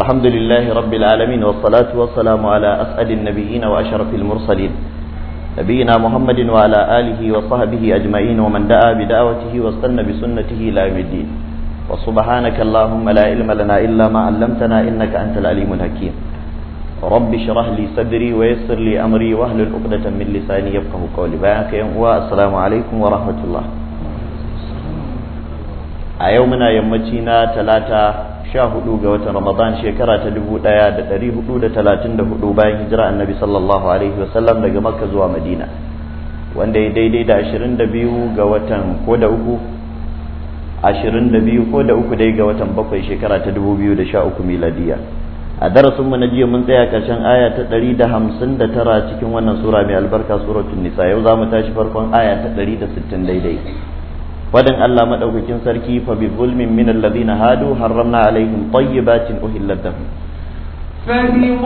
الحمد لله رب العالمين والصلاة والسلام على أسأل النبيين وأشرف المرسلين نبينا محمد وعلى آله وصحبه أجمعين ومن دعا بدعوته واستنى بسنته لا يوم الدين وسبحانك اللهم لا علم لنا إلا ما علمتنا إنك أنت العليم الحكيم رب اشرح لي صدري ويسر لي أمري واهلل عقدة من لساني يفقه قولي بارك والسلام عليكم ورحمة الله a yau muna yammaci na talata sha hudu ga watan ramadan shekara ta dubu da da talatin da hudu bayan hijira annabi sallallahu alaihi wasallam daga makka zuwa madina wanda ya daidai da ashirin da biyu ga watan ko da uku ashirin da biyu ko da uku dai ga watan bakwai shekara ta dubu biyu da sha uku miladiya a darasinmu na jiya mun tsaya karshen aya ta ɗari da hamsin da tara cikin wannan sura mai albarka suratul nisa yau za mu tashi farkon aya ta ɗari da sittin daidai ودن الله مدوكين سركي فبظلم من الذين هادوا حرمنا عليهم طيبات أهلت لهم فبظلم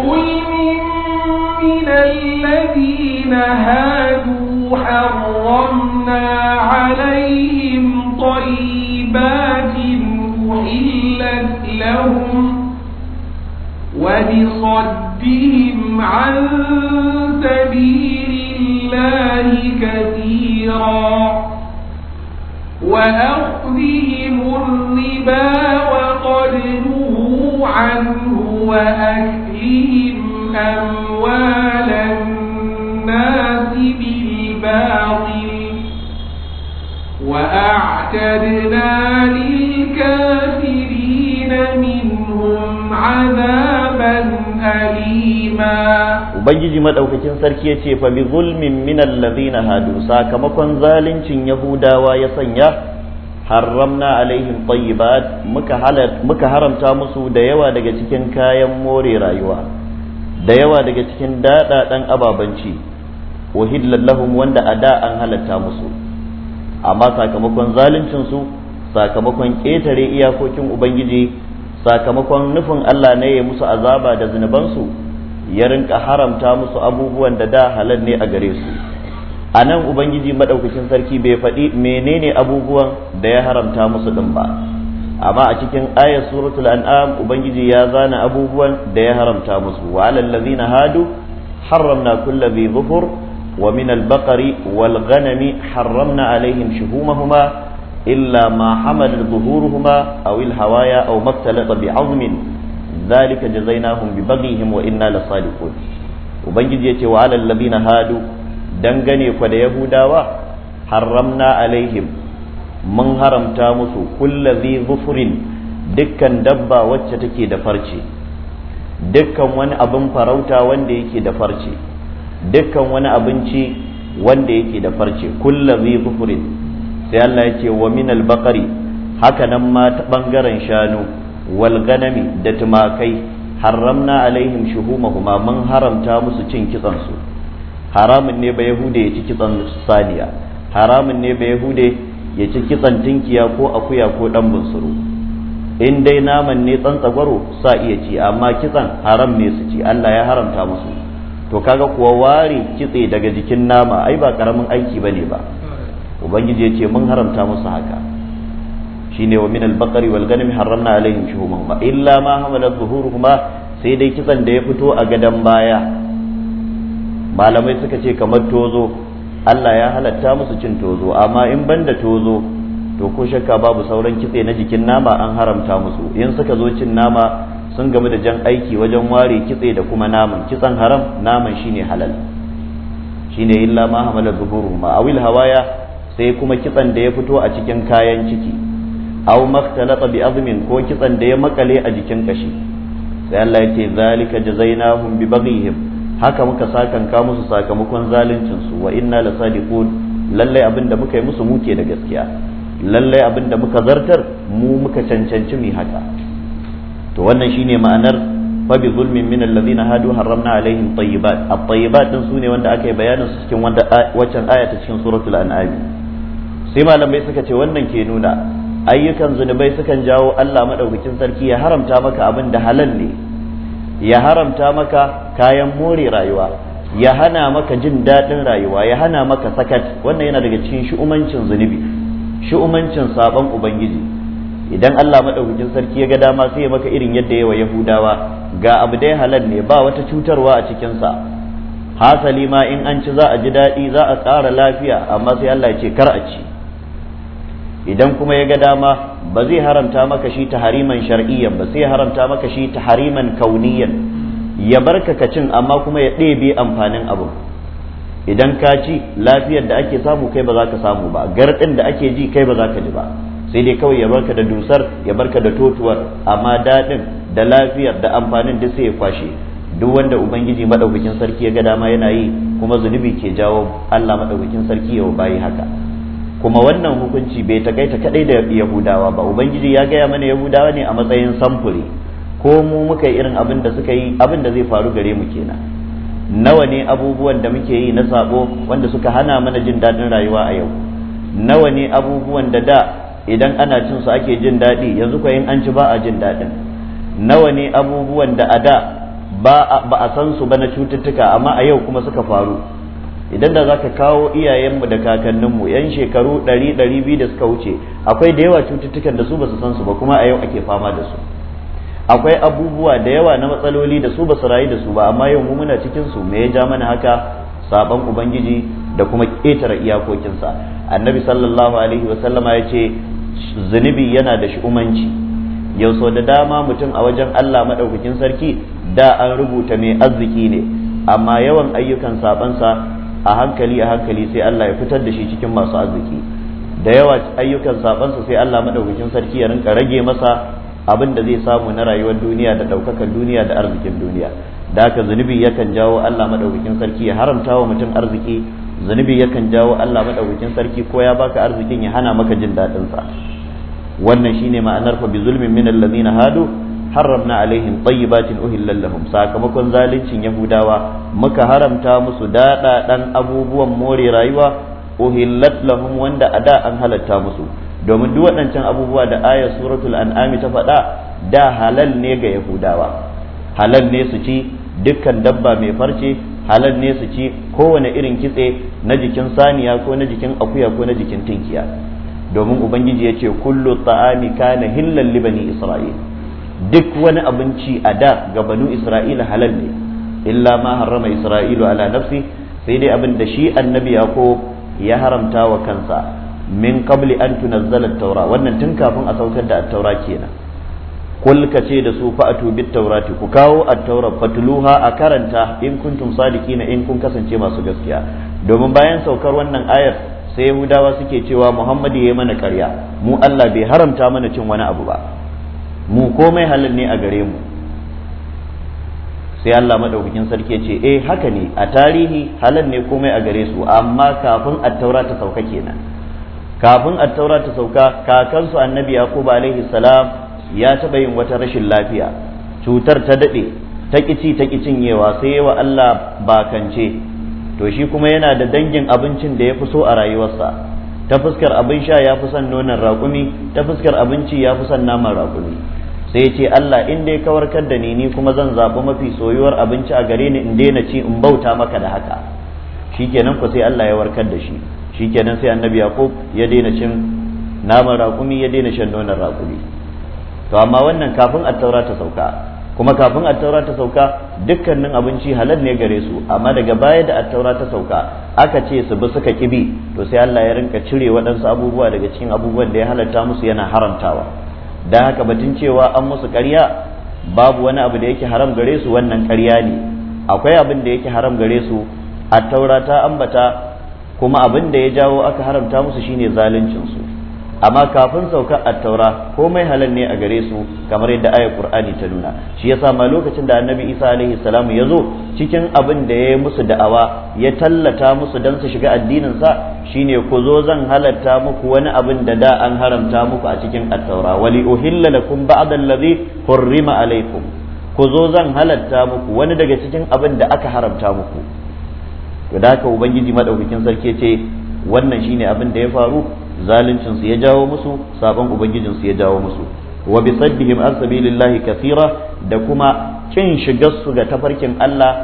من الذين هادوا حرمنا عليهم طيبات أهلت لهم وبصدهم عن سبيل الله كثيرا وأخذهم الربا وقد نهوا عنه وأكلهم أموال الناس بالباطل وأعتدنا للكافرين منهم عذابا alima ubangiji madaukakin sarki yace fa bi zulmin min alladhina hadu sakamakon zaluncin yahudawa ya sanya harramna alaihim tayyibat muka halat muka haramta musu da yawa daga cikin kayan more rayuwa da yawa daga cikin dadadan ababanci uhillal lahum wanda ada an halatta musu amma sakamakon zaluncin su sakamakon ketare iyakokin ubangiji sakamakon nufin Allah ne ya musu azaba da zunubansu ya rinka haramta musu abubuwan da da halal ne a gare su a nan ubangiji maɗaukakin sarki bai faɗi menene abubuwan da ya haramta musu ɗin ba amma a cikin ayat suratul an'am ubangiji ya zana abubuwan da ya haramta musu wa alal hadu harramna kulla bi dhukur wa min al-baqari wal ghanami harramna alaihim shuhumahuma إلا ما حمل ظهورهما أو الهوايا أو ما اختلط بعظم ذلك جزيناهم ببغيهم وإنا لصادقون ubangiji ya ce wa alal labina hadu dangane ku da yahudawa haramna alaihim mun haramta musu kullazi zufurin dukkan dabba wacce take da farce dukkan wani abin farauta wanda yake da farce dukkan wani abinci wanda yake da farce kullazi zufurin sai Allah ya ce wa min bakari haka nan ma ta bangaren shanu walganami da tumakai haramna alaihim shuhumahuma mun haramta musu cin kitsan su haramun ne ba yahude ya ci kitsan saniya haramun ne ba yahude ya ci kitsan tinkiya ko akuya ko dan bunsuru in dai naman ne tsantsagwaro sa iya ci amma kitsan haram ne su ci Allah ya haramta musu to kaga kuwa ware kitse daga jikin nama ai ba karamin aiki bane ba ubangiji ya ce mun haramta musu haka shine wa min al-baqari wal ghanami haramna alaihim illa ma hamalat zuhuruhuma sai dai kitsan da ya fito a gadan baya malamai suka ce kamar tozo Allah ya halatta musu cin tozo amma in ban da tozo to ko shakka babu sauran kitse na jikin nama an haramta musu in suka zo cin nama sun gamu da jan aiki wajen ware kitse da kuma naman kitsan haram naman shine halal shine illa ma hamalat zuhuruhuma awil hawaya sai kuma kitsan da ya fito a cikin kayan ciki aw makhtalata bi azmin ko kitsan da ya makale a jikin kashi sai Allah yake zalika jazainahum bi baghihim haka muka sakan ka musu sakamakon zaluncin su wa inna lasadiqun lallai abinda muka yi musu muke da gaskiya lallai abinda muka zartar mu muka cancanci mu haka to wannan shine ma'anar fabi zulmin min alladhina hadu harramna alaihim tayyibat at-tayyibat din sune wanda aka yi bayanin su cikin wanda waccan aya ta cikin suratul an'am sai malamai suka ce wannan ke nuna ayyukan zunubai sukan jawo Allah madaukakin sarki ya haramta maka abin da halal ne ya haramta maka kayan more rayuwa ya hana maka jin daɗin rayuwa ya hana maka sakat wannan yana daga cikin shu'umancin zunubi shu'umancin saban ubangiji idan Allah madaukakin sarki ya ga dama sai ya maka irin yadda yawa Yahudawa ga abu dai halal ne ba wata cutarwa a cikin sa hasali ma in an ci za a ji daɗi za a ƙara lafiya amma sai Allah ya ce kar a ci idan kuma ya ga dama ba zai haramta maka shi ta hariman shar'iyyan ba sai haramta maka shi ta hariman kauniyan ya barka ka cin amma kuma ya ɗebe amfanin abu idan ka ci lafiyar da ake samu kai ba za ka samu ba garɗin da ake ji kai ba za ka ji ba sai dai kawai ya barka da dusar ya barka da totuwar amma daɗin da lafiyar da amfanin duk sai ya kwashe duk wanda ubangiji madaukakin sarki ya ga dama yana yi kuma zunubi ke jawo Allah madaukakin sarki ya bayi haka kuma wannan hukunci bai takaita kadai da yahudawa ba ubangiji ya gaya mana yahudawa ne a matsayin samfuri ko mu muka yi irin abin da suka yi abin da zai faru gare mu kenan nawa ne abubuwan da muke yi na sabo wanda suka hana mana jin daɗin rayuwa a yau nawa ne abubuwan da da idan ana cin su ake jin daɗi yanzu ko yin an ci ba a jin daɗin nawa ne abubuwan da a da ba a san su ba na cututtuka amma a yau kuma suka faru idan da za ka kawo iyayenmu da kakanninmu yan shekaru 100 200 da suka wuce akwai da yawa cututtukan da su ba su san su ba kuma a yau ake fama da su akwai abubuwa da yawa na matsaloli da su ba su rayu da su ba amma yau mu muna cikin su me ya ja mana haka saban ubangiji da kuma ƙetare iyakokinsa annabi sallallahu alaihi wasallama ya ce zunubi yana da shi'umanci yau sau da dama mutum a wajen allah maɗaukakin sarki da an rubuta mai arziki ne amma yawan ayyukan sabansa a hankali a hankali sai Allah ya fitar da shi cikin masu arziki da yawa ayyukan sabansa sai Allah madaukakin sarki ya rinka rage masa abin da zai samu na rayuwar duniya da ɗaukakar duniya da arzikin duniya da haka zunubi yakan jawo Allah madaukakin sarki ya haramta wa mutum arziki zunubi yakan jawo Allah madaukakin sarki ko ya baka arzikin ya hana maka jin daɗinsa wannan shine ma'anar fa bi zulmin min alladhina hadu harramna alaihim tayyibatin uhillal lahum sakamakon zaluncin yahudawa muka haramta musu dada dan abubuwan more rayuwa uhillat lahum wanda ada an halatta musu domin duk waɗancan abubuwa da ayar suratul an'ami ta faɗa da halal ne ga yahudawa halal ne su ci dukkan dabba mai farce halal ne su ci kowane irin kitse na jikin saniya ko na jikin akuya ko na jikin tinkiya domin ubangiji ya ce kullu ta'ami kana hillal libani isra'il duk wani abinci a da ga banu isra'ila halal ne illa ma harrama isra'ilu ala nafsi sai dai abin da shi annabi ko ya haramta wa kansa min qabli an tunazzala taura wannan tun kafin a saukar da at-taura kenan kul ce da su fa'atu bit taurati ku kawo at-taura fatluha a karanta in kuntum sadiqina in kun kasance masu gaskiya domin bayan saukar wannan ayar sai yahudawa suke cewa muhammadu ya yi mana karya mu allah bai haramta mana cin wani abu ba mu komai halin ne a gare mu sai Allah madaukakin sarki ya ce eh haka ne a tarihi halin ne komai a gare su amma kafin attaura ta sauka kenan kafin taura ta sauka kakansu annabi yaqub alaihi salam ya taɓa yin wata rashin lafiya cutar ta daɗe ta kici ta cinyewa sai yawa Allah bakance to shi kuma yana da dangin abincin da ya fi so a rayuwarsa ta fuskar abin sha ya fi son nonon rakumi ta fuskar abinci ya fi son naman rakumi. sai ce Allah in dai ka warkar da ni ni kuma zan zaɓi mafi soyuwar abinci a gare ni in daina ci in bauta maka da haka shikenan ku sai Allah ya warkar da shi shikenan sai annabi yaqub ya daina cin naman raƙumi ya daina shan nonon raƙumi to amma wannan kafin attaura ta sauka kuma kafin taura ta sauka dukkanin abinci halal ne gare su amma daga baya da attaura ta sauka aka ce su bi suka kibi to sai Allah ya rinka cire waɗansu abubuwa daga cikin abubuwan da ya halatta musu yana haramtawa Da haka batun cewa an musu karya babu wani abu da yake haram gare su wannan ƙarya ne akwai abin da yake haram gare su a taurata ambata kuma abin da ya jawo aka haramta musu shine zaluncinsu amma kafin saukar attaura komai halal ne a gare su kamar yadda ayar qur'ani ta nuna shi yasa ma lokacin da annabi isa alaihi salamu ya zo cikin abin da ya yi musu da'awa ya tallata musu don su shiga addinin sa shine ku zo zan halatta muku wani abin da da an haramta muku a cikin attaura wali uhilla lakum ba'd allazi hurrima alaikum ku zo zan halatta muku wani daga cikin abin da aka haramta muku to da haka ubangiji madaukakin sarki ce wannan shine abin da ya faru zalincin ya jawo musu sabon ubangijin su ya jawo musu wa bi saddihim an sabilillahi kathira da kuma kin shigarsu su ga tafarkin Allah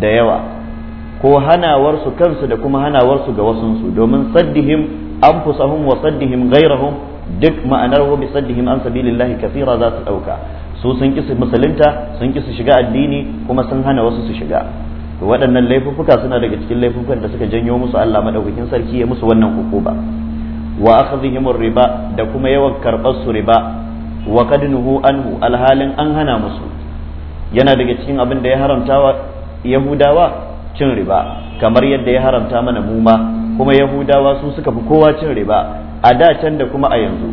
da yawa ko hanawar su kansu da kuma hanawar su ga wasun su domin saddihim anfusahum wa saddihim ghairahum duk ma'anar wa bi saddihim an sabilillahi kathira za su dauka su sun ki musulunta sun ki su shiga addini kuma sun hana wasu su shiga waɗannan laifuffuka suna daga cikin laifukan da suka janyo musu Allah madaukakin sarki ya musu wannan hukuma wa akhdhihim riba da kuma yawan karbar su riba wa kadnuhu anhu alhalin an hana musu yana daga cikin abin da ya haramta wa yahudawa cin riba kamar yadda ya haramta mana muma kuma yahudawa su suka fi kowa cin riba a da can da kuma a yanzu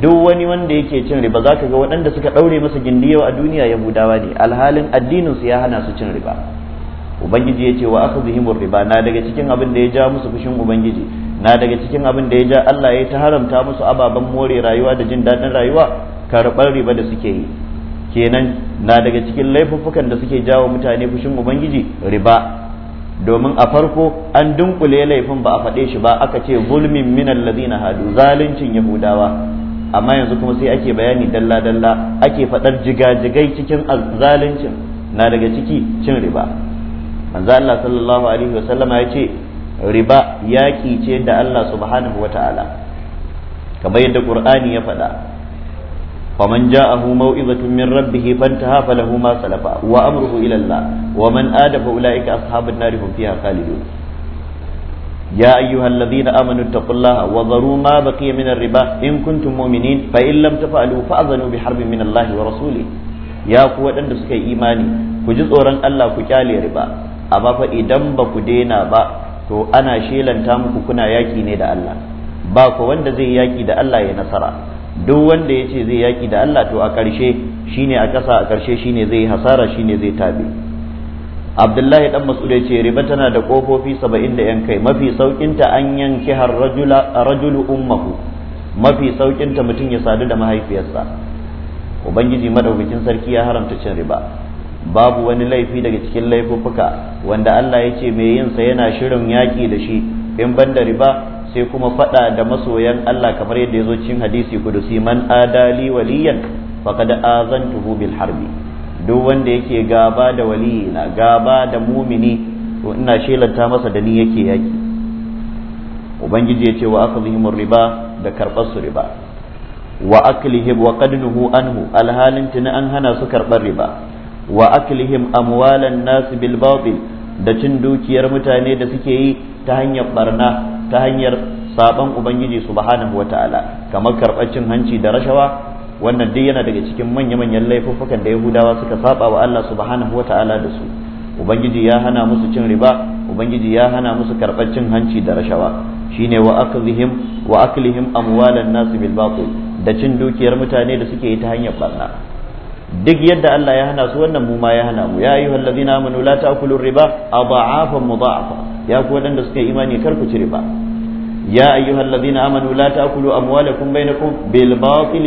duk wani wanda yake cin riba zaka ga waɗanda suka ɗaure masa gindiyawa a duniya yahudawa ne alhalin addinin su ya hana su cin riba ubangiji ya ce wa akhdhihim riba na daga cikin abin da ya ja musu fushin ubangiji na daga cikin abin da ya ja Allah ya ta haramta musu ababen more rayuwa da jin daɗin rayuwa karɓar riba da suke yi kenan na daga cikin laifuffukan da suke jawo mutane fushin ubangiji riba domin a farko an dunkule laifin ba a faɗe shi ba aka ce zulmin minal ladina hadu zaluncin yahudawa amma yanzu kuma sai ake bayani dalla dalla ake faɗar jigajigai cikin zaluncin na daga ciki cin riba manzo Allah sallallahu alaihi wasallama ya ce riba yaƙi ce da Allah subhanahu wata'ala kamar yadda Qur'ani ya faɗa faman hu maw'izatun min rabbih fantaha falahu ma salafa wa amruhu ilalla wa man ada fa ulaika ashabun nar hum fiha khalidun ya ayyuhalladhina amanu taqullaha wa dharu ma baqiya min riba in kuntum mu'minin fa in lam taf'alu fa'zanu bi harbin min Allah wa rasulih ya ku waɗanda suka yi imani ku ji tsoron Allah ku kyale riba amma fa idan ba ku daina ba to ana shelanta muku kuna yaki ne da Allah ba ku wanda zai yaki da Allah ya nasara duk wanda ya ce zai yaki da Allah to a ƙarshe shine a ƙasa a ƙarshe shine zai hasara shine zai tabe Abdullahi dan Mas'ud ya ce riba tana da kofofi 70 da yan kai mafi saukin ta an yanki har rajula rajulu ummuhu mafi saukin mutum ya sadu da mahaifiyarsa ubangiji madaukakin sarki ya haramta cin riba babu wani laifi daga cikin laifuffuka wanda Allah ya ce mai yinsa yana shirin yaƙi da shi in ban da riba sai kuma faɗa da masoyan Allah kamar yadda ya zo cikin hadisi kudusi man adali waliyan faqad azantuhu bil harbi duk wanda yake gaba da waliyi na gaba da mumini to ina shelanta masa da ni yake yaƙi ubangiji ya ce wa akhadhihim riba da karɓar su riba wa aklihim wa qadnuhu anhu alhalin tuna an hana su karɓar riba wa aklihim amwalan nasu bil da cin dukiyar mutane da suke yi ta hanyar barna ta hanyar saban ubangiji subhanahu wataala kamar karɓar cin hanci da rashawa wannan duk yana daga cikin manya-manyan laifuffukan da yahudawa suka saba wa Allah subhanahu wataala da su ubangiji ya hana musu cin riba ubangiji ya hana musu karɓar cin hanci da rashawa shine wa aklihim wa aklihim amwalan nasu bil da cin dukiyar mutane da suke yi ta hanyar barna duk yadda Allah ya hana su wannan mu ma ya hana mu ya ayyuhal ladzina amanu la ta'kulu riba adha'afan mudha'afa ya ku wadanda suka imani kar ku ci riba ya ayyuhal ladzina amanu la ta'kulu amwalakum bainakum bil batil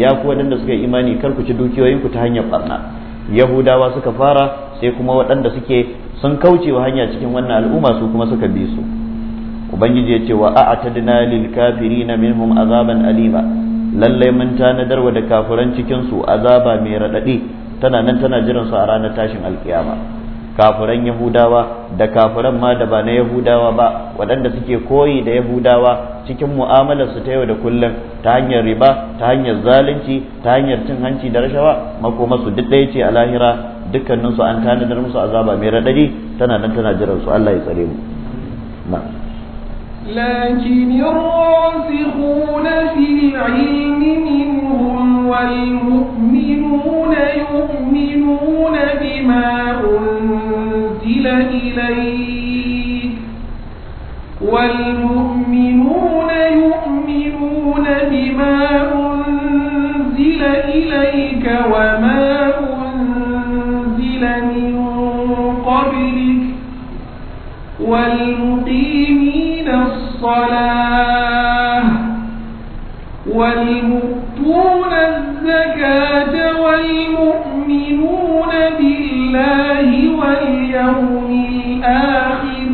ya ku wadanda suka imani kar ku ci dukiyoyin ku ta hanyar barna yahudawa suka fara sai kuma waɗanda suke sun kauce wa hanya cikin wannan al'umma su kuma suka bi su ubangiji ya ce wa a'tadna lil kafirin minhum azaban alima lallai mun tanadarwa da kafiran cikin su azaba mai raɗaɗi tana nan tana jiran su a ranar tashin alkiyama kafiran yahudawa da kafiran ma da ba na yahudawa ba waɗanda suke koyi da yahudawa cikin mu'amalar su ta yau da kullum ta hanyar riba ta hanyar zalunci ta hanyar cin hanci da rashawa makoma su duk ɗaya ce a lahira dukkaninsu an tanadar musu azaba mai raɗaɗi tana nan tana jiran su Allah ya tsare mu na'am لكن الراسخون في العلم منهم والمؤمنون يؤمنون بما أنزل إليك والمؤمنون يؤمنون بما أنزل إليك وما أنزل من قبلك والمؤمنون الصلاة والمؤتون الزكاة والمؤمنون بالله واليوم الآخر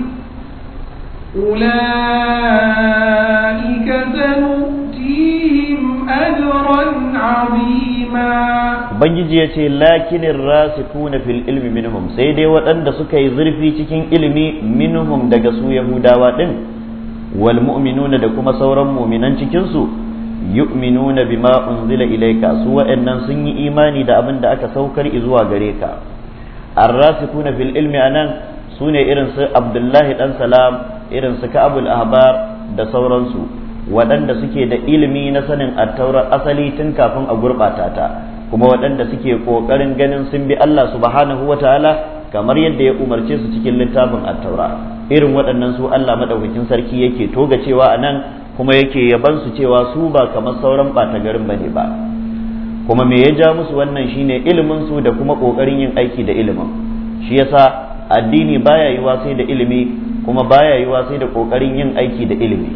أولئك سنؤتيهم أجرا عظيما Ubangiji ya ce lakinin rasikuna fil ilmi minhum sai dai waɗanda suka yi zurfi cikin ilimi minhum daga su Yahudawa ɗin wal mu'minuna da kuma sauran mu'minan cikinsu su yu'minuna bima unzila ilayka su wa'annan sun yi imani da abin da aka saukar zuwa gare ka arrasikuna fil ilmi anan sune irin su abdullahi dan salam irin su ka'abul ahbar da sauransu waɗanda suke da ilimi na sanin attaurar asali tun kafin a gurɓata ta kuma waɗanda suke ƙoƙarin ganin sun bi Allah subhanahu wa ta'ala kamar yadda ya umarce su cikin littafin attaura irin waɗannan su Allah maɗaukakin sarki yake toga cewa a nan kuma yake yaban su cewa su ba kamar sauran ɓata garin bane ba kuma me ya ja musu wannan shine ilimin su da kuma ƙoƙarin yin aiki da ilimin shi yasa addini baya yi sai da ilimi kuma baya yi sai da ƙoƙarin yin aiki da ilimi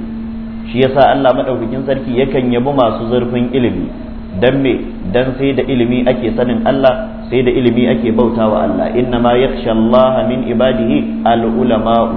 shi yasa Allah maɗaukakin sarki yakan yabi masu zurfin ilimi dan me dan sai da ilimi ake sanin Allah sai da ilimi ake bauta wa Allah inna ma yakhsha Allah min ibadihi al ulama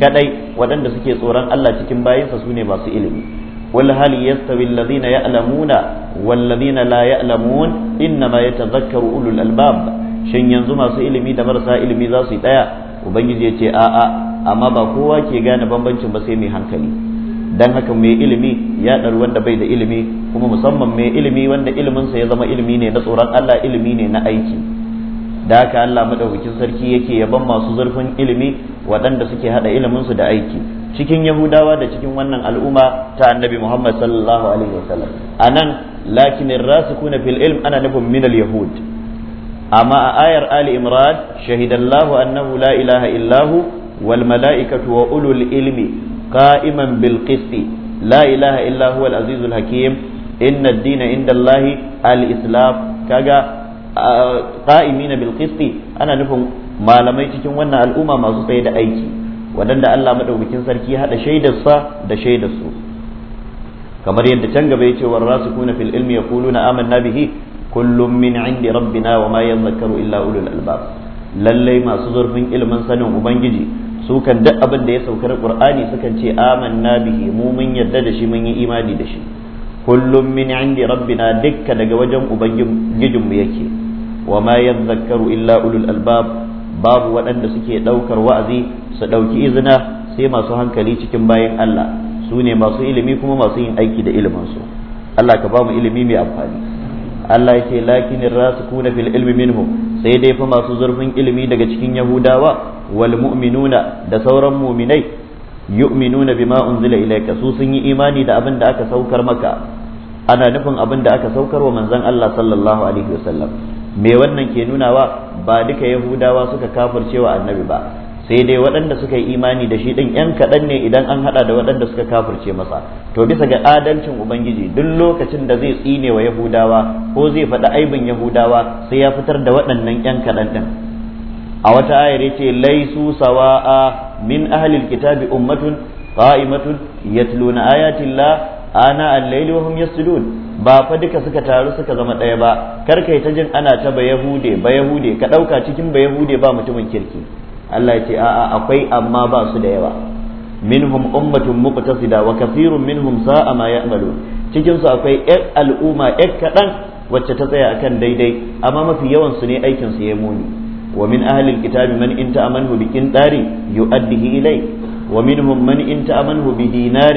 kadai waɗanda suke tsoron Allah cikin bayinsa su ne masu ilimi wal hal yastawi alladhina ya'lamuna wal ladhina la ya'lamun inna ma yatadhakkaru ulul albab shin yanzu masu ilimi da marasa ilimi za su yi daya ubangiji ya ce a'a amma ba kowa ke gane bambancin ba sai mai hankali dan haka mai ilimi ya ɗaru wanda bai da ilimi kuma musamman mai ilimi wanda iliminsa ya zama ilimi ne na tsoron Allah ilimi ne na aiki da haka Allah madaukakin sarki yake yaban masu zurfin ilimi waɗanda suke haɗa iliminsu da aiki cikin yahudawa da cikin wannan al'umma ta annabi muhammad sallallahu alaihi wasallam a nan lakinin rasikuna fil ilm ana nufin minal yahud amma a ayar ali imran shahidallahu annahu la ilaha illahu wal mala'ikatu wa ulul ilmi ka'iman bil qisti la ilaha illa huwa azizul hakim inna ad-dina inda Allah kaga qa'imina bil ana nufin malamai cikin wannan al'umma masu tsaye da aiki wadanda Allah madaukakin sarki haɗa shaidarsa da shaidar su kamar yadda can gaba yace war rasikuna fil ilmi na amanna bihi kullum min indi rabbina wa ma zakaru illa ulul albab lallai masu zurfin ilimin sanin ubangiji su kan duk abin da ya saukar qur'ani sukan ce amanna bihi mu mun yarda da shi mun yi imani da shi kullum min indi rabbina dukka daga wajen ubangijin mu yake wa ma yadhakkaru illa ulul albab babu waɗanda suke ɗaukar wa'azi su ɗauki izina sai masu hankali cikin bayan Allah su ne masu ilimi kuma masu yin aiki da iliminsu Allah ka ba mu ilimi mai amfani Allah ya ce lakinin rasu kuna fil ilmi minhum sai dai fa masu zurfin ilimi daga cikin yahudawa wal mu'minuna da sauran mu'minai yu'minuna bima unzila ilayka su sun yi imani da abin da aka saukar maka ana nufin abin da aka saukar wa manzon Allah sallallahu alaihi me wannan ke nunawa ba duka yahudawa suka kafircewa annabi ba sai dai waɗanda suka yi imani da shi ɗin ‘yan kaɗan ne idan an haɗa da waɗanda suka kafirce masa to bisa ga adalcin ubangiji duk lokacin da zai tsine wa yahudawa ko zai faɗi aibin yahudawa sai ya fitar da waɗannan ‘yan kaɗan ɗin a wata ayar yace laisu sawa'a min ahlil kitabi ummatun qa'imatun yatluna ayati ana al-layli wa hum yasjudun ba fa duka suka taru suka zama ɗaya ba kar kai ta jin ana ta ba yahude ba yahude ka ɗauka cikin ba yahude ba mutumin kirki Allah ya ce a'a akwai amma ba su da yawa minhum ummatun muqtasida wa kathirun minhum sa'a ma ya'malun cikin su akwai ƴar al'umma ƴar kaɗan wacce ta tsaya akan daidai amma mafi yawan su ne aikin su ya muni ومن أهل الكتاب من إن تأمنه بكنتار يؤديه إليك ومنهم من إن تأمنه بدينار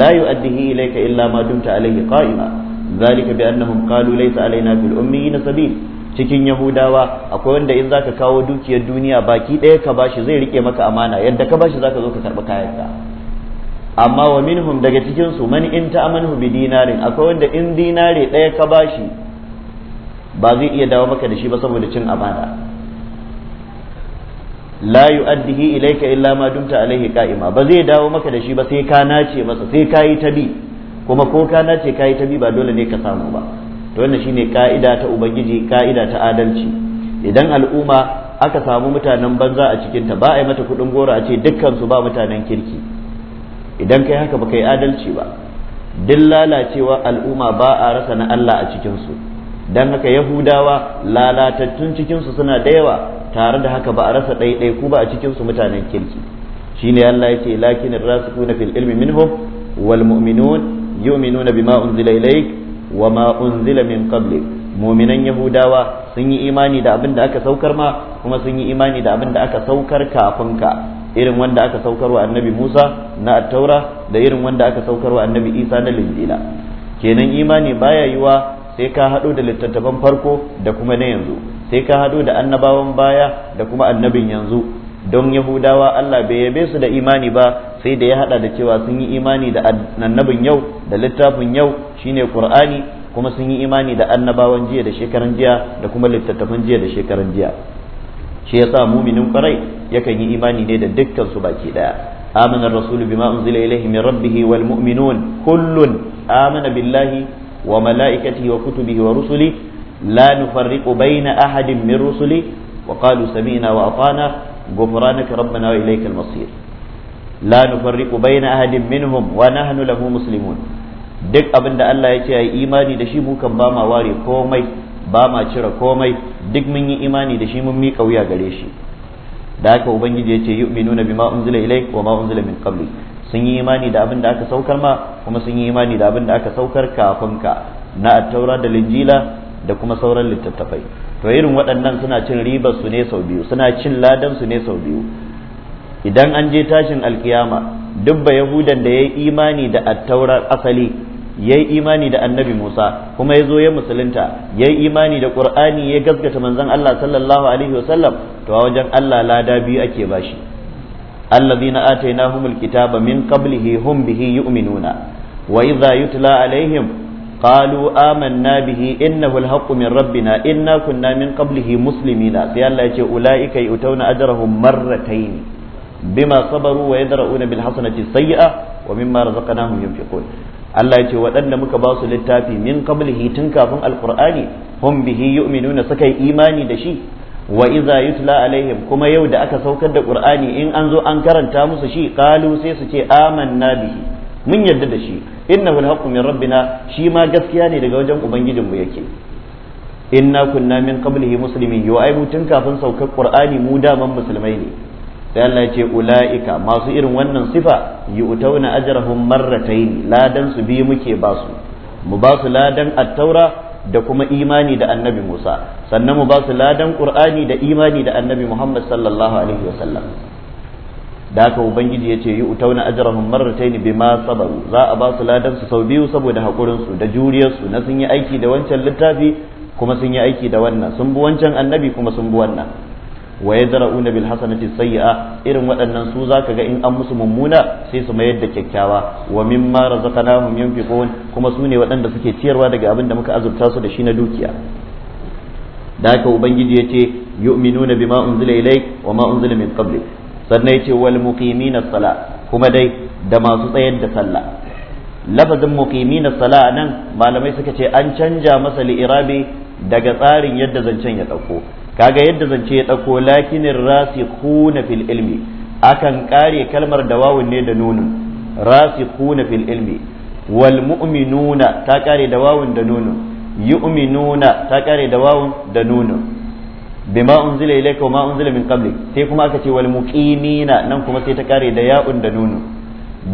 لا يؤديه إليك إلا ما دمت عليه قائما ذلك بأنهم قالوا ليس علينا في الأميين سبيل cikin yahudawa akwai wanda in zaka kawo dukiyar duniya baki ɗaya ka bashi zai rike maka amana yadda ka bashi zaka zo ka karɓi ka. amma wa minhum daga cikin su man in ta'amanu bi dinarin akwai wanda in dinare ɗaya ka bashi ba zai iya dawo maka da shi ba saboda cin amana la yu'addihi ilayka illa ma dumta alaihi qa'ima ba zai dawo maka da shi ba sai ka nace masa sai ka yi ta bi kuma ko ka nace ka yi ta bi ba dole ne ka samu ba to wannan shine ka'ida ta ubangiji ka'ida ta adalci idan al'umma aka samu mutanen banza a cikin ta ba ai yi mata kudin goro a ce dukkan su ba mutanen kirki idan kai haka baka yi adalci ba duk lalacewa al'umma ba a rasa na Allah a cikin su dan haka yahudawa lalatattun cikin su suna da yawa tare da haka ba a rasa ɗaiɗai ku ba a cikin su mutanen kirki shine Allah yace lakin rasikuna fil ilmi minhum wal mu'minun yu'minuna bima unzila ilayk wa ma unzila min qablik mu'minan yahudawa sun yi imani da abin da aka saukar ma kuma sun yi imani da abin da aka saukar kafin ka irin wanda aka saukar wa annabi Musa na at-taura da irin wanda aka saukar wa annabi Isa na linjila kenan imani baya yiwa sai ka haɗo da littattafan farko da kuma na yanzu sai ka haɗo da annabawan baya da kuma annabin yanzu don yahudawa Allah bai yabe su da imani ba sai da ya haɗa da cewa sun yi imani da annabin yau da littafin yau shine qur'ani kuma sun yi imani da annabawan jiya da shekaran jiya da kuma littattafan jiya da shekaran jiya shi yasa muminin kwarai yakan yi imani ne da dukkan su baki daya آمن الرسول بما أنزل إليه من ربه والمؤمنون كل آمن بالله wa mala'ikatihi wa kutubihi wa rusuli la nufarriqu baina ahadin min rusuli wa qalu sami'na wa atana ghufranaka rabbana wa ilaykal masir la nufarriqu baina ahadin minhum wa nahnu lahu muslimun duk abin da Allah ya ce yi imani da shi mu kan ba ma ware komai ba cire komai duk mun yi imani da shi mun miƙa wuya gare shi da haka ubangiji ya ce yu'minuna bima unzila ilayk wa ma unzila min qablik sun yi imani da abin da aka saukar ma kuma sun yi imani da abin da aka saukar kafin ka na taura da linjila da kuma sauran littattafai to irin waɗannan suna cin ribar su ne sau biyu suna cin ladan su ne sau biyu idan an je tashin alkiyama duk ba yahudan da ya yi imani da attaurar asali ya yi imani da annabi musa kuma ya zo ya musulunta ya yi imani da ƙur'ani ya gaskata manzon allah sallallahu alaihi wasallam to a wajen allah lada biyu ake bashi allazina atainahumul kitaba min qablihi hum bihi yu'minuna wa idza yutla alaihim قالوا آمنا به إنه الحق من ربنا إنا كنا من قبله مسلمين sai Allah ya ce ulaika yutawna ajrahum marratayn bima sabaru wa yadra'una bil hasanati sayyi'a wa mimma razaqnahum yunfiqun Allah ya ce waɗanda muka ba su littafi min qablihi tun kafin alqur'ani hum bihi yu'minuna suka yi imani da shi wa iza yutla alaihim kuma yau da aka saukar da qur'ani in an zo an karanta musu shi qalu sai su ce amanna bihi mun yarda da shi innahu alhaqqu min rabbina shi ma gaskiya ne daga wajen ubangijin mu yake inna kunna min qablihi muslimin yau ai mutun kafin saukar qur'ani mu daman musulmai ne sai Allah ya ce ulaika masu irin wannan sifa yu'tauna ajrahum marratayn ladan su bi muke basu mu basu ladan at-taura da kuma imani da annabi Musa sannan mu ba su ladan Qur'ani da imani da annabi Muhammad sallallahu alaihi wasallam da haka ubangiji ya ce yi utauna ajrahum marratayn bima sabaru za a ba su ladan su sau biyu saboda hakurin su da juriyar su na sun yi aiki da wancan littafi kuma sun yi aiki da wannan sun bi wancan annabi kuma sun bi wannan wa yadra'una bil hasanati sayyi'a irin waɗannan su zaka ga in an musu mummuna sai su mayar da kyakkyawa wa mimma razaqnahum yunfiqun kuma su ne waɗanda suke ciyarwa daga abin da muka azurta su da shi na dukiya da haka ubangiji ya ce yu'minuna bima unzila ilayk wa ma unzila min qablik sannan ya ce wal muqimina sala kuma dai da masu tsayar da sallah lafazin na sala nan malamai suka ce an canja masa li'irabi daga tsarin yadda zancen ya ɗauko kaga yadda zance ya ɗauko lakinin rasikhuna fil ilmi akan kare kalmar da wawun ne da nunin rasikhuna fil ilmi wal mu'minuna ta kare da wawun da nunin yu'minuna ta kare da wawun da nunin bima unzila ilayka wa ma unzila min qablik sai kuma aka ce wal muqimina nan kuma sai ta kare da ya'un da nunin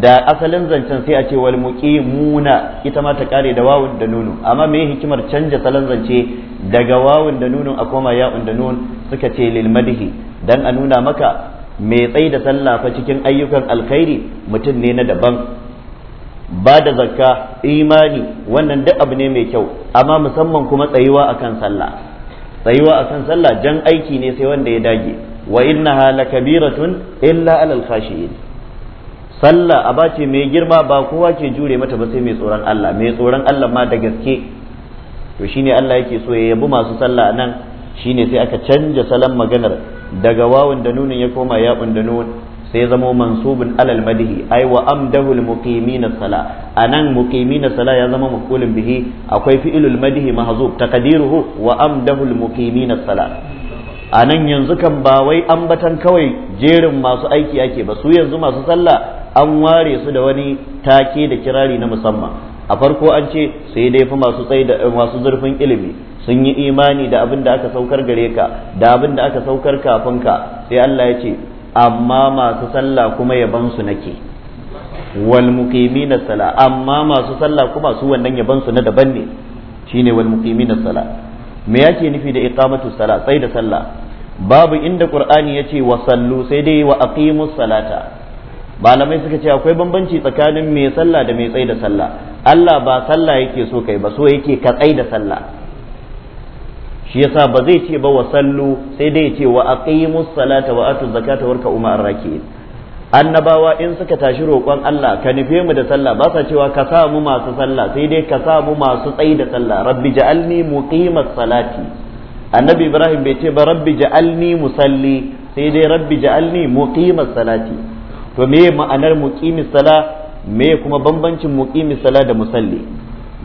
da asalin zancen sai a ce wal muqimuna ita ma ta kare da wawun da nunu amma me hikimar canja salon zance daga wawun da nunu a koma ya'un da nun suka ce lil madhi dan a nuna maka me tsayi da sallah fa cikin ayyukan alkhairi mutum ne na daban ba da zakka imani wannan duk abu ne mai kyau amma musamman kuma tsayuwa akan sallah tsayuwa akan sallah jan aiki ne sai wanda ya dage wa innaha lakabiratun illa alal khashiyin sallah a ce mai girma ba kowa ke jure mata ba sai mai tsoron Allah mai tsoron Allah ma da gaske to shine Allah yake so ya yabi masu sallah nan shine sai aka canja salon maganar daga wawun da nunin ya koma ya da nun sai ya zama mansubun alal madhi ai wa amdahul al muqimina sala anan muqimina sala ya zama maqulun bihi akwai fi'ilul madhi mahzub taqdiruhu wa amdahul al muqimina sala a nan yanzu kan ba wai ambatan kawai jerin masu aiki ake ba su yanzu masu sallah an ware su da wani take da kirari na musamman a farko an ce sai dai fi masu tsayi da masu zurfin ilimi sun yi imani da abin da aka saukar gare ka da abin da aka saukar kafin ka sai Allah ya ce amma masu sallah kuma yaban su nake wal muqimina sala amma masu sallah kuma su wannan yaban su na daban ne shine wal muqimina sala me yake nufi da iqamatu salat sai da sallah babu inda qur'ani yace wa sallu sai dai wa aqimus salata malamai suka ce akwai bambanci tsakanin mai sallah da mai tsaida sallah Allah ba sallah yake so kai ba so yake ka tsaida sallah shi yasa ba zai ce ba wa sallu sai dai ya ce wa aqimus salata wa atuz zakata warka umar raki'in annabawa in suka tashi roƙon Allah ka nufe mu da sallah ba sa cewa ka sa mu masu sallah sai dai ka sa mu masu tsayi da sallah rabbi ja'alni muqimat salati annabi ibrahim bai ce ba rabbi ja'alni musalli sai dai rabbi ja'alni muqimat salati to me ma'anar muqimis sala me kuma bambancin muqimis sala da musalli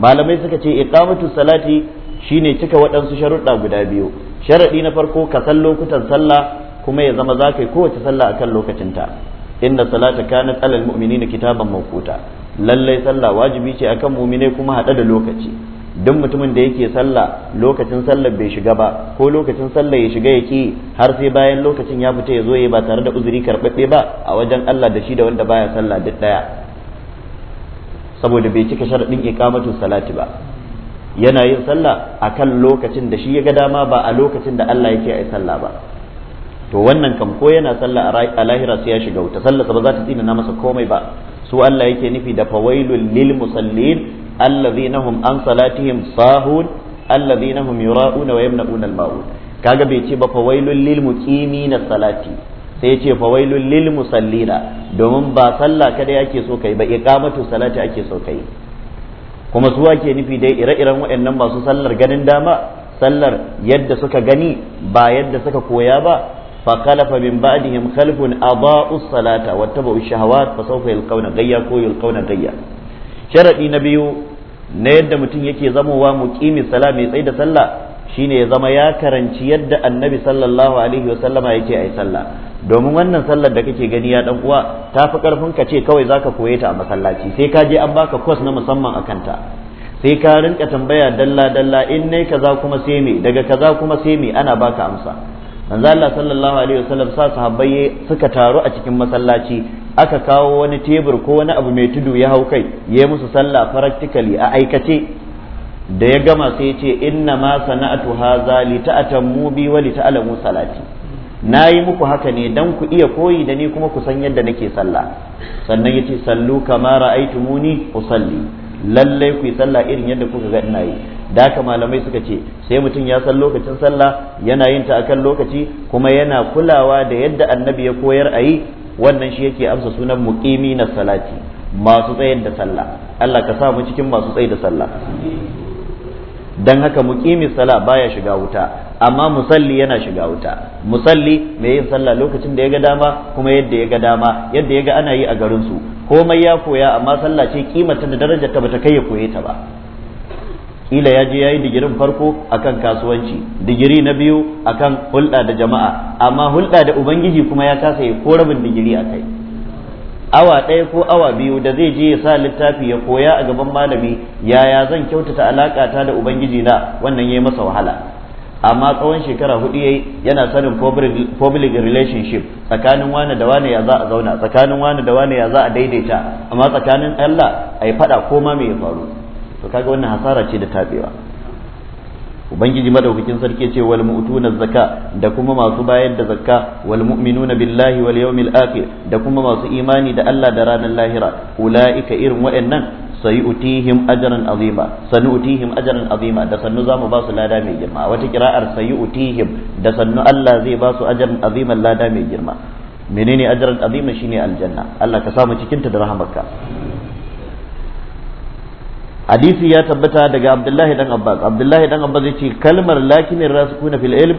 malamai suka ce iqamatu salati shine cika waɗansu sharuɗa guda biyu sharaɗi na farko ka san lokutan sallah kuma ya zama za ka yi kowace sallah akan lokacinta Inda salata kanat alal mu'minina kitaban mawquta lallai sallah wajibi ce akan mu'mine kuma hada da lokaci duk mutumin da yake sallah lokacin sallar bai shiga ba ko lokacin sallar ya shiga yake har sai bayan lokacin ya fita ya zo ya ba tare da uzuri karɓaɓɓe ba a wajen Allah da shi da wanda baya sallah duk daya saboda bai cika sharaɗin iqamatu salati ba yana yin sallah akan lokacin da shi ya ga dama ba a lokacin da Allah yake ai sallah ba to wannan kam ko yana sallah a lahira sai ya shiga wuta sallah ba za ta tsina na masa komai ba su Allah yake nufi da fawailul lil musallin alladhina hum an salatihim sahun alladhina hum yura'una wa yamna'una al-ma'un kaga bai ce ba fawailul lil muqimina salati sai ce fawailul lil musallina domin ba sallah kada yake so kai ba iqamatu salati ake so kai kuma su ake nufi dai ire-iren waɗannan masu sallar ganin dama sallar yadda suka gani ba yadda suka koya ba فخلف من بعدهم خلف أضاءوا الصلاة واتبعوا الشهوات فسوف يلقون غيا كو يلقون غيا شرطي نبي na yadda mutum yake zamowa muqimi sala mai tsayi da sallah shine ya zama ya karanci yadda annabi sallallahu alaihi wa sallama yake ai sallah domin wannan sallar da kake gani ya dan uwa ta fi karfin ka ce kawai zaka koye ta a masallaci sai ka je an baka course na musamman akan ta sai ka rinka tambaya dalla dalla in ne kaza kuma sai me daga kaza kuma sai me ana baka amsa manzo Allah sallallahu alaihi wasallam sa sahabbai suka taru a cikin masallaci aka kawo wani tebur ko wani abu mai tudu ya hau kai ya musu sallah practically a aikace da ya gama sai ya ce inna ma sana'atu hadha li ta'tammu bi wa li ta'lamu salati nayi muku haka ne dan ku iya koyi da ni kuma ku san yadda nake sallah sannan yace sallu kama ra'aytumuni usalli lallai ku yi sallah irin yadda kuka ga ina yi da haka malamai suka ce sai mutum ya san lokacin sallah yana yin ta akan lokaci kuma yana kulawa da yadda annabi ya koyar a yi wannan shi yake amsa sunan muqimi na salati masu tsayar da sallah Allah ka sa mu cikin masu tsayar da sallah dan haka muqimi sala baya shiga wuta amma musalli yana shiga wuta musalli mai yin sallah lokacin da ya ga dama kuma yadda ya ga dama yadda ya ga ana yi a garin su komai ya koya amma sallah ce kimanta da darajar ta bata kai ya koye ta ba ila ya je ya yi digirin farko akan kasuwanci digiri na biyu akan hulɗa da jama'a amma hulɗa da ubangiji kuma ya kasa ya ko rabin digiri a kai awa ɗaya ko awa biyu da zai je ya sa littafi ya koya a gaban malami yaya zan kyautata alaƙata da ubangiji na wannan yayi masa wahala amma tsawon shekara hudu yayi yana sanin public relationship tsakanin wani da wani ya za a zauna tsakanin wani da wani ya za a daidaita amma tsakanin Allah ai faɗa ko ma me ya faru to kaga wannan hasara ce da tabewa ubangiji madaukakin sarki ce wal mu'tuna zakka da kuma masu bayar da zakka wal mu'minuna billahi wal yawmil akhir da kuma masu imani da Allah da ranar lahira ulaika irin wa'annan sayu'tihim ajran azima sanu'tihim ajran azima da sannu zamu ba su lada mai girma wata kira'ar sayu'tihim da sannu Allah zai ba su ajran lada mai girma menene ajran azima shine aljanna Allah ka samu cikin ta da rahmarka hadisi ya tabbata daga abdullahi dan abbas abdullahi dan abbas ya ce kalmar lakinin rasikuna fil ilm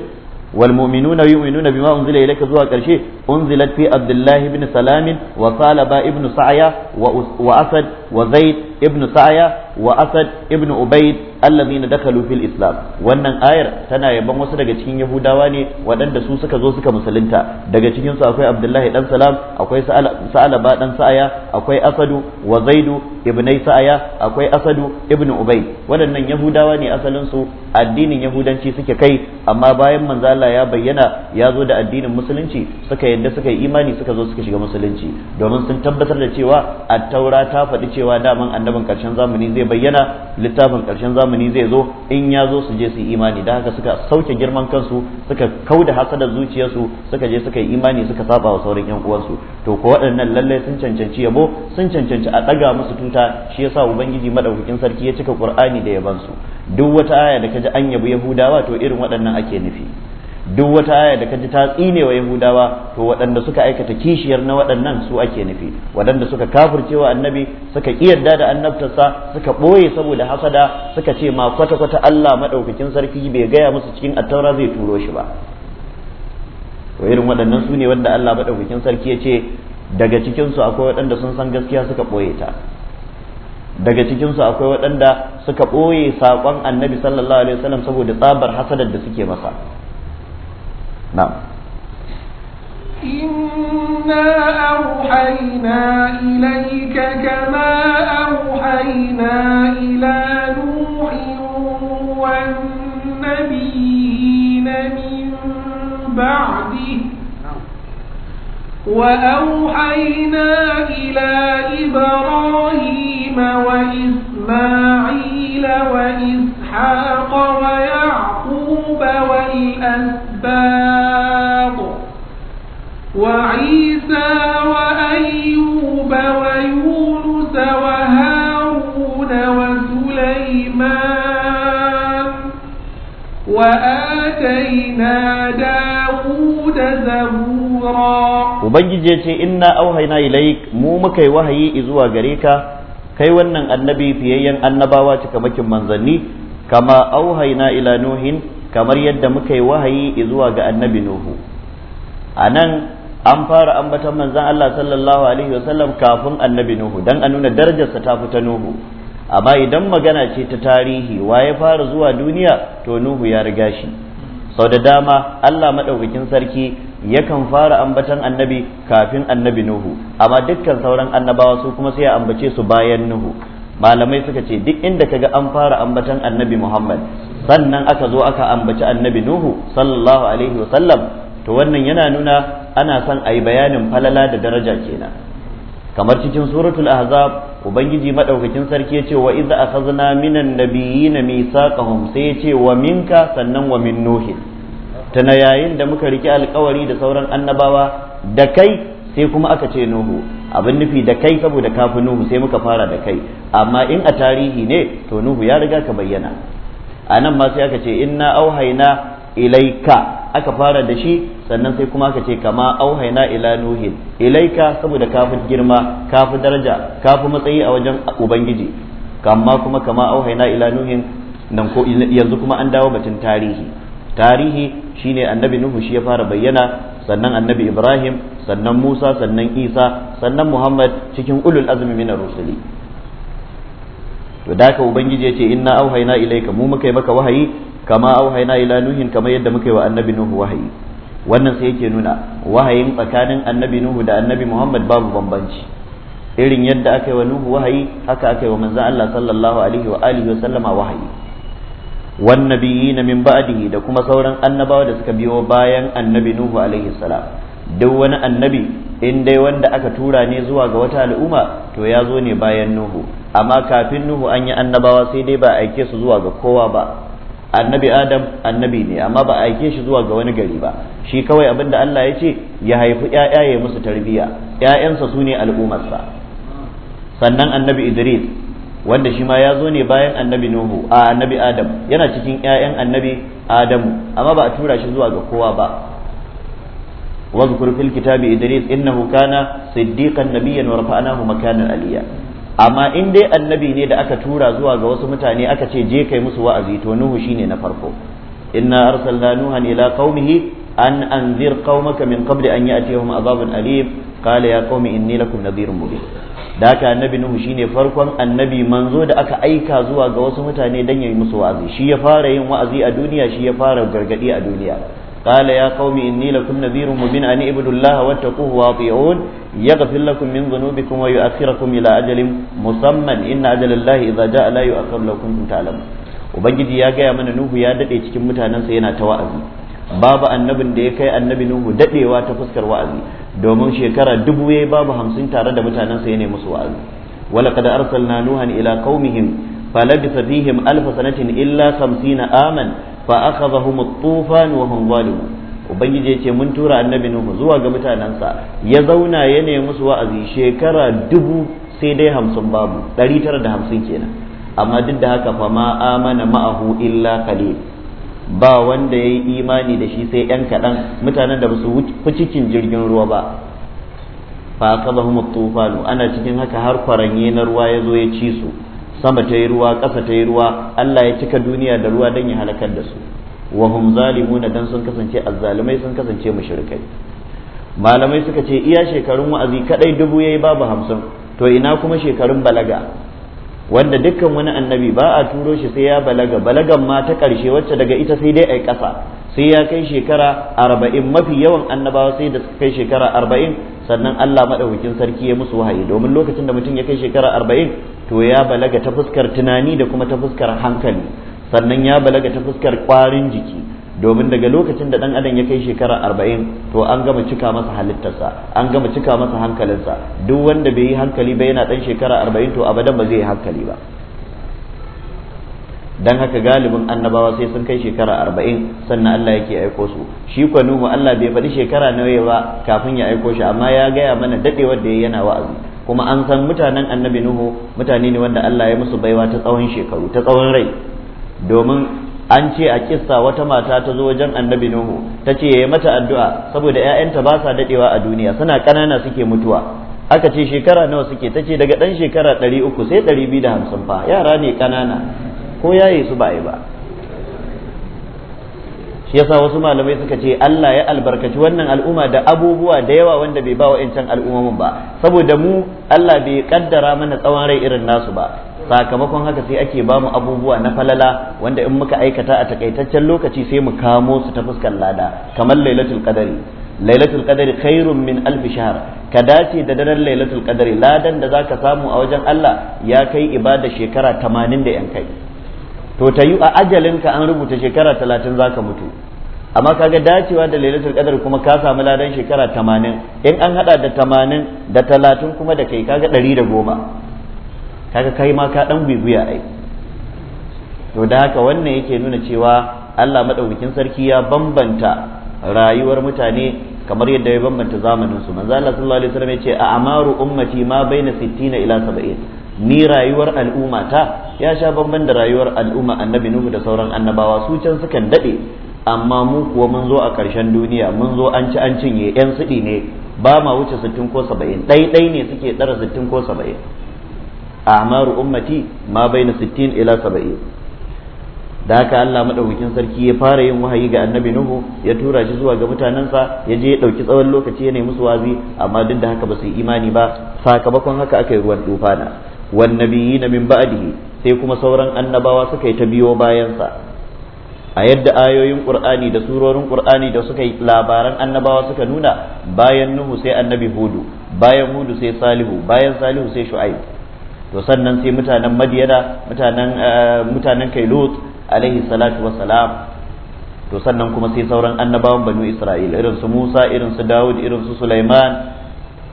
wal mu'minuna yu'minuna bima unzila ilayka zuwa karshe unzilat fi abdullahi ibn salam wa talaba ibn sa'ya wa asad وزيد ابن سعية وأسد ابن أبيد الذين دخلوا في Islam wannan ayar tana yaban wasu daga cikin Yahudawa ne waɗanda su suka zo suka musulunta daga cikin su akwai Abdullahi dan Salam akwai Sa'alaba ɗan Sa'aya akwai Asadu Wazaidu Zaidu ibnai Sa'aya akwai Asadu ibn Ubay waɗannan Yahudawa ne asalin su addinin Yahudanci suke kai amma bayan manzo ya bayyana ya zo da addinin musulunci suka yadda suka yi imani suka zo suka shiga musulunci domin sun tabbatar da cewa attaura ta faɗi cewa cewa daman annabin karshen zamani zai bayyana littafin karshen zamani zai zo in ya zo su je su imani da haka suka sauke girman kansu suka kau da hasadar zuciyarsu suka je suka yi imani suka saba wa sauran yan uwansu to ko waɗannan lallai sun cancanci yabo sun cancanci a ɗaga musu tuta shi yasa ubangiji madaukakin sarki ya cika qur'ani da yabansu duk wata aya da kaji an yabi yahudawa to irin waɗannan ake nufi duk wata aya da kaji ta tsine wa yahudawa to waɗanda suka aikata kishiyar na waɗannan su ake nufi waɗanda suka kafircewa annabi suka yarda da annabtarsa suka ɓoye saboda hasada suka ce ma kwata kwata Allah maɗaukakin sarki bai gaya musu cikin attaura zai turo shi ba to irin waɗannan su ne wanda Allah maɗaukakin sarki ya ce daga cikinsu akwai waɗanda sun san gaskiya suka ɓoye ta daga cikinsu akwai waɗanda suka ɓoye saƙon annabi sallallahu alaihi wasallam saboda tsabar hasadar da suke masa نعم إنا أوحينا إليك كما أوحينا إلى نوح والنبيين من بعده وأوحينا إلى إبراهيم وإسماعيل وإسحاق ويعقوب والأسباط وعيسى وأيوب ويونس وهارون وسليمان وآتينا داود ya ce وبنجي يتي إنا أوهينا إليك مو wahayi izuwa gare ka kai wannan annabi fiyayyen annabawa cikamakin manzanni kama auhaina ila nuhin kamar yadda muka yi wahayi izuwa ga annabi nuhu a nan an fara ambatan manzan Allah sallallahu alaihi wasallam kafin annabi nuhu dan a nuna darajarsa ta fita nuhu amma idan magana ce ta tarihi wa ya fara zuwa duniya to nuhu ya riga shi sau da dama Allah maɗaukakin sarki yakan fara ambatan annabi kafin annabi Nuhu amma dukkan sauran annabawa su kuma sai ya ambace su bayan Nuhu malamai suka ce duk inda kaga an fara ambatan annabi Muhammad sannan aka zo aka ambaci annabi Nuhu sallallahu alaihi wa sallam to wannan yana nuna ana son a yi bayanin falala da daraja kenan kamar cikin suratul ahzab ubangiji madaukakin sarki yace wa idza akhadna minan nabiyina mithaqahum sai yace wa minka sannan wa min nuhin tana yayin da muka riki alkawari da sauran annabawa da kai sai kuma aka ce nuhu abin nufi da kai saboda kafi nuhu sai muka fara da kai amma in a tarihi ne to nuhu ya riga ka bayyana a nan ma sai aka ce inna auhaina ilaika aka fara da shi sannan sai kuma aka ce kama auhaina ila nuhin ilaika saboda kafin girma kafi daraja kafi matsayi a wajen ubangiji kama kuma kama auhaina ila nuhin nan ko yanzu kuma an dawo batun tarihi tarihi shine annabi nuhu shi ya fara bayyana sannan annabi ibrahim sannan musa sannan isa sannan muhammad cikin ulul azumi minar rusuli to da ka ubangiji ya ce inna auhaina ilaika mu muka yi maka wahayi kama auhayna ila nuhin kama yadda muka yi wa annabi nuhu wahayi wannan sai yake nuna wahayin tsakanin annabi nuhu da annabi muhammad babu bambanci irin yadda aka yi wa nuhu wahayi haka aka yi wa manzan Allah sallallahu alaihi wa alihi wa sallama wahayi wan na min ba'dihi da kuma sauran annabawa da suka biyo bayan annabi nuhu alaihi salam duk wani annabi in dai wanda aka tura ne zuwa ga wata al'umma to ya zo ne bayan nuhu amma kafin nuhu an yi annabawa sai dai ba aike su zuwa ga kowa ba annabi adam annabi ne amma ba a aike shi zuwa ga wani gari ba shi kawai abin da Allah ya ce ya haifi ƴaƴa ya musu tarbiyya ƴaƴansa su ne al'ummarsa sannan annabi idris wanda shi ma ya zo ne bayan annabi nuhu a annabi adam yana cikin ƴaƴan annabi adamu amma ba a tura shi zuwa ga kowa ba واذكر kitabi Idris إدريس إنه كان صديقا نبيا ورفعناه مكانا aliyya amma in dai annabi ne da aka tura zuwa ga wasu mutane aka ce je kai musu wa'azi to nuhu shine na farko inna arsalna nuhan ila qaumihi an anzir qaumaka min qabli an ya'tihum azabun alim qala ya qaumi inni lakum nadhirun mubin da haka annabi nuhu shine farkon annabi manzo da aka aika zuwa ga wasu mutane dan yayi musu wa'azi shi ya fara yin wa'azi a duniya shi ya fara gargadi a duniya قال يا قوم إني لكم نذير مبين أن اعبدوا الله واتقوه وأطيعون يغفر لكم من ذنوبكم ويؤخركم إلى أجل مسمى إن أجل الله إذا جاء لا يؤخر لو كنتم تعلمون ubangiji ya gaya mana nuhu ya daɗe cikin mutanensa yana ta wa'azi babu annabin da ya kai annabi nuhu daɗewa ta fuskar wa'azi domin shekara dubu ya babu hamsin tare da mutanensa ya musu wa'azi wala kada arsalna nuhan ila qaumihim falabisa fihim alfa sanatin illa 50 aman fa akhadhahum at-tufan wa hum zalimun ubangiji ya ce mun tura annabi nuhu zuwa ga mutanensa ya zauna ya nemi musu wa'azi shekara dubu sai dai hamsin babu ɗari tara da hamsin kenan amma duk da haka fa ma amana ma'ahu illa qalil ba wanda ya yi imani da shi sai yan kaɗan mutanen da ba su fi cikin jirgin ruwa ba fa akabahum tufan ana cikin haka har kwaranye na ruwa ya zo ya ci su sama ta yi ruwa ƙasa ta yi ruwa Allah ya cika duniya da ruwa don ya halakar da su wa hum zalimuna dan sun kasance azzalumai sun kasance mushrikai malamai suka ce iya shekarun wa'azi kadai dubu yayi babu hamsin to ina kuma shekarun balaga wanda dukkan wani annabi ba a turo shi sai ya balaga balagan ma ta ƙarshe wacce daga ita sai dai ai ƙasa sai ya kai shekara arba'in mafi yawan annabawa sai da suka kai shekara arba'in sannan Allah madaukakin sarki ya musu wahayi domin lokacin da mutum ya kai shekara arba'in to ya balaga ta fuskar tunani da kuma ta fuskar hankali sannan ya balaga ta fuskar kwarin jiki domin daga lokacin da ɗan adam ya kai shekara arba'in to an gama cika masa halittarsa an gama cika masa hankalinsa duk wanda bai yi hankali ba yana ɗan shekara arba'in to abadan ba zai yi hankali ba dan haka galibin annabawa sai sun kai shekara arba'in sannan Allah yake aiko su shi kwa Nuhu Allah bai faɗi shekara nawa ba kafin ya aiko shi amma ya gaya mana daɗewar da yana wa'azi kuma an san mutanen annabi Nuhu mutane ne wanda Allah ya musu baiwa ta tsawon shekaru ta tsawon rai domin an ce a kissa wata mata ta zo wajen annabi Nuhu ta ce yayi mata addu'a saboda 'ya'yanta ba sa daɗewa a duniya suna ƙanana suke mutuwa aka ce shekara nawa suke ta ce daga ɗan shekara ɗari uku sai ɗari biyu da hamsin fa yara ne ƙanana ko yaye su ba a yi ba shi yasa wasu malamai suka ce Allah ya albarkaci wannan al'umma da abubuwa da yawa wanda bai ba wa'ancan al'ummomin ba saboda mu Allah bai kaddara mana tsawon rai irin nasu ba sakamakon haka sai ake bamu abubuwa na falala wanda in muka aikata a takaitaccen lokaci sai mu kamo su ta fuskar lada kamar lailatul qadari lailatul qadari khairun min alf shahr ka dace da daren lailatul qadari ladan da zaka samu a wajen Allah ya kai ibada shekara 80 da yan kai to ta yi a ajalinka an rubuta shekara talatin za ka mutu amma kaga dacewa da lailatul qadar kuma ka samu ladan shekara tamanin in an hada da tamanin da talatin kuma da kai kaga ɗari da goma kaga kai ma ka ɗan gwigwiya ai to da haka wannan yake nuna cewa Allah madaukakin sarki ya bambanta rayuwar mutane kamar yadda ya bambanta zamanin su manzo Allah sallallahu alaihi wasallam ya ce a amaru ummati ma baina 60 ila 70 ni rayuwar al'umma ta ya sha bamban da rayuwar al'umma annabi nuhu da sauran annabawa su can sukan daɗe amma mu kuwa mun zo a karshen duniya mun zo an ci an cinye yan Sidi ne ba ma wuce sittin ko saba'in ɗaiɗai ne suke ɗara sittin ko saba'in amaru ummati ma baina sittin ila saba'in da haka Allah madaukakin sarki ya fara yin wahayi ga annabi Nuhu ya tura shi zuwa ga mutanensa ya je ya ɗauki tsawon lokaci ya nemi su wazi amma duk da haka ba su yi imani ba sakamakon haka aka yi ruwan tufana wan nabiyina min ba'dihi sai kuma sauran annabawa suka yi ta biyo bayansa a yadda ayoyin qur'ani da surorin qur'ani da suka yi labaran annabawa suka nuna bayan nuhu sai annabi hudu bayan hudu sai salihu bayan salihu sai shu'aib to sannan sai mutanen madiyana mutanen eh, mutanen kai lut alaihi salatu wassalam to sannan kuma sai sauran annabawan banu isra'ila irin su musa irin su dawud irin su sulaiman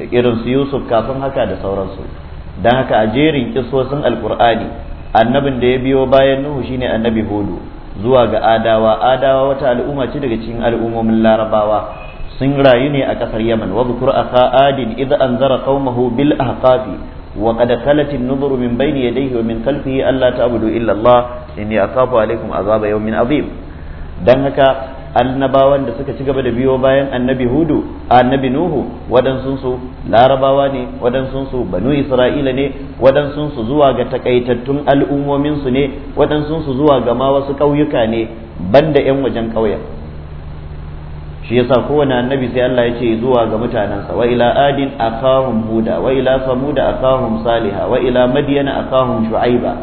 irin su yusuf kafin haka da sauransu don haka a jerin kisosin alkur'ani annabin da ya biyo bayan nuhu shine annabi hudu zuwa ga adawa adawa wata al'umma ce daga cikin al'ummomin larabawa sun rayu ne a kasar yaman wa zukur akha adin an anzara kaumahu bil ahqafi wa qad khalat an-nuzuru min bayni yadayhi wa min khalfihi alla ta'budu illa allah inni akhafu alaikum azaba yawmin azim dan haka annabawan da suka ci gaba da biyo bayan annabi hudu annabi nuhu waɗansunsu larabawa ne waɗansunsu su banu isra'ila ne waɗansunsu zuwa ga takaitattun al'ummominsu ne waɗansunsu su zuwa ga ma wasu ƙauyuka ne banda yan wajen ƙauyen shi yasa kowane annabi sai Allah ya ce zuwa ga mutanensa wa ila adin akahum huda wa ila samuda akahum saliha wa ila madyana akahum shu'aiba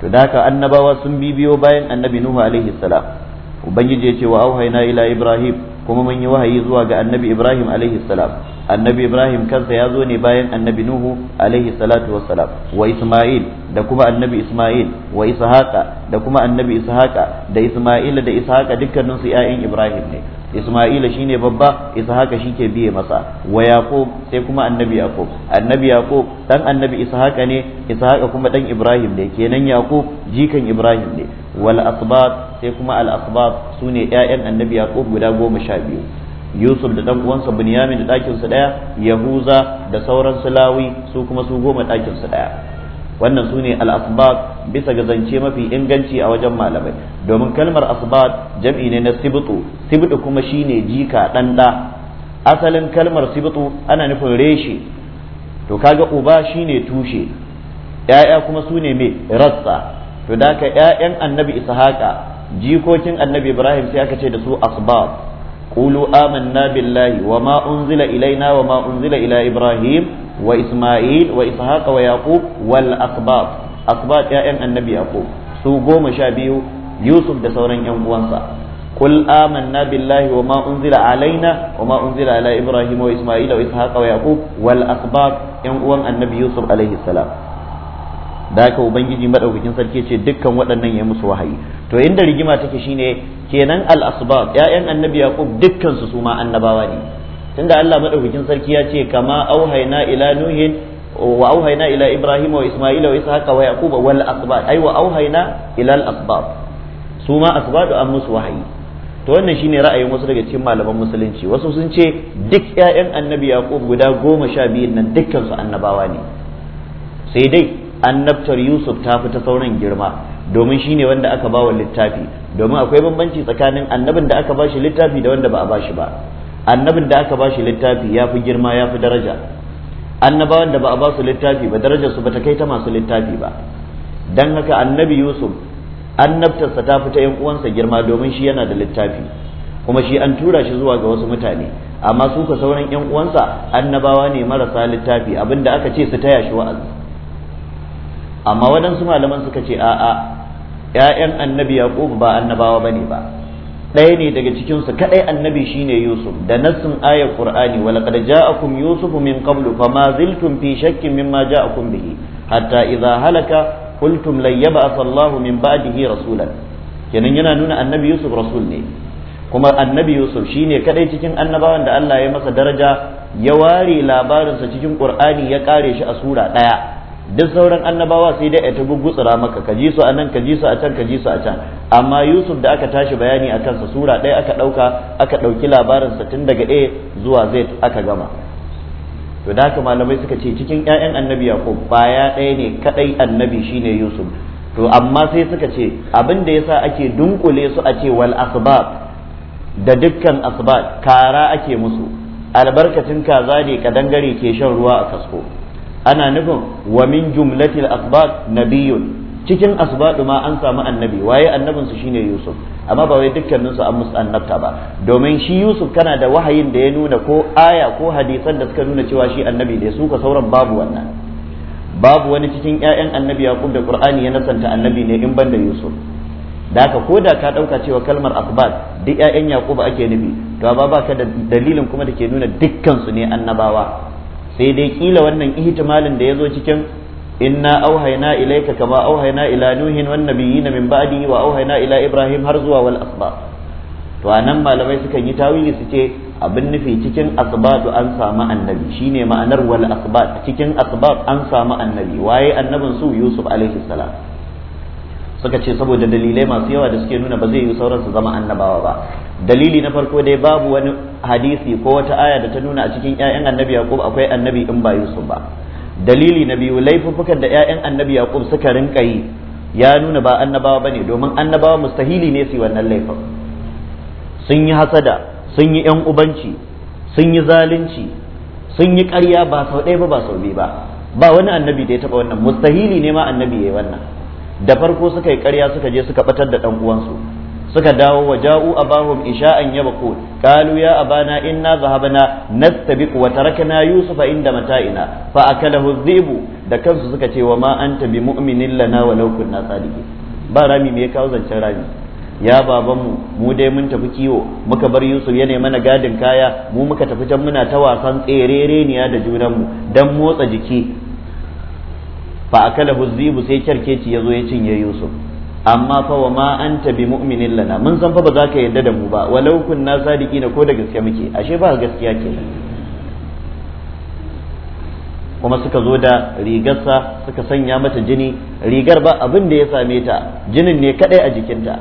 to da haka annabawa sun bibiyo bayan annabi nuhu alaihi salam ubangiji ya ce wa auhayna ila ibrahim kuma mun yi wahayi zuwa ga annabi ibrahim alaihi salam annabi ibrahim kansa ya zo ne bayan annabi nuhu alaihi salatu wassalam wa isma'il da kuma annabi isma'il wa ishaqa da kuma annabi ishaqa da isma'il da ishaqa dukkanin su ya'in ibrahim ne isma'ila shine babba ishaqa shike biye masa wa yaqub sai kuma annabi yaqub annabi yaqub dan annabi ishaqa ne ishaqa kuma dan ibrahim ne kenan yaqub jikan ibrahim ne wal asbab sai kuma al asbab sune ƴaƴan annabi yaqub guda goma sha biyu yusuf da dan uwansa binyamin da su ɗaya yahuza da sauran sulawi su kuma su goma su ɗaya wannan su ne al'asbab bisa ga zance mafi inganci a wajen malamai domin kalmar asbab jam'i ne na sibitu sibitu kuma shi shine jika ɗanɗa asalin kalmar sibitu ana nufin reshe to kaga uba shi ne tushe ‘ya'ya kuma su ne mai rassa to da ka ‘ya'yan annabi isa haka jikokin annabi ibrahim sai aka ce da su asbab قولوا آمنا بالله وما أنزل إلينا وما أنزل إلى إبراهيم وإسماعيل وإسحاق ويعقوب والأقباط أقباط يا أن النبي يعقوب سو قوم يوسف دسورين يوم قل آمنا بالله وما أنزل علينا وما أنزل على إبراهيم وإسماعيل وإسحاق ويعقوب والأقباط yan uwan النبي يوسف عليه السلام da haka ubangiji madaukakin sarki ce dukkan waɗannan ya musu wahayi to inda rigima take shine kenan al-asbab ya'yan annabi yaqub dukkan su ma annabawa ne tunda Allah madaukakin sarki ya ce kama auhayna ila nuhin wa auhayna ila ibrahim wa isma'ila wa ishaqa wa yaquba wal asbab aiwa wa auhayna ila al-asbab suma asbab an musu wahayi to wannan shine ra'ayin wasu daga cikin malaman musulunci wasu sun ce duk ƴaƴan annabi yaqub guda goma sha biyun nan dukkansu annabawa ne sai dai annabtar yusuf ta fi ta sauran girma domin shi ne wanda aka bawa littafi domin akwai bambanci tsakanin annabin da aka ba shi littafi da wanda ba a shi ba annabin da aka ba shi littafi ya fi girma ya fi daraja annabawan da ba a basu littafi ba darajar su ta kai ta masu littafi ba dan haka annabi yusuf annabtarsa ta fi ta yan uwansa girma domin shi yana da littafi kuma shi an tura shi zuwa ga wasu mutane amma su ka sauran yan uwansa annabawa ne marasa littafi abinda aka ce su taya shi wa'azi amma waɗansu malaman suka ce a'a 'ya'yan annabi yaqub ba annabawa ne ba ɗaya ne daga cikinsu kaɗai annabi shine yusuf da nassin ayar qur'ani wa laqad ja'akum yusufu min fa ma ziltum fi shakkin mimma ja'akum bihi hatta iza halaka qultum layyaba yab'ath Allahu min ba'dihi rasulan kenan yana nuna annabi yusuf rasul ne kuma annabi yusuf shine kaɗai cikin annabawan da Allah ya masa daraja ya ware labarinsa cikin ƙur'ani ya kare shi a sura ɗaya duk sauran annabawa sai dai ta gugutsura maka ka ji su a nan ka ji su a can ka ji su a can amma yusuf da aka tashi bayani a kansa sura ɗaya aka ɗauka aka ɗauki labarinsa tun daga a zuwa z aka gama to da haka malamai suka ce cikin 'ya'yan annabi ko baya ɗaya ne kaɗai annabi shine yusuf to amma sai suka ce abin da yasa ake dunkule su a ce wal asbab da dukkan asbab kara ake musu albarkacin kaza ne kadangare ke shan ruwa a kasko ana nufin wa min jumlatil asbab nabiyun cikin asbadu ma an samu annabi waye annabin su shine Yusuf amma ba wai dukkanin su an musu annabta ba domin shi Yusuf kana da wahayin da ya nuna ko aya ko hadisan da suka nuna cewa shi annabi da su ka sauran babu wannan babu wani cikin ƴaƴan annabi Yaqub da Qur'ani ya nasanta annabi ne in banda Yusuf da haka ko da ka ɗauka cewa kalmar asbab duk ƴaƴan Yaqub ake nufi to ba ka da dalilin kuma da ke nuna dukkan su ne annabawa sai dai kila wannan ihtimalin da ya zo cikin inna auhayna ilayka kama auhayna ila nuhin wan nabiyina min ba'dihi wa auhayna ila ibrahim har zuwa wal asba to anan malamai suka yi tawili su ce abin nufi cikin asbab an samu annabi shine ma'anar wal asbab cikin asbab an samu annabi waye annabin su yusuf alaihi salam suka ce saboda dalilai masu yawa da suke nuna ba zai yi sauran su zama annabawa ba dalili na farko dai babu wani hadisi ko wata aya da ta nuna a cikin ƴaƴan annabi yaqub akwai annabi in ba yusuf ba dalili na biyu laifuffukan da 'ya'yan annabi yaqub suka rinka yi ya nuna ba annabawa bane domin annabawa mustahili ne su wannan laifin sun yi hasada sun yi ƴan ubanci sun yi zalunci sun yi ƙarya ba sau ɗaya ba ba sau biyu ba ba wani annabi da ya taɓa wannan mustahili ne ma annabi ya yi wannan da farko suka yi ƙarya suka je suka batar da ɗan uwansu suka dawo wa ja'u abahum isha'an yabqu qalu ya abana inna zahabna nastabiqu wa tarakna yusufa inda mata'ina fa akalahu dhibu da kansu suka ce wa ma anta bi mu'minin lana wa law kunna sadiqin ba rami me ya kawo zancen rami ya babanmu mu dai mun tafi kiwo muka bar yusuf ya mana gadin kaya mu muka tafi can muna ta wasan reniya da junan mu dan motsa jiki fa akala huzibu sai kyarkeci yazo ya cinye yusuf amma fa wa ma anta bi mu'minin lana mun san fa ba za ka yarda da mu ba walau kunna sadiqina ko da gaske muke ashe ba gaskiya kenan kuma suka zo da rigarsa suka sanya mata jini rigar ba abin da ya same ta jinin ne kadai a jikinta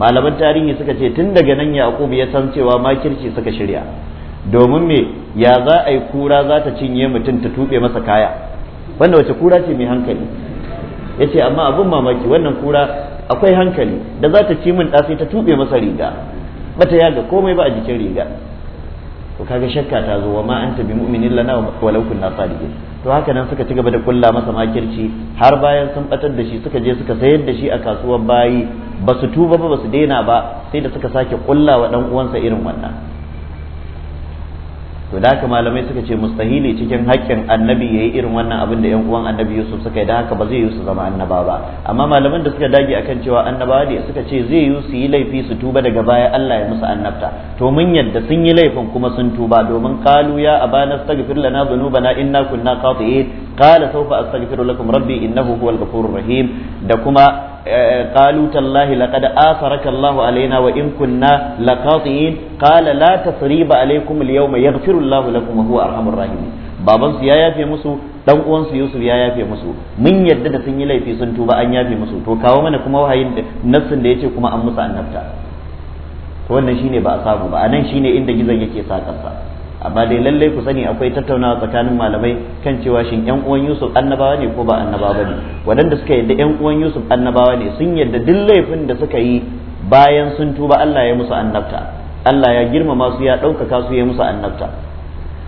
malaman tarihi suka ce tun daga nan yaqub ya san cewa ma makirci suka shirya domin me ya za a yi kura za ta cinye mutum ta tuɓe masa kaya wannan wace kura ce mai hankali ya ce amma abin mamaki wannan kura akwai hankali da za ta ci min ɗasai ta tuɓe masa riga ta yaga komai ba a jikin riga to kaga shakka ta zo wa ma an bi mu'minin lana walau kunna salihin to haka nan suka ci gaba da kulla masa makirci har bayan sun batar da shi suka je suka sayar da shi a kasuwar bayi ba su tuba ba ba su daina ba sai da suka sake kulla wa ɗan uwansa irin wannan to da haka malamai suka ce mustahili cikin haƙƙin annabi ya yi irin wannan abin da yan uwan annabi Yusuf suka yi da haka ba zai yi su zama annaba ba amma malaman da suka dage akan cewa annaba ne suka ce zai yi su yi laifi su tuba daga baya Allah ya musu annabta to mun yadda sun yi laifin kuma sun tuba domin kalu ya abana astaghfir lana dhunubana inna kunna qati'in qala sawfa astaghfiru lakum rabbi innahu huwal ghafurur rahim da kuma قالوا تالله لقد آثرك الله علينا وإن كنا لقاطئين قال لا تصريب عليكم اليوم يغفر الله لكم وهو أرحم الراحمين baban su ya yafe musu dan uwan su Yusuf ya yafe musu mun yadda da sun yi laifi sun tuba an yafe musu to kawo mana kuma wahayin da nassin da yace kuma an musu annabta to wannan shine ba a samu ba anan shine inda gizon yake sakarsa amma dai lallai ku sani akwai tattaunawa tsakanin malamai kan cewa shin yan uwan Yusuf annabawa ne ko ba annabawa bane waɗanda suka yadda yan uwan Yusuf annabawa ne sun yadda duk laifin da suka yi bayan sun tuba Allah ya musu annabta Allah ya girmama su ya ɗaukaka su ya musu annabta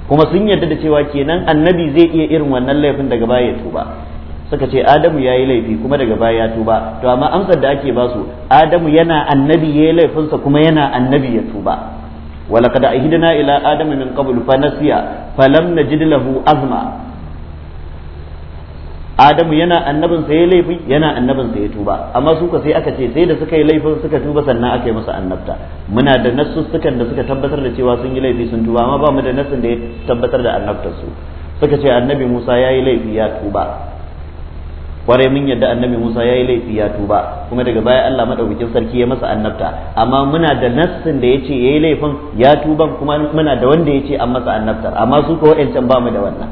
kuma sun yadda da cewa kenan annabi zai iya irin wannan laifin daga baya ya tuba suka ce adamu ya yi laifi kuma daga baya ya tuba to amma amsar da ake basu adamu yana annabi ya yi laifinsa kuma yana annabi ya tuba ولقد أهدنا إلى آدم من fa فنسي فلم نجد له أزما Adamu yana annabin sa ya laifi yana annabin sa ya tuba amma su ka sai aka ce sai da suka yi laifin suka tuba sannan aka yi musu annabta muna da nassussukan da suka tabbatar da cewa sun yi laifi sun tuba amma ba mu da nassin da ya tabbatar da annabtar su suka ce annabi Musa ya yi laifi ya tuba kwarai mun yadda annabi Musa ya yi laifi ya tuba kuma daga baya Allah madaukakin sarki ya masa annabta amma muna da nassin da yace yayi laifin ya tuban kuma muna da wanda yace an masa annabta amma su ko wa'ancan ba mu da wannan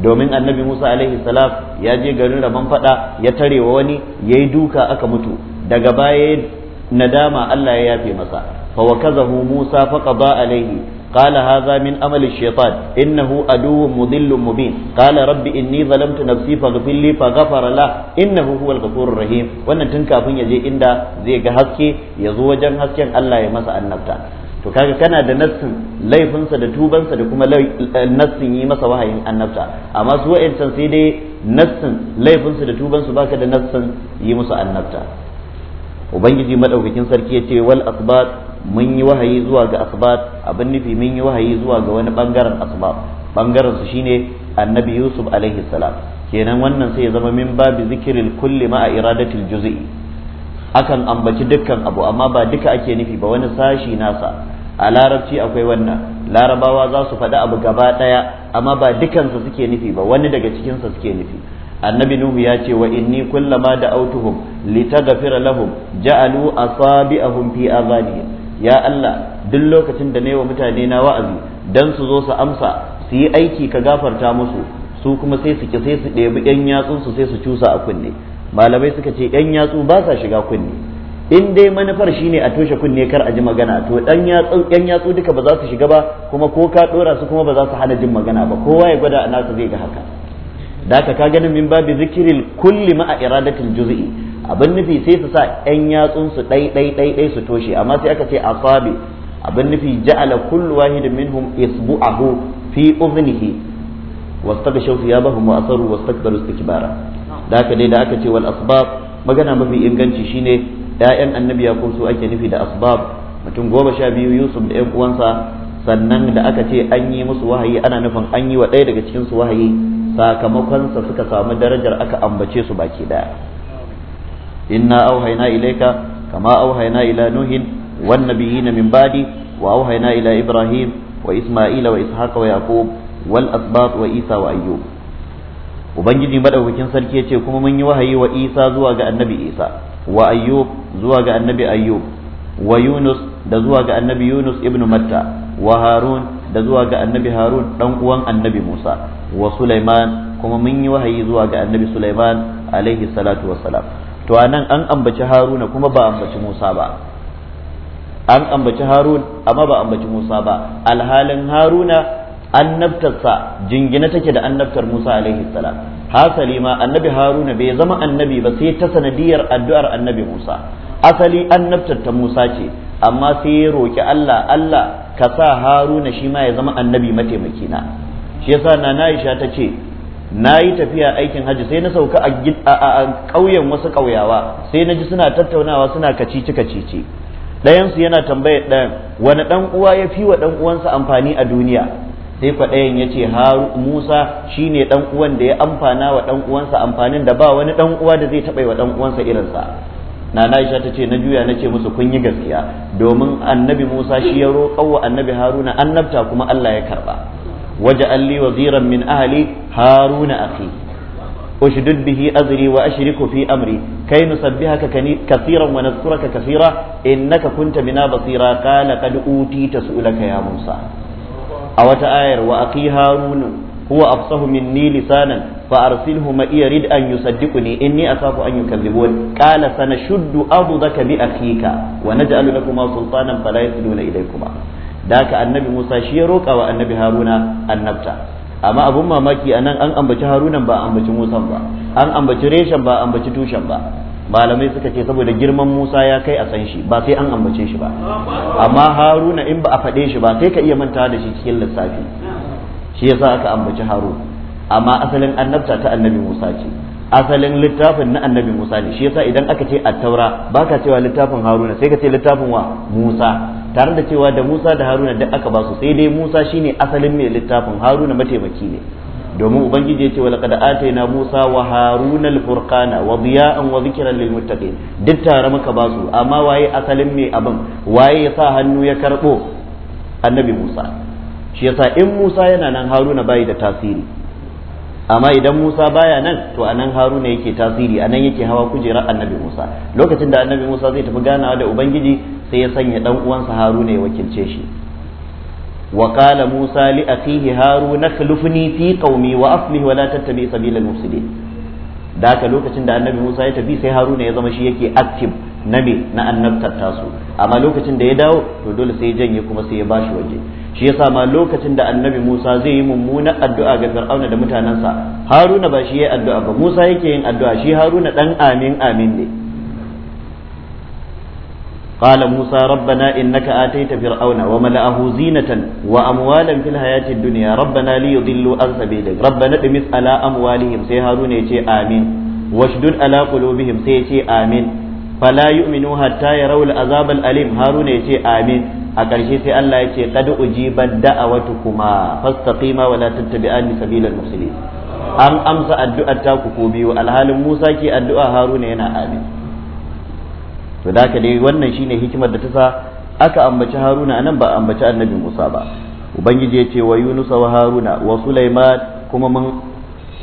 domin annabi Musa alaihi salam ya je garin rabon fada ya tare wa wani yayi duka aka mutu daga baya nadama Allah ya yafe masa fa wakazahu Musa faqada alaihi قال هذا من أمل الشيطان إنه أدو مضل مبين قال رب إني ظلمت نفسي فاغفر لي فغفر له إنه هو الغفور الرحيم وأن تنكا فين يجي إندا زي هسكي يزو وجن هسكي ألا يمس النبتة to kaga kana da nassin laifinsa da tubansa da kuma nassin yi masa wahayin annabta amma su wa'ancan sai dai nassin laifinsu da tubansu baka da nassin yi musu annabta ubangiji madaukakin sarki ya ce wal asbat mun yi wahayi zuwa ga asbat abin nufi mun yi wahayi zuwa ga wani bangaren asbat bangaren su shine annabi yusuf alaihi salam kenan wannan sai ya zama min babi zikirin kulli ma'a iradatil juz'i akan ambaci dukkan abu amma ba duka ake nufi ba wani sashi nasa a larabci akwai wannan larabawa za su faɗi abu gaba ɗaya amma ba dukansa suke nufi ba wani daga cikinsa suke nufi annabi nuhu ya ce wa inni kullama da autuhum litaghfira lahum ja'alu asabi'ahum fi adhanihim ya Allah duk lokacin da nayi wa mutane na wa'azi dan su zo su amsa su yi aiki ka gafarta musu su kuma sai su ki sai su ɗebi yan yatsun su sai su cusa a kunne malamai suka ce yan yatsu ba sa shiga kunne in dai manufar shine a toshe kunne kar a ji magana to ɗan yatsu yan yatsu duka ba za su shiga ba kuma ko ka dora su kuma ba za su hana jin magana ba kowa ya gwada a nasa zai ga haka da ka ganin min babu zikirin kulli a iradatin juz'i abin nufi sai su sa yan yatsun su ɗai su toshe amma sai aka ce asabi abin nufi ja'ala kullu wahidin minhum isbu'ahu fi udhnihi wastaghshaw thiyabahum wa asaru wastakbaru istikbara da haka dai da aka ce wal asbab magana mafi inganci shine ƴaƴan annabi ko su ake nufi da asbab mutum goma sha biyu yusuf da ƴan uwansa sannan da aka ce an yi musu wahayi ana nufin an yi wa ɗaya daga cikin su wahayi sakamakonsa suka samu darajar aka ambace su baki ɗaya إنا أوهينا إليك كما أوهينا إلى نوح والنبيين من بعدي وأوهينا إلى إبراهيم وإسماعيل وإسحاق ويعقوب والأسباط وإيسى وأيوب ubangiji madaukakin sarki yace kuma mun yi wahayi wa Isa zuwa ga annabi Isa wa Ayyub zuwa ga annabi Ayyub wa Yunus da zuwa ga annabi Yunus ibn Matta wa Harun da zuwa ga annabi Harun dan uwan annabi Musa wa Sulaiman kuma mun yi wahayi zuwa ga annabi Sulaiman alaihi salatu wassalam to anan an ambaci haruna kuma ba ambaci musa ba an ambaci harun amma ba ambaci musa ba alhalin haruna annabtarsa jingina take da annabtar musa alaihi salam hasali ma annabi haruna bai zama annabi ba sai ta sanadiyar addu'ar annabi musa asali annabtar ta musa ce amma sai ya roki allah allah ka sa haruna shi ma ya zama annabi mataimaki na shi yasa Nana Aisha ta ce na yi tafiya aikin hajji sai na sauka a ƙauyen wasu ƙauyawa sai na ji suna tattaunawa suna kacici kacici ɗayansu yana tambayar ɗayan wani ɗan uwa ya fi wa ɗan uwansa amfani a duniya sai kwa ɗayan ya ce musa shine ɗan uwan da ya amfana wa ɗan uwansa amfanin da ba wani ɗan uwa da zai taɓa wa ɗan uwansa irinsa nana aisha ta ce na juya na ce musu kun yi gaskiya domin annabi musa shi ya roƙa wa annabi haruna annabta kuma allah ya karɓa واجعل لي وزيرا من أهلي هارون أخي أشدد به أزري وأشركه في أمري كي نسبحك كثيرا ونذكرك كثيرا إنك كنت بنا بصيرا قال قد أوتيت سؤلك يا موسى أو تآير وأخي هارون هو أفصه مني لسانا فأرسله ما يريد أن يصدقني إني أخاف أن يكذبون قال سنشد أبضك بأخيك ونجعل لكما سلطانا فلا يصلون إليكما da haka annabi Musa shi ya roƙa wa annabi Haruna annabta amma abun mamaki anan an ambaci Harunan ba an ambaci Musa ba an ambaci reshen ba ambaci tushen ba malamai suka ce saboda girman Musa ya kai a san shi ba sai an ambace shi ba amma Haruna in ba a faɗe shi ba sai ka iya manta da shi cikin lissafi shi yasa aka ambaci Harun amma asalin annabta ta annabi Musa ce asalin littafin na annabi Musa ne shi yasa idan aka ce at-taura baka cewa littafin Haruna sai ka ce littafin wa Musa tare da cewa da Musa da Haruna duk aka ba su sai dai Musa shine asalin mai littafin Haruna mataimaki ne domin ubangiji ya ce wa laqad ataina Musa wa Haruna al-furqana wa diya'an wa dhikran lil muttaqin duk tare muka ba su amma waye asalin mai abin waye ya sa hannu ya karbo annabi Musa shi yasa in Musa yana nan Haruna bai da tasiri amma idan Musa baya nan to anan Haruna yake tasiri anan yake hawa kujera annabi Musa lokacin da annabi Musa zai tafi ganawa da ubangiji sai ya sanya dan uwansa haruna ya wakilce shi wa qala musa li akhihi haruna khlufni fi qaumi wa aslih wa la tattabi sabila al-mufsidin da haka lokacin da annabi musa ya tafi sai haruna ya zama shi yake active nabi na annabtar tasu amma lokacin da ya dawo to dole sai ya janye kuma sai ya bashi waje shi yasa ma lokacin da annabi Musa zai yi mummuna addu'a ga Fir'auna da mutanensa Haruna ba shi yayi addu'a ba Musa yake yin addu'a shi Haruna dan amin amin ne قال موسى ربنا إنك آتيت فرعون وملأه زينة وأموالا في الحياة الدنيا ربنا ليضلوا عن سبيلك ربنا تمس على أموالهم سيهارون يتي آمين واشدد على قلوبهم سيتي آمين فلا يؤمنوا حتى يروا العذاب الأليم هارون يتي آمين أكرشي سي الله يتي قد أجيبت دعوتكما فاستقيما ولا تتبعان سبيل المفسدين أم أمس الدعاء تاكو كوبي والحال موسى كي الدعاء هارون ينا آمين to da haka dai wannan shine hikimar da ta sa aka ambaci haruna anan ba ambaci annabi musa ba ubangiji ya ce wa yunus wa haruna wa sulaiman kuma mun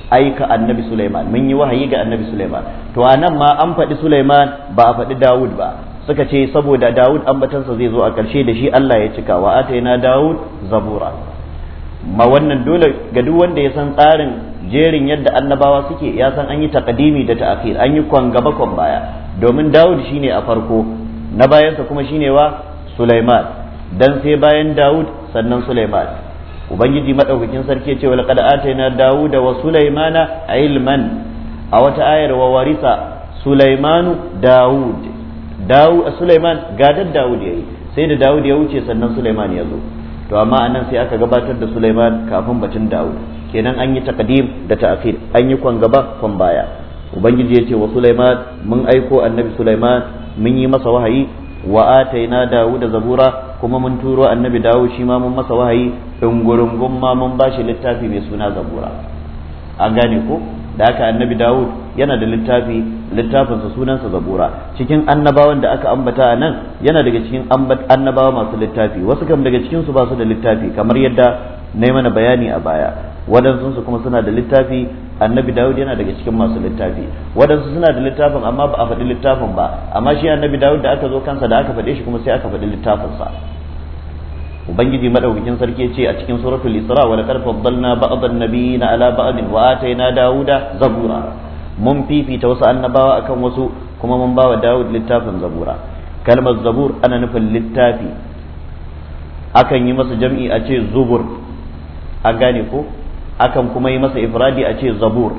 aika annabi sulaiman mun yi wahayi ga annabi sulaiman to anan ma an faɗi sulaiman ba a faɗi dawud ba suka ce saboda dawud ambatansa zai zo a ƙarshe da shi allah ya cika wa yana dawud zabura ma wannan dole ga duk wanda ya san tsarin jerin yadda annabawa suke ya san an yi takadimi da ta'khir an yi kwan gaba kwan baya domin Dawud shine a farko na bayansa kuma shine wa Sulaiman dan sai bayan Dawud sannan Sulaiman ubangiji madaukakin sarki ya ce wa laqad atayna Dawuda wa Sulaimana ilman a wata ayar wa warisa Sulaimanu Dawud Dawud Sulaiman gadar Dawud yayi sai da Dawud ya wuce sannan Sulaiman ya zo to amma anan sai aka gabatar da Sulaiman kafin batun Dawud kenan an yi takadim da ta'khir an yi kwan gaba kwan baya ubangiji yace wa sulaiman mun aiko annabi sulaiman mun yi masa wahayi wa ataina da zabura kuma mun turo annabi dawu shi ma mun masa wahayi gurungun ma mun bashi littafi mai suna zabura an gane ko da aka annabi dawu yana da littafi littafinsa sunansa zabura cikin annabawan da aka ambata a nan yana daga cikin annabawa masu littafi wasu kam daga cikinsu ba su da littafi kamar yadda na mana bayani a baya waɗansu kuma suna da littafi annabi dawud yana daga cikin masu littafi wadansu suna da littafin amma ba a faɗi littafin ba amma shi annabi dawud da aka zo kansa da aka faɗe shi kuma sai aka faɗi littafinsa ubangiji madaukakin sarki ce a cikin suratul isra wa laqad faddalna ba'dhan nabiyina ala ba'din wa atayna dawuda zabura mun fifita wasu annabawa akan wasu kuma mun bawa dawud littafin zabura kalmar zabur ana nufin littafi akan yi masa jam'i a ce zubur a gane ko akan kuma yi masa ifradi a ce zabur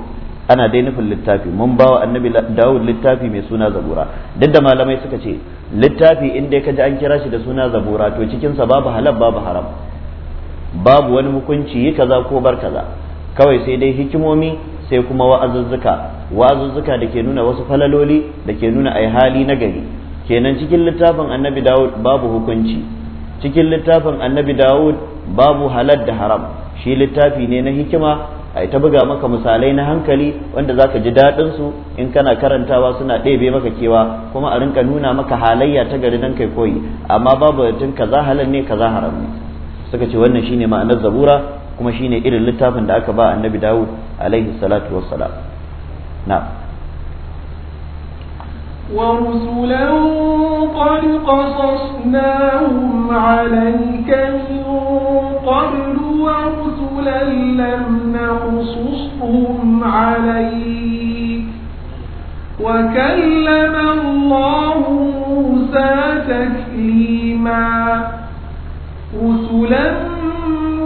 ana dai nufin littafi mun ba wa annabi dawud littafi mai suna zabura duk da malamai suka ce littafi in dai kaji an kira shi da suna zabura to cikinsa babu halal babu haram babu wani hukunci yi kaza ko bar kaza kawai sai dai hikimomi sai kuma wa'azuzzuka wa'azuzzuka da ke nuna wasu falaloli da ke nuna ai hali na gari kenan cikin littafin annabi dawud babu hukunci cikin littafin annabi dawud babu halal da haram shi littafi ne na hikima a ta buga maka misalai na hankali wanda zaka ji daɗin su in kana karantawa suna ɗebe maka kewa kuma a rinka nuna maka halayya ta gari dan kai koyi amma babu batun za halar ne ka za haram ne suka ce wannan shine ma'anar zabura kuma shine irin littafin da aka ba annabi dawud alaihi salatu wassalam na'am ورسلا قد قصصناهم عليك من قبل ورسلا لم نقصصهم عليك وكلم الله موسى تكليما رسلا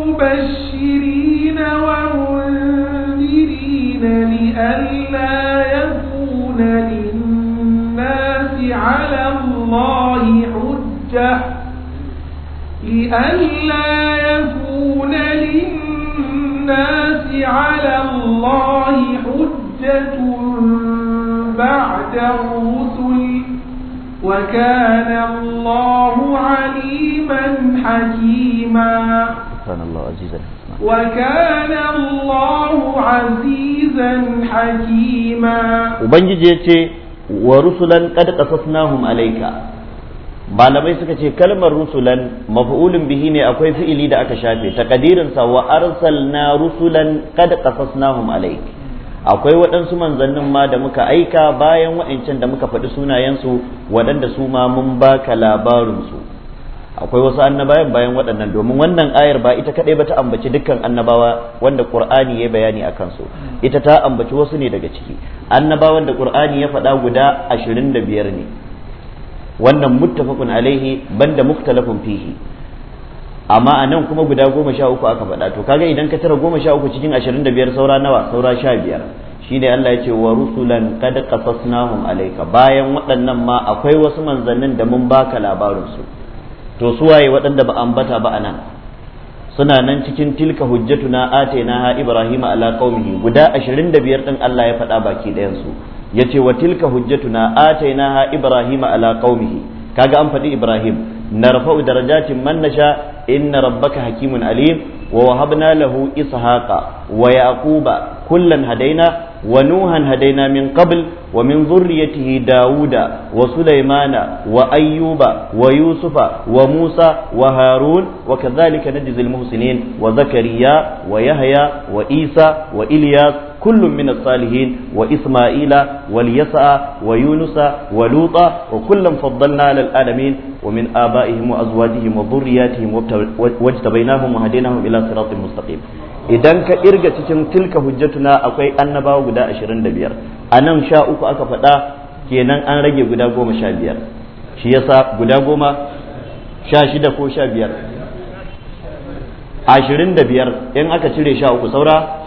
مبشرين ومنذرين لئلا يكون لي على الله حجة لئلا يكون للناس على الله حجة بعد الرسل وكان الله عليما حكيما سبحان الله عزيزا وكان الله عزيزا حكيما وبنجي wa rusulan qad qasasnahum alayka malamai suka ce kalmar rusulan maf'ulun bihi ne akwai fi'ili da aka shafe takadirin sa wa arsalna rusulan qad qasasnahum alayk akwai waɗansu manzannin ma da muka aika bayan wa'ancan da muka faɗi sunayensu waɗanda su ma mun baka labarinsu akwai wasu annabawan bayan waɗannan domin wannan ayar ba ita kaɗai ba ta ambaci dukkan annabawa wanda qur'ani ya bayani a kansu ita ta ambaci wasu ne daga ciki annabawan da qur'ani ya faɗa guda ashirin da biyar ne wannan muttafaqun alaihi banda muktalafun fihi amma a nan kuma guda goma sha uku aka faɗa to kaga idan ka tara goma sha uku cikin ashirin da biyar saura nawa saura sha biyar shine Allah ya ce wa rusulan qad qasasnahum alayka bayan waɗannan ma akwai wasu manzannin da mun baka labarin su to suwaye waɗanda ba ambata ba a nan suna nan cikin tilka hujjatu na atainaha ibrahim ala qaumihi guda 25 din Allah ya faɗa baki ɗayan su yace wa tilka hujjatuna atainaha ibrahim ala qaumihi kaga an faɗi ibrahim narfa'u darajatin mannasha nasha inna rabbaka hakimun alim wa wahabna lahu ishaqa wa yaquba kullan hadaina wa nuhan hadaina min qabl wa min dhurriyyatihi dauda wa sulaymana wa ayyuba wa yusufa wa musa wa harun wa kazalika na najzil muhsinin wa zakariya wa yahya wa isa wa ilyas kullum Minna salihin wa isma'ila wal yasa wa yunusa wa luta wa kullum faddalna lil alamin wa min abaihim wa wa idan ka irga cikin tilka hujjatuna akwai annabawa guda 25 nan sha uku aka faɗa kenan an rage guda goma sha biyar shi yasa guda goma sha shida ko sha biyar ashirin da biyar in aka cire sha uku saura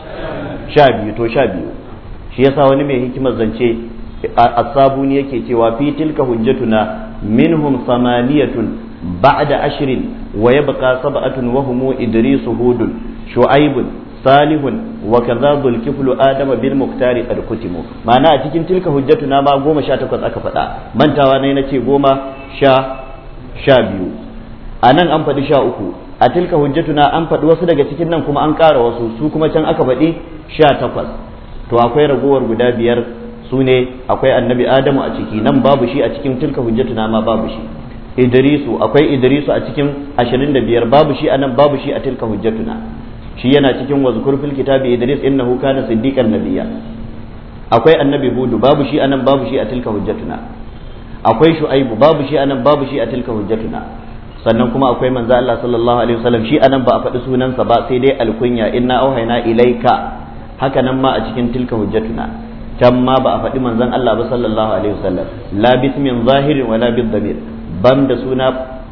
sha biyu to sha biyu shi yasa wani mai hikimar zance asabuni yake cewa fi tilka hujjatuna minhum samaniyatun ba'da ashirin wa yabqa sab'atun wa hum idris hudun shu'aibun salihun wa kaza kiflu adama bil muktari qad kutimu ma'ana a cikin tilka hujjatuna ma goma sha takwas aka faɗa mantawa ne na ce goma sha sha biyu a nan an faɗi sha uku a tilka hujjatuna an faɗi wasu daga cikin nan kuma an ƙara wasu su kuma can aka faɗi sha takwas to akwai ragowar guda biyar su ne akwai annabi adamu a ciki nan babu shi a cikin tilka hujjatuna ma babu shi idrisu akwai idrisu a cikin ashirin da biyar babu shi a nan babu shi a tilka hujjatuna shi yana cikin wazkur fil kitabi idris innahu kana siddiqan nabiyya akwai annabi hudu babu shi anan babu shi a tilka hujjatuna akwai shu'aibu babu shi anan babu shi a tilka hujjatuna sannan kuma akwai manzo Allah sallallahu alaihi wasallam shi anan ba a faɗi sunansa ba sai dai alkunya inna auhayna ilaika haka nan ma a cikin tilka hujjatuna can ma ba a faɗi manzon Allah ba sallallahu alaihi wasallam la bismin zahirin wala bidamir ban da suna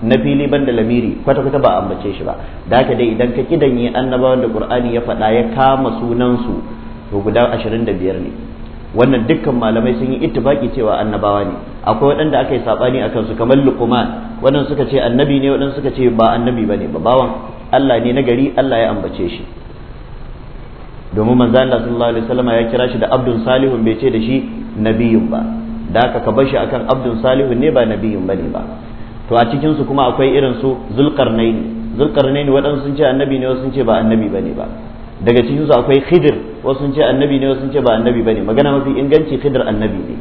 na fili ban da lamiri kwata kwata ba ambace shi ba da haka dai idan ka kidanye annabawan da qur'ani ya faɗa ya kama sunansu to guda 25 ne wannan dukkan malamai sun yi ittifaki cewa annabawa ne akwai waɗanda aka yi saɓani akan su kamar lukuman waɗanda suka ce annabi ne waɗanda suka ce ba annabi ne ba bawan Allah ne na gari Allah ya ambace shi domin manzo Allah sallallahu alaihi wasallam ya kira shi da abdun salihun bai ce da shi nabiyun ba da aka ka shi akan abdun salihun ne ba nabiyun bane ba to a cikin su kuma akwai irin su Zulkarnaini Zulkarnaini waɗanda sun ce annabi ne wasu sun ce ba annabi bane ba daga cikin su akwai khidir wasu sun ce annabi ne wasu sun ce ba annabi bane magana mafi inganci khidir annabi ne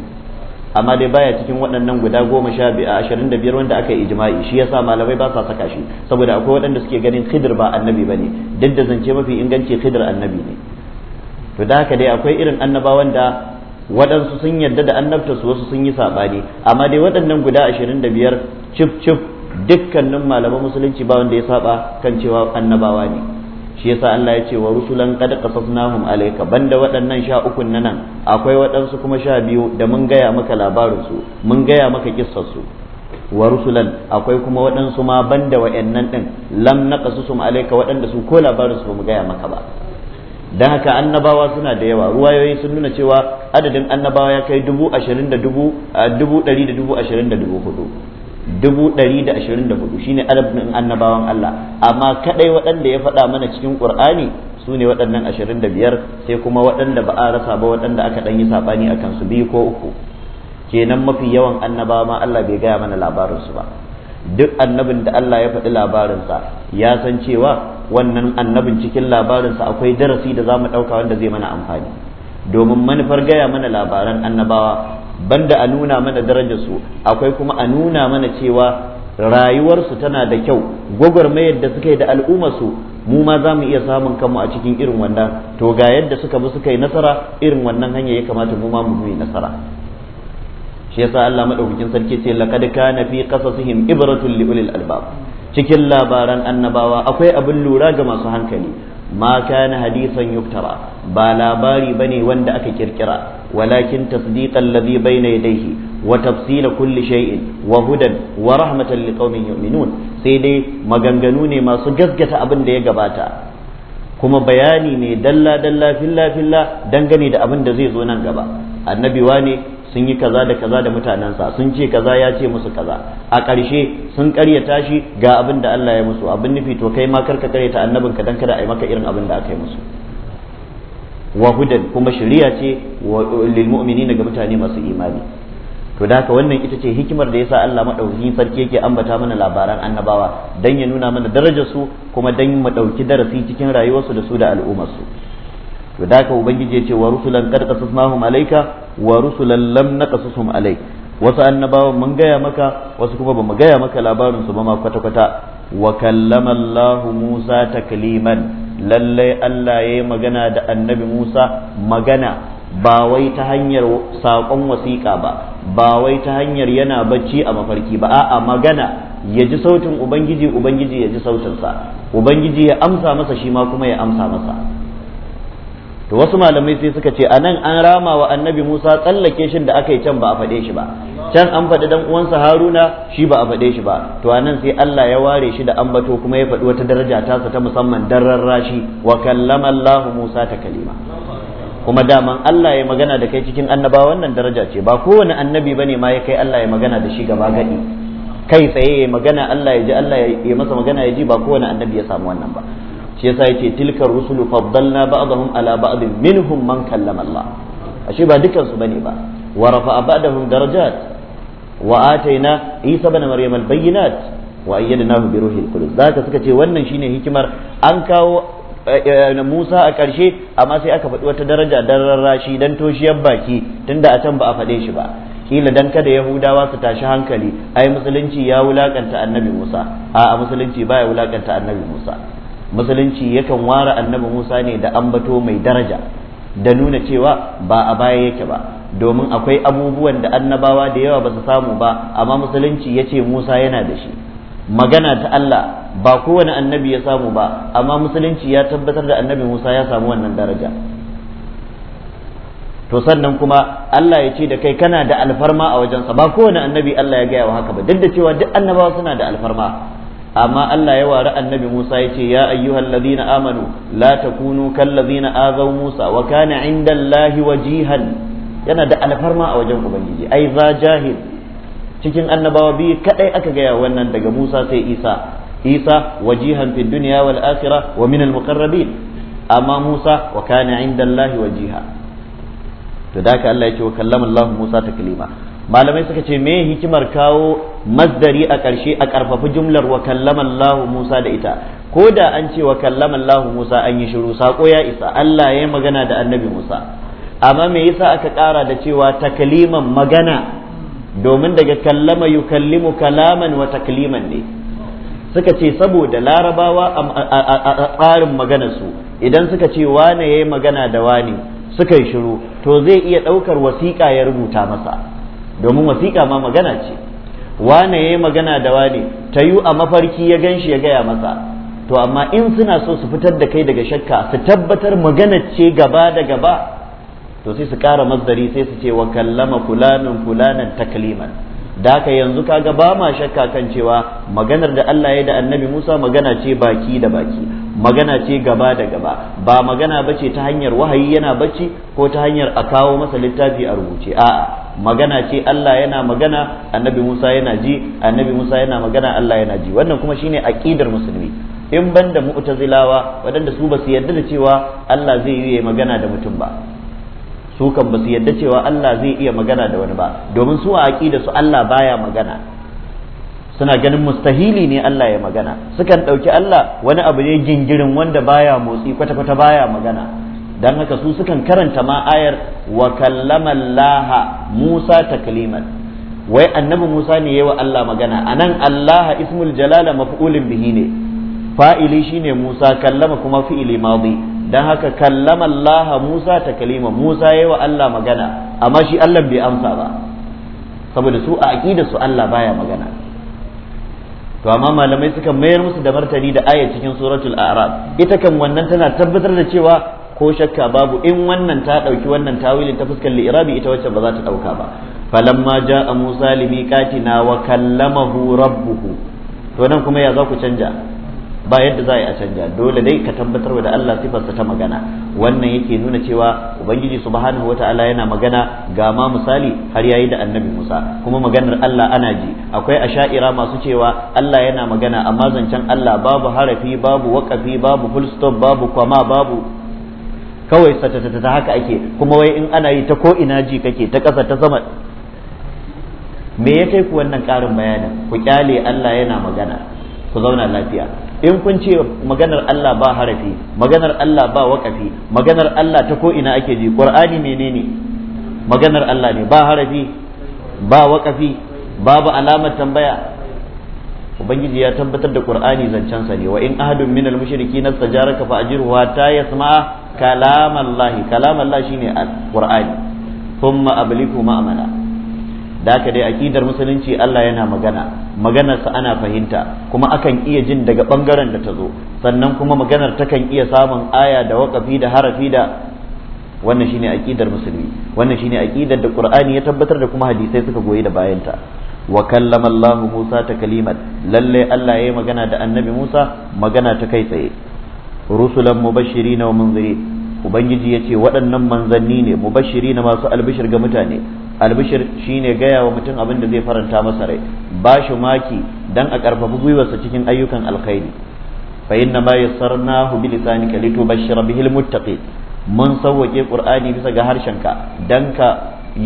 amma dai baya cikin waɗannan guda goma sha biya ashirin da biyar wanda aka yi ijma'i shi yasa malamai ba sa saka shi saboda akwai waɗanda suke ganin khidir ba annabi bane duk da zance mafi inganci khidir annabi ne to da haka dai akwai irin annabawan da waɗansu sun yarda da annabta su wasu sun yi saɓani amma dai waɗannan guda ashirin da biyar cif cif dukkanin malaman musulunci ba wanda ya saba kan cewa annabawa ne shi yasa Allah ya ce wa rusulan qad qasasnahum alayka banda waɗannan sha uku nan akwai waɗansu kuma sha biyu da mun gaya maka labarin su mun gaya maka kissar su wa rusulan akwai kuma waɗansu ma banda wa'annan din lam naqasusum alayka waɗanda su ko labarin su mun gaya maka ba dan haka annabawa suna da yawa ruwayoyi sun nuna cewa adadin annabawa ya kai dubu ashirin da dubu dari da dubu ashirin da dubu hudu dubu ɗari da ashirin shine adadin annabawan Allah amma kadai waɗanda ya faɗa mana cikin Qur'ani su ne waɗannan ashirin da biyar sai kuma waɗanda ba a rasa ba waɗanda aka ɗan yi saɓani a kansu biyu ko uku kenan mafi yawan annabawa ma Allah bai gaya mana labarinsu ba duk annabin da Allah ya faɗi labarinsa ya san cewa wannan annabin cikin labarinsa akwai darasi da za mu ɗauka wanda zai mana amfani domin manufar gaya mana labaran annabawa banda a nuna mana darajarsu akwai kuma a nuna mana cewa rayuwarsu tana da kyau gwagwarmayar da suka yi da al'ummarsu mu ma za mu iya samun kanmu a cikin irin wannan to ga yadda suka bi suka yi nasara irin wannan hanya ya kamata mu ma mu yi nasara shi yasa Allah madaukakin sarki ce laqad kana fi qasasihim ibratun li ulil albab cikin labaran annabawa akwai abin lura ga masu hankali ma kana hadisan yuktara ba labari bane wanda aka kirkira walakin tasdiqan ladhi bayna yadayhi wa tafsila kulli shay'in wa hudan wa rahmatan liqaumin yu'minun sai dai maganganu ne masu gaskata abin da ya gabata kuma bayani ne dalla dalla filla filla dangane da abin da zai zo nan gaba annabi ne. sun yi kaza da kaza da mutanensa sun ce kaza ya ce musu kaza a ƙarshe sun ƙaryata tashi ga abin da Allah ya musu abin nufi to kai ma karka ƙaryata ka dan kada a yi maka irin abin da aka yi musu wa hudan kuma shari'a ce lil mu'minina ga mutane masu imani to da haka wannan ita ce hikimar da yasa Allah madauki sarki yake ambata mana labaran annabawa dan ya nuna mana darajar su kuma dan mu dauki darasi cikin rayuwarsu da su da al'ummarsu. to da ka ubangiji yace ce wa rusulan kad qasasnahum alayka wa rusulan lam naqasushum alayk wasu annabawan mun gaya maka wasu kuma bamu gaya maka labarin su ba ma kwata kwata wa kallama Allah Musa takliman lalle Allah yayi magana da annabi Musa magana ba wai ta hanyar saƙon wasiƙa ba ba wai ta hanyar yana bacci a mafarki ba a'a magana ya ji sautin ubangiji ubangiji ya ji sautinsa ubangiji ya amsa masa shi ma kuma ya amsa masa to wasu malamai sai suka ce anan an rama wa annabi Musa tsallake shin da aka yi can ba a faɗe shi ba can an faɗi dan uwansa Haruna shi ba a faɗe shi ba to anan sai Allah ya ware shi da ambato kuma ya faɗi wata daraja ta sa ta musamman dan rarrashi wa kallama Allah Musa ta kalima kuma daman Allah ya magana da kai cikin annaba wannan daraja ce ba kowane annabi bane ma ya kai Allah ya magana da shi gaba gadi kai tsaye ya magana Allah ya ji Allah ya masa magana ya ji ba kowane annabi ya samu wannan ba shi yasa yace tilkar rusulu faddalna ba'dahum ala ba'd minhum man kallama Allah ashe ba dukan su bane ba wa rafa'a ba'dahum darajat wa ataina Isa ibn Maryam al-bayyinat wa ayyadnahu bi ruhil qudus zaka suka ce wannan shine hikimar an kawo eh, eh, Musa a ƙarshe amma sai aka faɗi wata daraja dan rarrashi dan toshiyar baki tunda a can ba a faɗe shi ba kila dan kada Yahudawa su tashi hankali ai musulunci ya wulakanta annabi Musa a musulunci baya wulakanta annabi Musa musulunci yakan ware annabi Musa ne da ambato mai daraja da nuna cewa ba a baya yake ba domin akwai abubuwan da annabawa da yawa ba su samu ba amma musulunci ya ce Musa yana da shi magana ta Allah ba kowane annabi ya samu ba amma musulunci ya tabbatar da annabi Musa ya samu wannan daraja to sannan kuma Allah ya ce da kai kana da alfarma a wajensa ba kowane annabi Allah ya gaya wa haka ba duk da cewa duk annabawa suna da alfarma amma Allah ya wari annabi Musa ya ce ya ayyuhal ladina amanu la takunu kal ladina azaw Musa wa kana inda wajihan yana da alfarma a wajen ubangiji ai za jahil cikin annabawa biyu kadai aka gaya wannan daga Musa sai Isa Isa wajihan fid dunya wal akhirah wa min al muqarrabin amma Musa wa kana inda wajiha to da Allah ya ce wa kallama Allah Musa taklima malamai suka ce me hikimar kawo masdari a ƙarshe a ƙarfafi jumlar wa kallama Allahu Musa da ita ko da an ce wa kallama Allahu Musa an yi shiru sako ya isa Allah ya magana da annabi Musa amma me yasa aka ƙara da cewa takliman magana domin daga kallama yukallimu kalaman wa takliman ne suka ce saboda larabawa a tsarin su idan suka ce wane ya yi magana da wani suka yi shiru to zai iya ɗaukar wasiƙa ya rubuta masa domin wasiƙa ma magana ce wane ya yi magana da wane ta yi a mafarki ya gan shi ya gaya masa to amma in suna so su fitar da kai daga shakka su tabbatar magana ce gaba da gaba to sai su kara mazdari sai su ce wa kallama fulanin fulanan takliman da ka yanzu kaga ba ma shakka kan cewa maganar da Allah ya da annabi Musa magana ce baki da baki magana ce gaba da gaba ba magana ba ce ta hanyar wahayi yana bacci ko ta hanyar a kawo masa littafi a rubuce a'a magana ce Allah yana magana annabi Musa yana ji annabi Musa yana magana Allah yana ji wannan kuma shine aqidar musulmi in banda mu'tazilawa waɗanda su basu yarda da cewa Allah zai yi magana da mutum ba su kan basu yarda cewa Allah zai iya magana da wani ba domin su a aqidar su Allah baya magana suna ganin mustahili ne Allah ya magana sukan ɗauki Allah wani abu ne gingirin wanda baya motsi kwata-kwata baya magana don haka su sukan karanta ma ayar wa Laha Musa takliman wai annabi Musa ne yayi wa Allah magana anan Allah ismul jalala maf'ulin bihi ne fa'ili shine Musa kallama kuma fi'ili madi don haka Laha Musa taklima Musa yayi wa Allah magana amma shi Allah bai amsa ba saboda su a aqidar su Allah baya magana to amma malamai suka mayar musu da martani da aya cikin suratul a'raf ita kan wannan tana tabbatar da cewa ko shakka babu in wannan ta dauki wannan tawilin ta fuskar li'irabi ita wacce ba za ta dauka ba falamma ja'a musa limiqatina wa kallamahu rabbuhu to nan kuma ya za ku canja ba yadda za a yi a canja dole dai ka tabbatar da Allah sifarsa ta magana wannan yake nuna cewa ubangiji subhanahu wataala yana magana ga ma misali har yayi da annabi Musa kuma maganar Allah ana ji akwai asha'ira masu cewa Allah yana magana amma zancen Allah babu harafi babu wakafi babu full stop babu kwama babu kawai ta haka ake kuma wai in ana yi ta ko ina ji kake ta ƙasa ta sama me ya kai ku wannan ƙarin bayanin ku kyale Allah yana magana ku zauna lafiya in kun ce maganar Allah ba harafi maganar Allah ba wakafi maganar Allah ta ko ina ake ji qur'ani menene maganar Allah ne ba harafi ba wakafi babu alamar tambaya ubangiji ya tabbatar da qur'ani zancensa ne wa in ahadun minal mushrikin nastajaraka fa Wa ta yasma'a Kalaman Lahi kalam Allah shine qur'ani thumma abliku ma'amala da aka dai akidar musulunci Allah yana magana maganarsa ana fahimta kuma akan iya jin daga ɓangaren da ta zo sannan kuma maganar takan iya samun aya da waƙafi da harafi da wannan shine aqidar musulmi wannan shine aqidar da qur'ani ya tabbatar da kuma hadisai suka goyi da bayanta wa kallama Allah Musa kalimat lalle Allah yi magana da annabi Musa magana ta kai tsaye rusulan mubashirin wa munzirin ubangiji yace waɗannan manzanni ne mubashiri na masu albishir ga mutane albishir shine gaya wa mutum abin da zai faranta masa rai ba shi maki dan a karfafi gwiwarsa cikin ayyukan alkhairi fa inna ma yassarnahu bi lisanika litubashshira bihi almuttaqin mun sawwake qur'ani bisa ga harshenka dan ka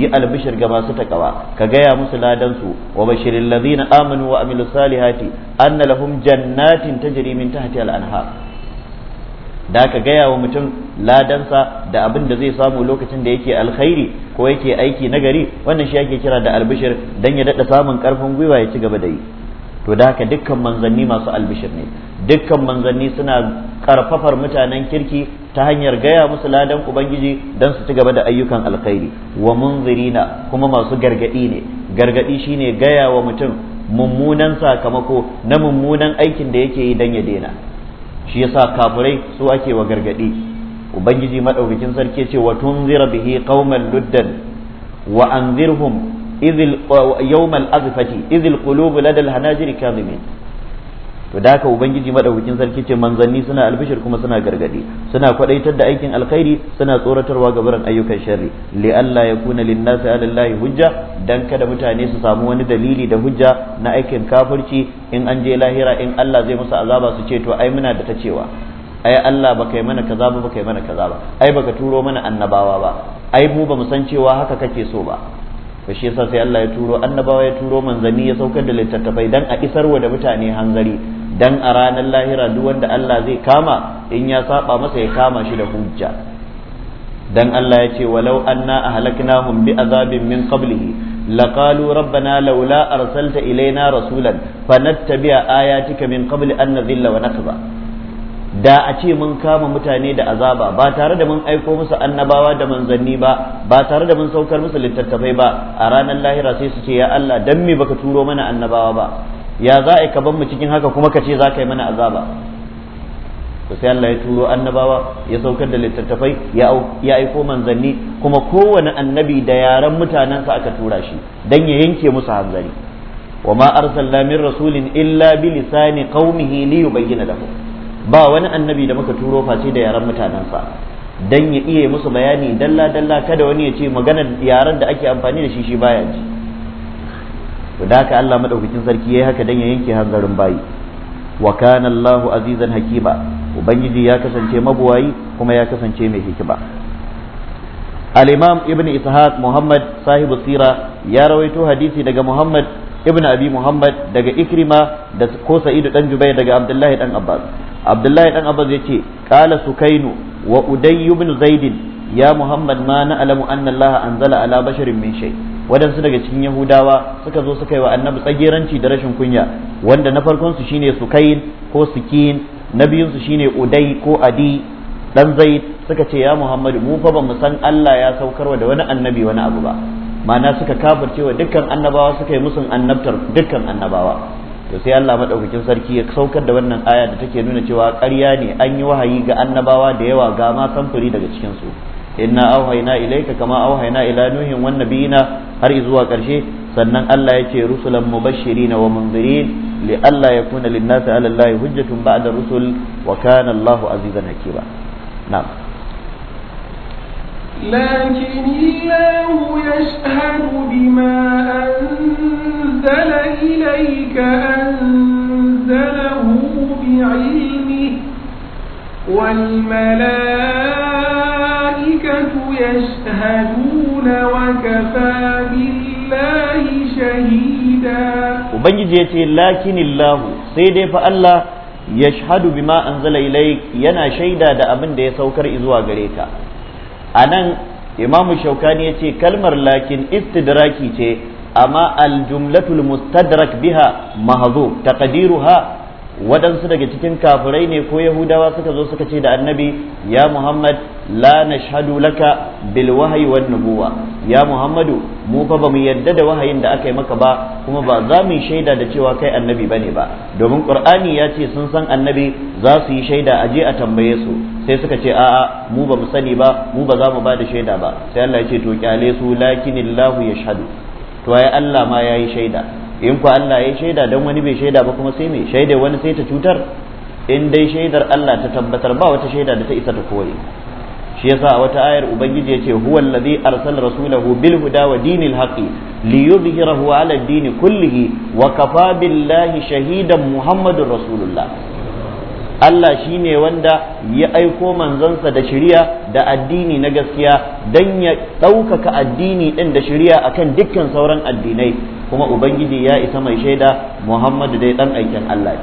yi albishir ga masu takawa ka gaya musu ladan su wa bashirin ladina amanu wa amilu salihati anna lahum jannatin tajri min tahtiha al-anhar da ka gaya wa mutum ladansa da abin da zai samu lokacin da yake alkhairi ko yake aiki nagari wannan shi ake kira da albishir dan ya daɗa samun karfin gwiwa ya ci gaba da yi to da haka dukkan manzanni masu albishir ne dukkan manzanni suna karfafar mutanen kirki ta hanyar gaya musu ladan ubangiji dan su ci gaba da ayyukan alkhairi wa munzirina kuma masu gargadi ne gargadi shine gaya wa mutum mummunan sakamako na mummunan aikin da yake yi dan ya daina shi yasa kafirai su ake wa gargaɗi ubangiji maɗaukakin sarki ce wa tunzira bihi qauman luddan wa anzirhum idh yawm al-azfati ladal al-qulub lada to da haka ubangiji madaukakin sarki ce manzanni suna albishir kuma suna gargadi suna kwadaitar da aikin alkhairi suna tsoratarwa ga barin ayyukan sharri li alla yakuna linnasi ala hujja dan kada mutane su samu wani dalili da hujja na aikin kafirci in an je lahira in Allah zai musu azaba su ce to ai muna da ta cewa ai Allah baka yi mana kaza ba baka yi mana kaza ba ai baka turo mana annabawa ba ai mu ba mu san cewa haka kake so ba to shi yasa sai Allah ya turo annabawa ya turo manzanni ya saukar da littattafai dan a isarwa da mutane hanzari dan a ranar lahira duk wanda Allah zai kama in ya saba masa ya kama shi da hujja dan Allah ya ce walau anna ahlaknahum bi azabin min qablihi laqalu rabbana laula arsalta ilaina rasulan fanattabi'a ayatika min qabli an nadhilla wa nakba da a ce mun kama mutane da azaba ba tare da mun aiko musu annabawa da manzanni ba ba tare da mun saukar musu littattafai ba a ranar lahira sai su ce ya Allah dan me baka turo mana annabawa ba ya za a yi mu cikin haka kuma ka ce za ka yi mana azaba to sai Allah ya turo annabawa ya saukar da littattafai ya aiko manzanni kuma kowane annabi da yaren mutanensa aka tura shi dan ya yanke musu hanzari wa ma arsalna min rasulin illa bi lisani qaumihi li yubayyana lahum ba wani annabi da muka turo face da yaren mutanensa dan ya iya musu bayani dalla dalla kada wani ya ce maganar yaren da ake amfani da shi shi baya ji to da haka Allah madaukakin sarki yayi haka dan ya yanke hanzarin bayi wa kana Allahu azizan hakima ubangiji ya kasance mabuwayi kuma ya kasance mai hikima al-imam ibn ishaq muhammad sahibu sira ya rawaito hadisi daga muhammad ibn abi muhammad daga ikrima da ko sa'idu dan jubair daga abdullahi dan abbas abdullahi dan abbas yace qala sukainu wa udayy ibn ya muhammad ma na alamu anna allaha anzala ala basharin min shai wadansu daga cikin yahudawa suka zo suka yi wa annabi tsageranci da rashin kunya wanda na farkon su shine sukain ko sukin na biyun su shine udai ko adi dan zaid suka ce ya muhammadu mu fa bamu san Allah ya saukar saukarwa da wani annabi wani abu ba ma'ana suka wa dukkan annabawa suka yi musu annabtar dukkan annabawa to sai Allah madaukakin sarki ya saukar da wannan aya da take nuna cewa karya ne an yi wahayi ga annabawa da yawa ga ma samfuri daga cikin su inna auhayna ilayka kama auhayna ila nuhin wan nabiyina har zuwa karshe sannan Allah yace rusulan mubashirin wa munzirin li alla yakuna lin nasi ala Allah hujjatun ba'da rusul wa kana Allah azizan hakima na'am لكن الله يشهد بما أنزل إليك أنزله بعلمه والملائكة الملائكة يشهدون وكفى بالله شهيدا وبنجي يتي لكن الله سيدي فالله يشهد بما أنزل إليك ينا شيدا دا أبن دي سوكر إزوا غريكا أنا إمام الشوكاني يتي كلمر لكن استدراكي تي أما الجملة المستدرك بها مهضوب تقديرها waɗansu daga cikin kafirai ne ko yahudawa suka zo suka ce da annabi ya muhammad la nashhadu laka bil wahayi wan nubuwa ya muhammadu mu fa bamu yadda da wahayin da aka yi maka ba kuma ba za mu yi shaida da cewa kai annabi bane ba domin qur'ani ya ce sun san annabi za su yi shaida je a tambaye su sai suka ce a'a mu ba mu sani ba mu ba za mu ba da shaida ba sai Allah ya ce to kyale su lakinillahu yashhadu to ai Allah ma yayi shaida in ku Allah ya shaida dan wani bai shaida ba kuma sai mai shaida wani sai ta cutar in dai shaidar Allah ta tabbatar ba wata shaida da ta isa ta kore shi yasa a wata ayar ubangiji ce huwa allazi arsala rasulahu bil huda wa dinil haqi liyudhhirahu ala ad-din kullihi wa kafa billahi shahidan muhammadur rasulullah Allah shine wanda ya aiko manzansa da shiriya da addini na gaskiya dan ya ɗaukaka addini ɗin da shiriya akan dukkan sauran addinai kuma ubangiji ya isa mai shaida muhammadu dai dan aikin allah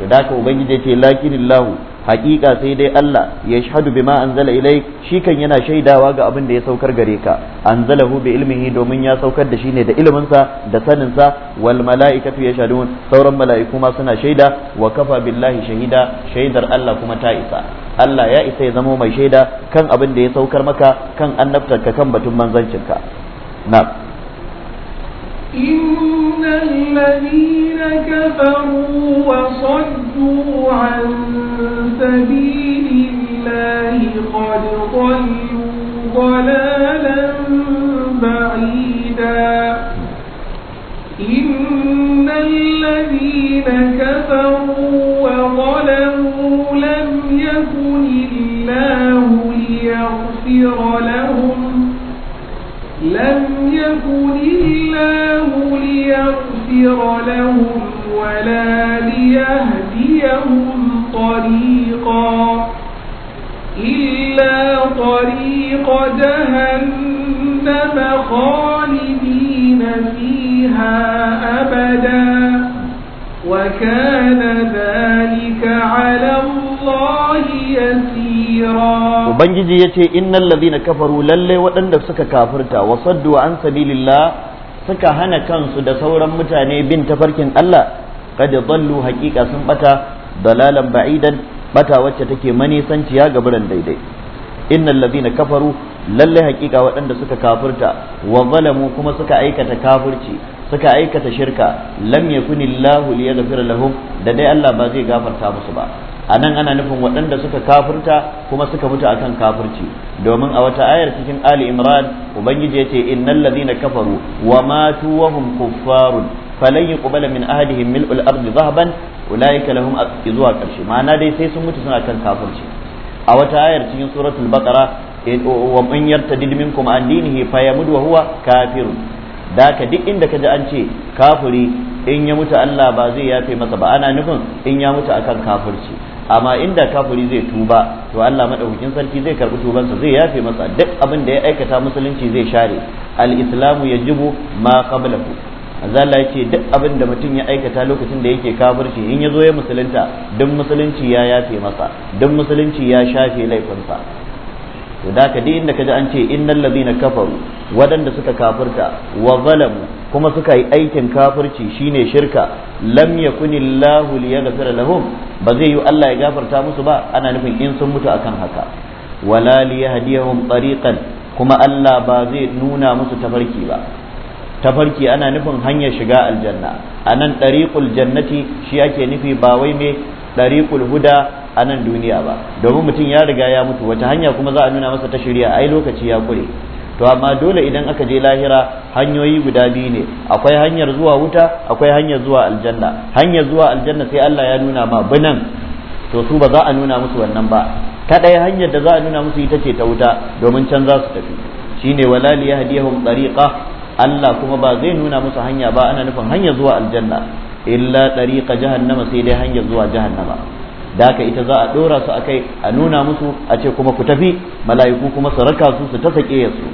ne da haka ubangiji ya ce lakinillahu haƙiƙa sai dai Allah ya shahadu bima anzala ilai shi kan yana shaidawa ga abin da ya saukar gare ka anzalahu bi ilmihi domin ya saukar da shi ne da iliminsa da saninsa wal mala'ikatu yashhadun sauran mala'iku ma suna shaida wa kafa billahi shahida shaidar Allah kuma ta isa Allah ya isa ya zama mai shaida kan abin da ya saukar maka kan annabtarka kan batun manzancinka na'am إن الذين كفروا وصدوا عن سبيل الله قد ضلوا ضلالا بعيدا إن الذين كفروا وظلموا لم يكن الله ليغفر لهم لم يكن ليغفر لهم ولا ليهديهم طريقا إلا طريق جهنم خالدين فيها أبدا وكان ذلك على الله يسيرا وبنجي يتي إن الذين كفروا للي وأن سك كافرتا وصدوا عن سبيل الله suka hana kansu da sauran mutane bin tafarkin Allah kad dallu haqiqa sun bata dalalan ba'idan bata wacce take manisanciya ga biran daidai innal ladina kafaru lalle haqiqa waɗanda suka kafirta wa zalamu kuma suka aikata kafirci suka aikata shirka lam yakunillahu liyaghfira lahum da dai Allah ba zai gafarta musu ba a nan ana nufin waɗanda suka kafirta kuma suka mutu akan kafirci domin a wata ayar cikin ali imran ubangiji yace innal ladhina kafaru wa matu wa hum kuffarun falan yuqbala min ahadihim mil'ul ardi zahban ulaika lahum zuwa karshe ma'ana dai sai sun mutu suna kan kafirci a wata ayar cikin suratul baqara wa man yartadid minkum an dinihi fayamud wa huwa kafirun da ka duk inda ka ji an ce kafiri in ya mutu Allah ba zai yafe masa ba ana nufin in ya mutu akan kafirci amma inda kafiri zai tuba to Allah madaukakin sarki zai karbi tubansa zai yafe masa duk abin da ya aikata musulunci zai share al-islamu yajibu ma qablahu azalla yace duk abin da mutum ya aikata lokacin da yake kafirci in ya zo ya musulunta duk musulunci ya yafe masa duk musulunci ya shafe laifinsa to da ka inda ka ji an ce innal ladina kafaru waɗanda suka kafirta wa zalamu kuma suka yi aikin kafirci shine shirka lam yakunillahu liyaghfira lahum ba zai yi Allah ya gafarta musu ba ana nufin in sun mutu akan haka wala liyahdiyahum tariqan kuma Allah ba zai nuna musu tafarki ba tafarki ana nufin hanyar shiga aljanna a nan ɗariƙul jannati shi ake nufi ba wai mai ɗariƙul huda a nan duniya ba domin mutum ya riga ya mutu wata hanya kuma za a nuna masa ta shirya ai lokaci ya kure to amma dole idan aka je lahira hanyoyi guda biyu ne akwai hanyar zuwa wuta akwai hanyar zuwa aljanna hanyar zuwa aljanna sai Allah ya nuna ma binan to su ba za a nuna musu wannan ba ta ɗaya hanyar da za a nuna musu ita ce ta wuta domin can za su tafi shine wala li yahdihum tariqa Allah kuma ba zai nuna musu hanya ba ana nufin hanya zuwa aljanna illa tariqa jahannama sai dai hanya zuwa jahannama da haka ita za a dora su akai a nuna musu a ce kuma ku tafi mala'iku kuma su raka su su ta sake su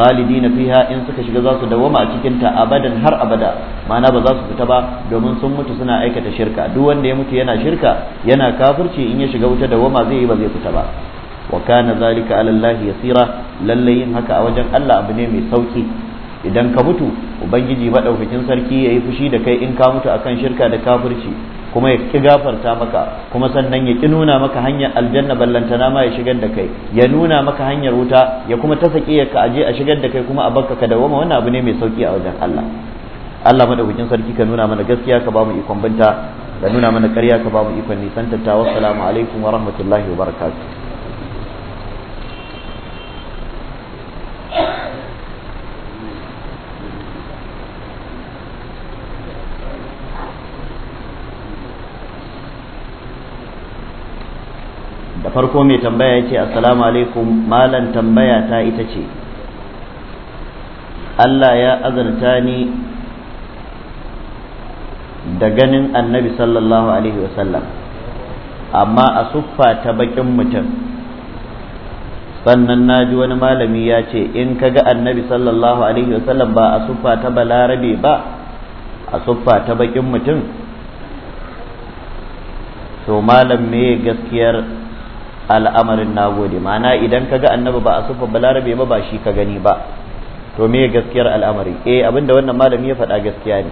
khalidina fiha in suka shiga za su dawama a cikin ta abadan har abada mana ba za su fita ba domin sun mutu suna aikata shirka duk wanda ya mutu yana shirka yana kafirci in ya shiga wuta dawama zai yi ba zai fita ba wa kana zalika ala Allah yasira lallai yin haka a wajen Allah abu ne mai sauki idan ka mutu ubangiji madaukakin sarki ya yi fushi da kai in ka mutu akan shirka da kafirci kuma ya ki gafarta maka kuma sannan ya ki nuna maka hanyar aljanna ballantana ma ya shigar da kai ya nuna maka hanyar wuta ya kuma ta saki ka aje a shigar da kai kuma a bakka ka dawoma wannan abu ne mai sauki a wajen Allah Allah madaukakin sarki ka nuna mana gaskiya ka ba mu ikon binta ka nuna mana ƙarya ka ba mu ikon nisan tattawa assalamu alaikum wa rahmatullahi wa barakatuh farko mai tambaya ya ce assalamu alaikum malan tambaya ta ita ce Allah ya azarta ni da ganin annabi sallallahu alaihi wasallam amma a suffa ta bakin mutum sannan na ji wani malami ya ce in ka ga annabi sallallahu alaihi wasallam ba a suffa ta balarabe ba a suffa ta bakin mutum to malam me gaskiyar al'amarin nagode ma'ana idan ka ga annabi ba a sufa balarabe ba ba shi ka gani ba to me gaskiyar al'amari eh abinda wannan malami ya faɗa gaskiya ne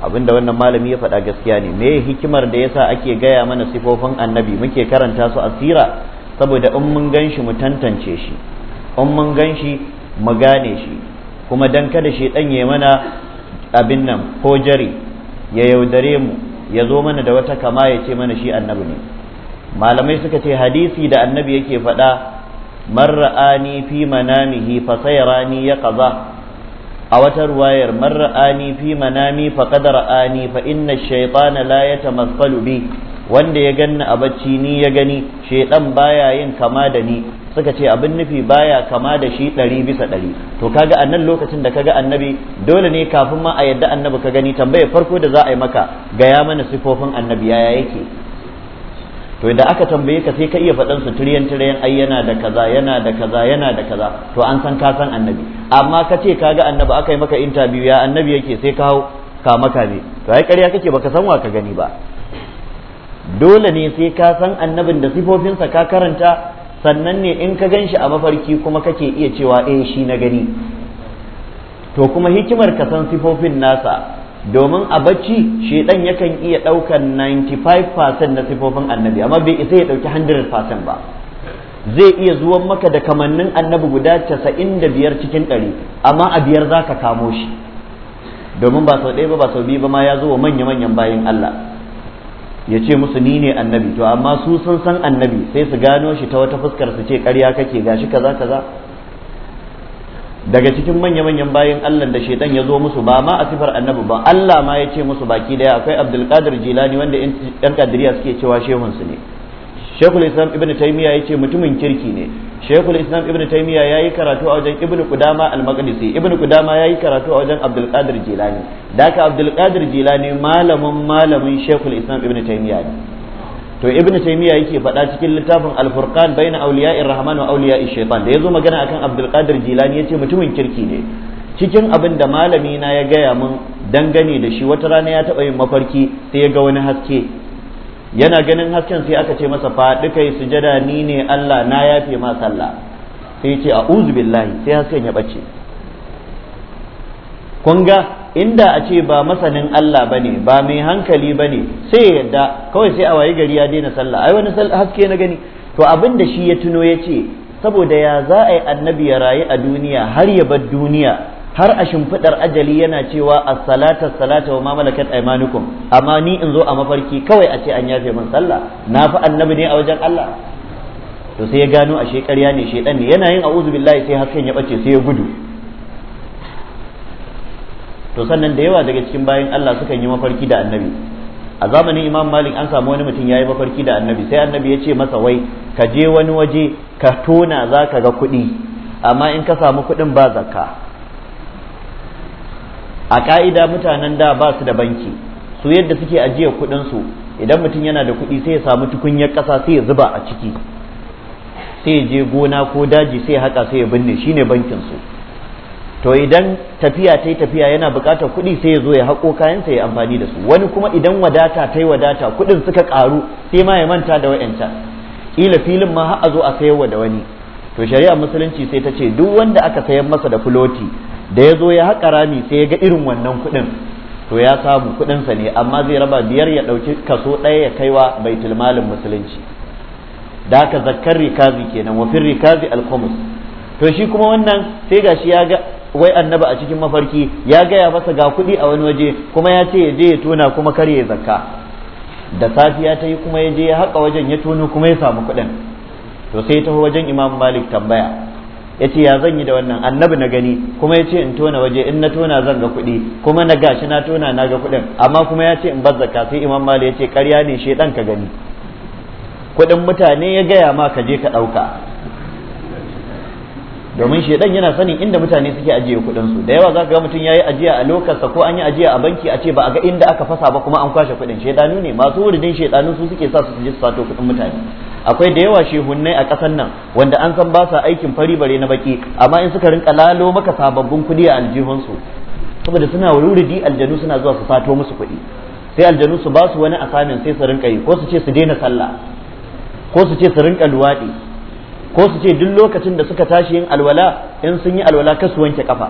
abinda wannan malami ya faɗa gaskiya ne me hikimar da yasa ake gaya mana sifofin annabi muke karanta su asira saboda in mun gan shi mu tantance shi in mun gan shi mu gane shi kuma dan kada shi ya mana abin nan ko jari ya yaudare mu ya zo mana da wata kama ya ce mana shi annabi ne malamai suka ce hadisi da annabi yake faɗa marra'ani fi manamihi fa sayrani ya qaza a wata ruwayar marra'ani fi manami fa qad fa inna ash-shaytana la yatamassalu bi wanda ya ganni a bacci ni ya gani shaidan baya yin kama da ni suka ce abin nufi baya kama da shi ɗari bisa ɗari to kaga a nan lokacin da kaga annabi dole ne kafin ma a yadda annabi ka gani tambayar farko da za a yi maka gaya mana sifofin annabi yaya yake to idan aka tambaye ka sai ka iya faɗan su tiriyan tiriyan ai yana da kaza yana da kaza yana da kaza to an san ka san annabi amma ka ce kaga annabi aka yi maka interview ya annabi yake sai ka hau ka maka ne to ai ƙarya kake baka san wa ka gani ba dole ne sai ka san annabin da sifofinsa ka karanta sannan ne in ka ganshi a mafarki kuma kake iya cewa eh shi na gani to kuma hikimar ka san sifofin nasa domin a bacci shedan yakan iya daukar 95% na sifofin annabi amma bai isa ya ɗauki 100% ba zai iya zuwan maka da kamannin annabi guda 95 cikin 100 amma a biyar zaka kamo shi domin ba sau ɗaya ba ba sau biyu ba ma ya zo wa manya-manyan bayin Allah ya ce musu ni ne annabi to amma su sun san annabi sai su gano shi ta wata fuskar su ce ƙarya kake gashi kaza kaza daga cikin manya-manyan bayan Allah da shaitan ya zo musu ba ma a sifar annabi ba Allah ma ya ce musu baki daya akwai Abdulkadir Jilani wanda yan Kadiriya suke cewa shehun su ne shekul Islam Ibn taimiya ya ce mutumin kirki ne shekul Islam Ibn Taymiyyah ya yi karatu a wajen Ibn kudama Al-Maqdisi Ibn kudama ya yi karatu a wajen Abdulkadir Jilani da Abdulkadir Jilani malamin malamin Sheikhul Islam Ibn taimiya ne to ibnu taymiya yake faɗa cikin littafin al-furqan baina awliya'ir rahman wa awliya'ish shaytan da yazo magana akan abdul qadir jilani yace mutumin kirki ne cikin abin da malami na ya gaya mun dangane da shi wata rana ya taɓa yin mafarki sai ya ga wani haske yana ganin hasken sai aka ce masa faɗi kai sujada ni ne Allah na yafe ma sallah sai ya ce a'udhu billahi sai hasken ya bace kun ga inda a ce ba masanin Allah ba ne ba mai hankali ba ne sai ya yadda kawai sai a wayi gari ya daina sallah ai wani haske na gani to abin da shi ya tuno ya ce saboda ya za a yi annabi ya rayu a duniya har ya bar duniya har a shimfiɗar ajali yana cewa a salata salata wa mamalakat aimanukum amma ni in zo a mafarki kawai a ce an yafe min sallah na fi annabi ne a wajen Allah to sai ya gano a ƙarya ne shedan ne yana yin a'udhu billahi sai hasken ya bace sai ya gudu to sannan da yawa daga cikin bayan Allah sukan yi mafarki da annabi a zamanin imam malik an samu wani mutum ya yi mafarki da annabi sai annabi ya ce masa wai ka je wani waje ka tona za ka ga kuɗi amma in ka samu kuɗin ba zakka a ka'ida mutanen da ba su da banki su yadda suke ajiye kuɗinsu idan mutum yana da kuɗi sai ya samu tukunyar ƙasa sai ya zuba a ciki sai ya je gona ko daji sai ya haƙa sai ya binne shine bankin su to idan tafiya ta yi tafiya yana buƙatar kuɗi sai ya zo ya haƙo kayansa ya amfani da su wani kuma idan wadata ta yi wadata kuɗin suka ƙaru sai ma ya manta da wa'yancan ƙila filin ma har a zo a sayarwa da wani to shari'a musulunci sai ta ce duk wanda aka sayar masa da fuloti da ya zo ya haƙa rami sai ya ga irin wannan kuɗin to ya samu kuɗinsa ne amma zai raba biyar ya ɗauki kaso ɗaya ya kaiwa baitul malin musulunci da aka zakkar rikazi kenan wafin rikazi alkhumus to shi kuma wannan sai gashi ya ga wai annaba a cikin mafarki ya gaya masa ga kuɗi a wani waje kuma ya ce ya je ya tona kuma kar ya zakka da safiya ta yi kuma ya je ya haƙa wajen ya tono kuma ya samu kuɗin to sai ya taho wajen imam malik tambaya ya ce ya zan yi da wannan annabi na gani kuma ya ce in tona waje in na tona zan ga kuɗi kuma na gashi na tona na ga kuɗin amma kuma yace in bar zakka sai imam malik ya ce ƙarya ne shedan ka gani kuɗin mutane ya gaya ma ka je ka ɗauka domin shedan yana sanin inda mutane suke ajiye kuɗin su da yawa zaka ga mutum yayi ajiya a lokarsa ko an yi ajiya a banki a ce ba a ga inda aka fasa ba kuma an kwashe kuɗin shedanu ne masu wuridin shedanu su suke sa su je su sato kuɗin mutane akwai da yawa shehunnai a ƙasar nan wanda an san ba sa aikin fari bare na baki amma in suka rinka lalo maka sababbin kuɗi a aljihunsu saboda suna wuridi aljanu suna zuwa su sato musu kuɗi sai aljanu su ba su wani asamin sai su rinka yi ko su ce su daina sallah ko su ce su rinka luwaɗi ko su ce duk lokacin da suka tashi yin alwala in sun yi alwala ka su wanke kafa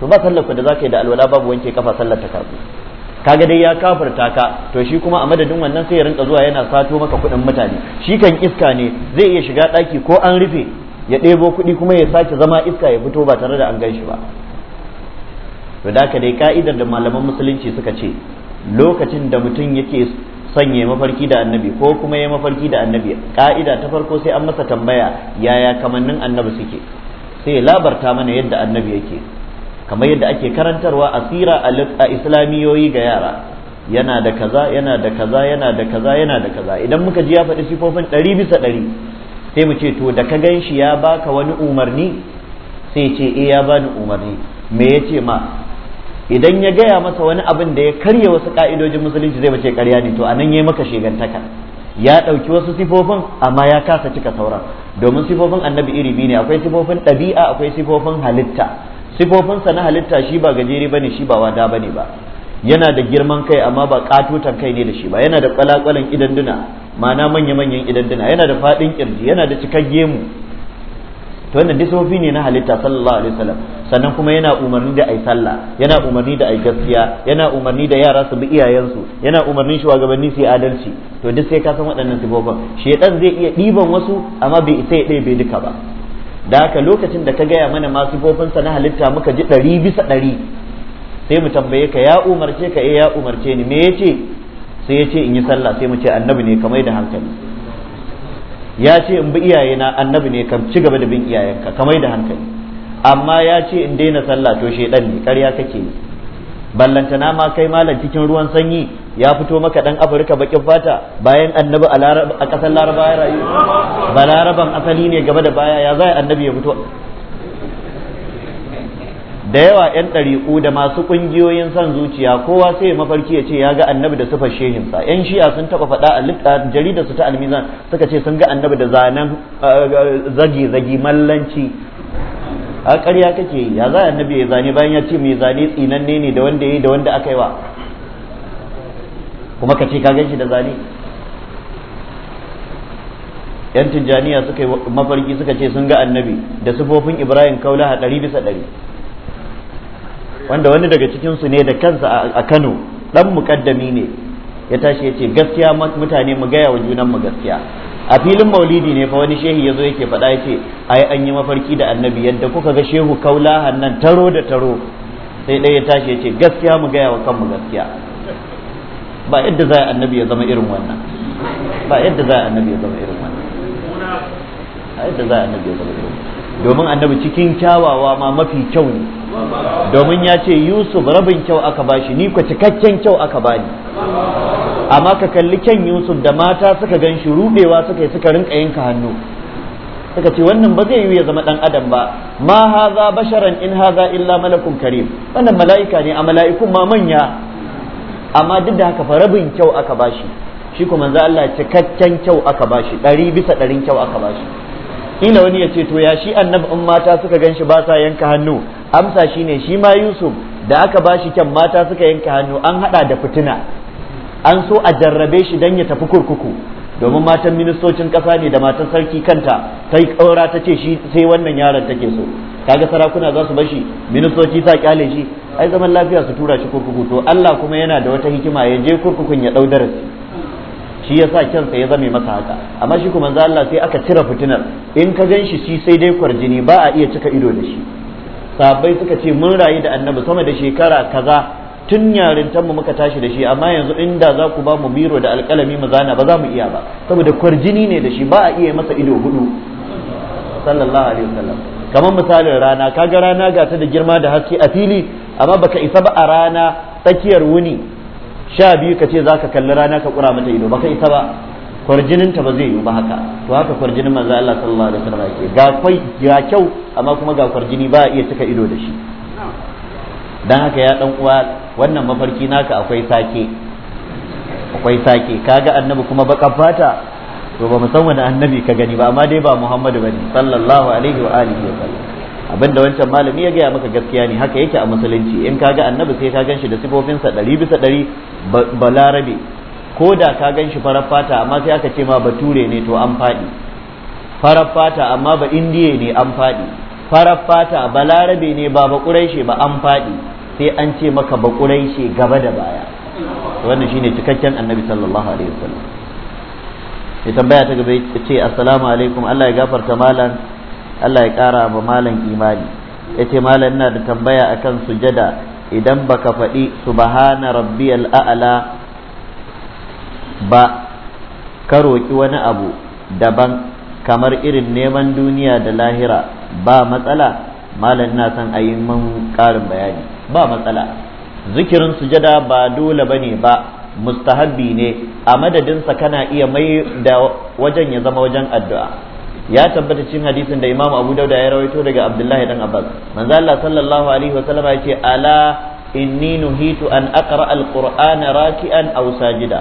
to ba sallar da zaka yi da alwala babu wanke kafa sallar ta karbu kaga dai ya kafarta ka to shi kuma a madadin wannan sai ya rinka zuwa yana sato maka kuɗin mutane shi kan iska ne zai iya shiga ɗaki ko an rufe ya ɗebo kuɗi kuma ya sake zama iska ya fito ba tare da an ganshi ba to da ka dai ka'idar da malaman musulunci suka ce lokacin da mutum yake yi mafarki da annabi ko kuma ya mafarki da annabi ka'ida ta farko sai an masa tambaya yaya kamannin annabi suke sai labarta mana yadda annabi yake kamar yadda ake karantarwa asira a islamiyoyi ga yara yana da kaza yana da kaza yana da kaza yana da kaza idan muka ji ya faɗi sifofin ɗari bisa ɗari sai mu ce to da ka gan shi ya baka wani umarni sai ce eh ya bani umarni me ya ce ma idan ya gaya masa wani abin da ya karya wasu ka'idojin musulunci zai bace karya ne to anan yayi maka shegantaka ya ɗauki wasu sifofin amma ya kasa cika sauran domin sifofin annabi iri biyu ne akwai sifofin ɗabi'a akwai sifofin halitta sifofinsa na halitta shi ba gajeri bane shi ba wada bane ba yana da girman kai amma ba katotan kai ne da shi ba yana da kwalakwalan idanduna ma'ana manya-manyan idanduna yana da faɗin kirji yana da cikar gemu to wannan dai sofi ne na halitta sallallahu alaihi wasallam sannan kuma yana umarni da ai sallah yana umarni da ai gaskiya yana umarni da yara su bi iyayensu yana umarnin shugabanni su yi adalci to duk sai ka san waɗannan sifofin shedan zai iya ɗiban wasu amma bai isa ya bai duka ba da haka lokacin da ka gaya mana ma sa na halitta muka ji ɗari bisa ɗari sai mu tambaye ka ya umarce ka eh ya umarce ni me yace sai ce in yi sallah sai mu ce annabi ne kamar da hankali ya ce in bi iyayena annabi ne kam ci gaba da bin iyayenka kamar da hankali amma ya ce in daina sallah to shedan ne ƙarya kake yi ballantana ma kai malam cikin ruwan sanyi ya fito maka dan afirka bakin fata bayan annabi a ƙasar laraba ya rayu balaraban asali ne gaba da baya ya zai annabi ya fito da yawa 'yan ɗariƙu da masu ƙungiyoyin son zuciya kowa sai ya mafarki ya ce ya ga annabi da sufar shehinsa 'yan shi'a sun taɓa faɗa a jaridar su ta almizan suka ce sun ga annabi da zanen zagi-zagi mallanci a ƙarya kake ya za annabi ya zane bayan ya ce mai zane tsinanne ne da wanda ya yi da wanda aka yi wa kuma ka ce ka gan shi da zane yan tijjaniya suka yi mafarki suka ce sun ga annabi da sufofin ibrahim a ɗari bisa ɗari wanda wani daga cikinsu ne da kansa a kano dan mukaddami ne ya tashi ya ce gaskiya mutane mu gaya wa junan mu gaskiya a filin maulidi ne fa wani shehi ya zo yake faɗa ya ce ai an yi mafarki da annabi yadda kuka ga shehu kaula nan taro da taro sai ɗaya ya tashi ya ce gaskiya mu gaya wa kanmu gaskiya ba yadda za annabi ya zama irin wannan ba yadda za annabi ya zama irin wannan ba yadda za annabi ya zama irin wannan domin annabi cikin kyawawa ma mafi kyau ne domin ya ce yusuf rabin kyau aka bashi ni ku cikakken kyau aka ba ni. amma ka kalli kyan yusuf da mata suka gan shi rudewa suka yi suka rinka yanka hannu suka ce wannan ba zai yi ya zama dan adam ba ma haza basharan in haza illa malakun karim wannan mala'ika ne a mala'ikun ma manya amma duk da haka fa rabin kyau aka ba shi kuma manzo Allah cikakken kyau aka ba shi. 100 bisa ɗarin kyau aka ba shi. kila wani ya ce to ya shi annab in mata suka gan shi ba sa yanka hannu amsa shine shi ma yusuf da aka ba shi kyan mata suka yanka hannu an hada da fitina an so a jarrabe shi dan ya tafi kurkuku domin matan ministocin kasa ne da matan sarki kanta ta yi kaura ta ce shi sai wannan yaron take so kaga sarakuna za su bashi ministoci sa kyale shi ai zaman lafiya su tura shi kurkuku to Allah kuma yana da wata hikima ya je kurkukun ya dau darasi shi yasa kyansa ya zame masa haka amma shi kuma Allah sai aka cire fitinar in ka gan shi shi sai dai kwarjini ba a iya cika ido da shi sabai suka ce mun rayu da annabi sama da shekara kaza tun yarintanmu muka tashi da shi amma yanzu inda za ku ba mu biro da alƙalami mu zana ba za mu iya ba saboda kwarjini ne da shi ba a iya masa ido hudu sallallahu alaihi wasallam kamar misalin rana kaga rana ga da girma da haske a fili amma baka isa ba a rana tsakiyar wuni sha biyu ka ce za ka kalli rana ka kura mata ido baka isa ba kwarjininta ba zai yi ba haka to haka kwarjinin manzo Allah sallallahu alaihi wasallam yake ga kwai ga kyau amma kuma ga kwarjini ba iya cika ido da shi dan haka ya dan uwa wannan mafarki naka akwai sake akwai sake kaga annabi kuma baka fata to ba mu san wani annabi ka gani ba amma dai ba Muhammadu bane sallallahu alaihi wa alihi wa sallam da wancan malami ya gaya maka gaskiya ne haka yake a musulunci in ka ga annabi sai ka shi da sifofinsa ɗari bisa ɗari ba larabe ko da ka ganshi farar fata amma sai aka ce ma bature ne to an faɗi farar fata amma ba indiya ne an faɗi farar fata balarabe ne ba ba ƙuraishe ba an faɗi sai an ce maka ba ƙuraishe gaba da baya wannan shine cikakken annabi sallallahu alaihi wasallam ya tambaya ta gaba ya ce assalamu alaikum Allah ya gafarta malam Allah ya ƙara ba malam imani ce malam na da tambaya akan sujada idan baka faɗi su subhana rabbiyal a'la ba ka roƙi wani abu daban kamar irin neman duniya da lahira ba matsala malam na san a yi man ƙarin bayani ba matsala zikirin sujada ba dole bane ba mustahabbi ne a madadinsa kana iya mai da wajen ya zama wajen addu'a ya tabbata cin hadisin da Imam Abu Dauda ya rawaito daga Abdullahi dan Abbas manzo Allah sallallahu alaihi wasallam ya ce ala inni nuhitu an aqra alqur'ana raki'an aw sajida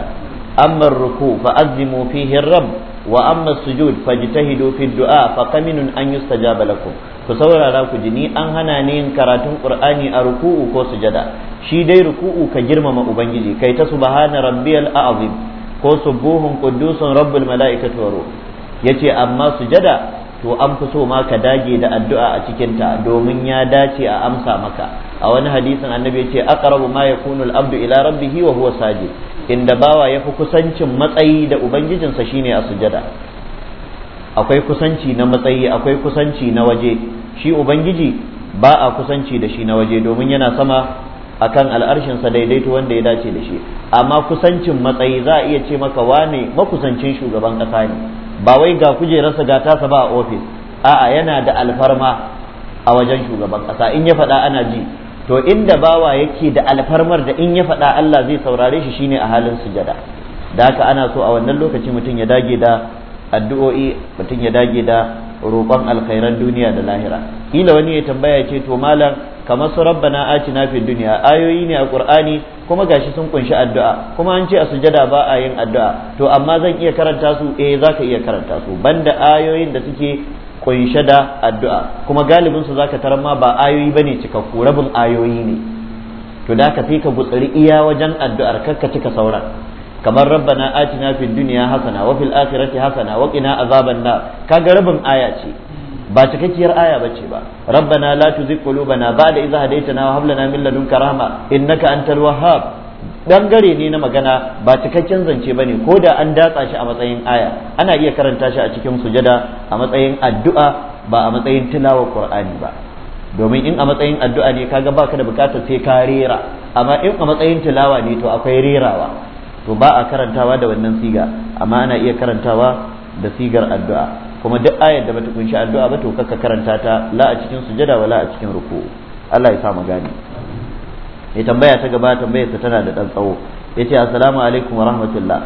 amma ruku fa azimu fihi rabb wa amma sujud fajtahidu fi du'a fa qaminun an yustajaba lakum ku saurara ku ji ni an hana ni yin karatun qur'ani a ruku'u ko sujada shi dai ruku'u ka girmama ubangiji kai ta subhana rabbiyal a'zim ko subuhun quddusun rabbul malaikati wa ruh yace amma sujada to an fi so ma ka dage da addu'a a cikinta domin ya dace a amsa maka a wani hadisin annabi yace aqrabu ma yakunu al-abdu ila rabbihi wa huwa sajid inda bawa yafi kusancin matsayi da ubangijinsa shine a sujada akwai kusanci na matsayi akwai kusanci na waje shi ubangiji ba a kusanci da shi na waje domin yana sama akan al'arshinsa daidaito wanda ya dace da shi amma kusancin matsayi za a iya ce maka wane makusancin shugaban ƙasa ne ba wai ga kujerarsa ga tasa ba a ofis a'a yana da alfarma a wajen shugaban ƙasa in ya faɗa ana ji to inda bawa yake da alfarmar da in ya faɗa Allah zai saurare shi shine a halin sujada da haka ana so a wannan lokaci mutum ya dage da addu'o'i mutum ya dage da roƙon alkhairan duniya da lahira kila wani ya tambaya ce to malam kamar su rabbana atina fi duniya ayoyi ne a qur'ani kuma gashi sun kunshi addu'a kuma an ce a sujada ba a yin addu'a to amma zan iya karanta su eh zaka iya karanta su banda ayoyin da suke kunshe da addu'a kuma galibin su zaka tarar ma ba ayoyi bane cikakku rabin ayoyi ne to da ka sai ka gutsari iya wajen addu'ar kakka cika sauran kamar rabbana atina fi duniya hasana wa fil akhirati hasana wa qina azaban nar kaga rabin aya ce ba cikakkiyar aya bace ba rabbana la tuzigh qulubana ba'da idh hadaytana wa hab lana min ladunka rahma innaka antal wahhab gare ne na magana ba cikakken zance bane ko da an datsa shi a matsayin aya ana iya karanta shi a cikin sujada a matsayin addu'a ba a matsayin tilawar qur'ani ba domin in a matsayin addu'a ne kaga baka da bukata sai ka rera amma in a matsayin tilawa ne to akwai rerawa to ba a karantawa da wannan siga amma ana iya karantawa da sigar addu'a kuma duk ayar da bata kunshi addu'a ba to kaka karanta ta la a cikin sujada wala a cikin ruku Allah ya sa mu gane ya tambaya ta gaba tambayar ta tana da dan tsawo yace assalamu alaikum wa rahmatullah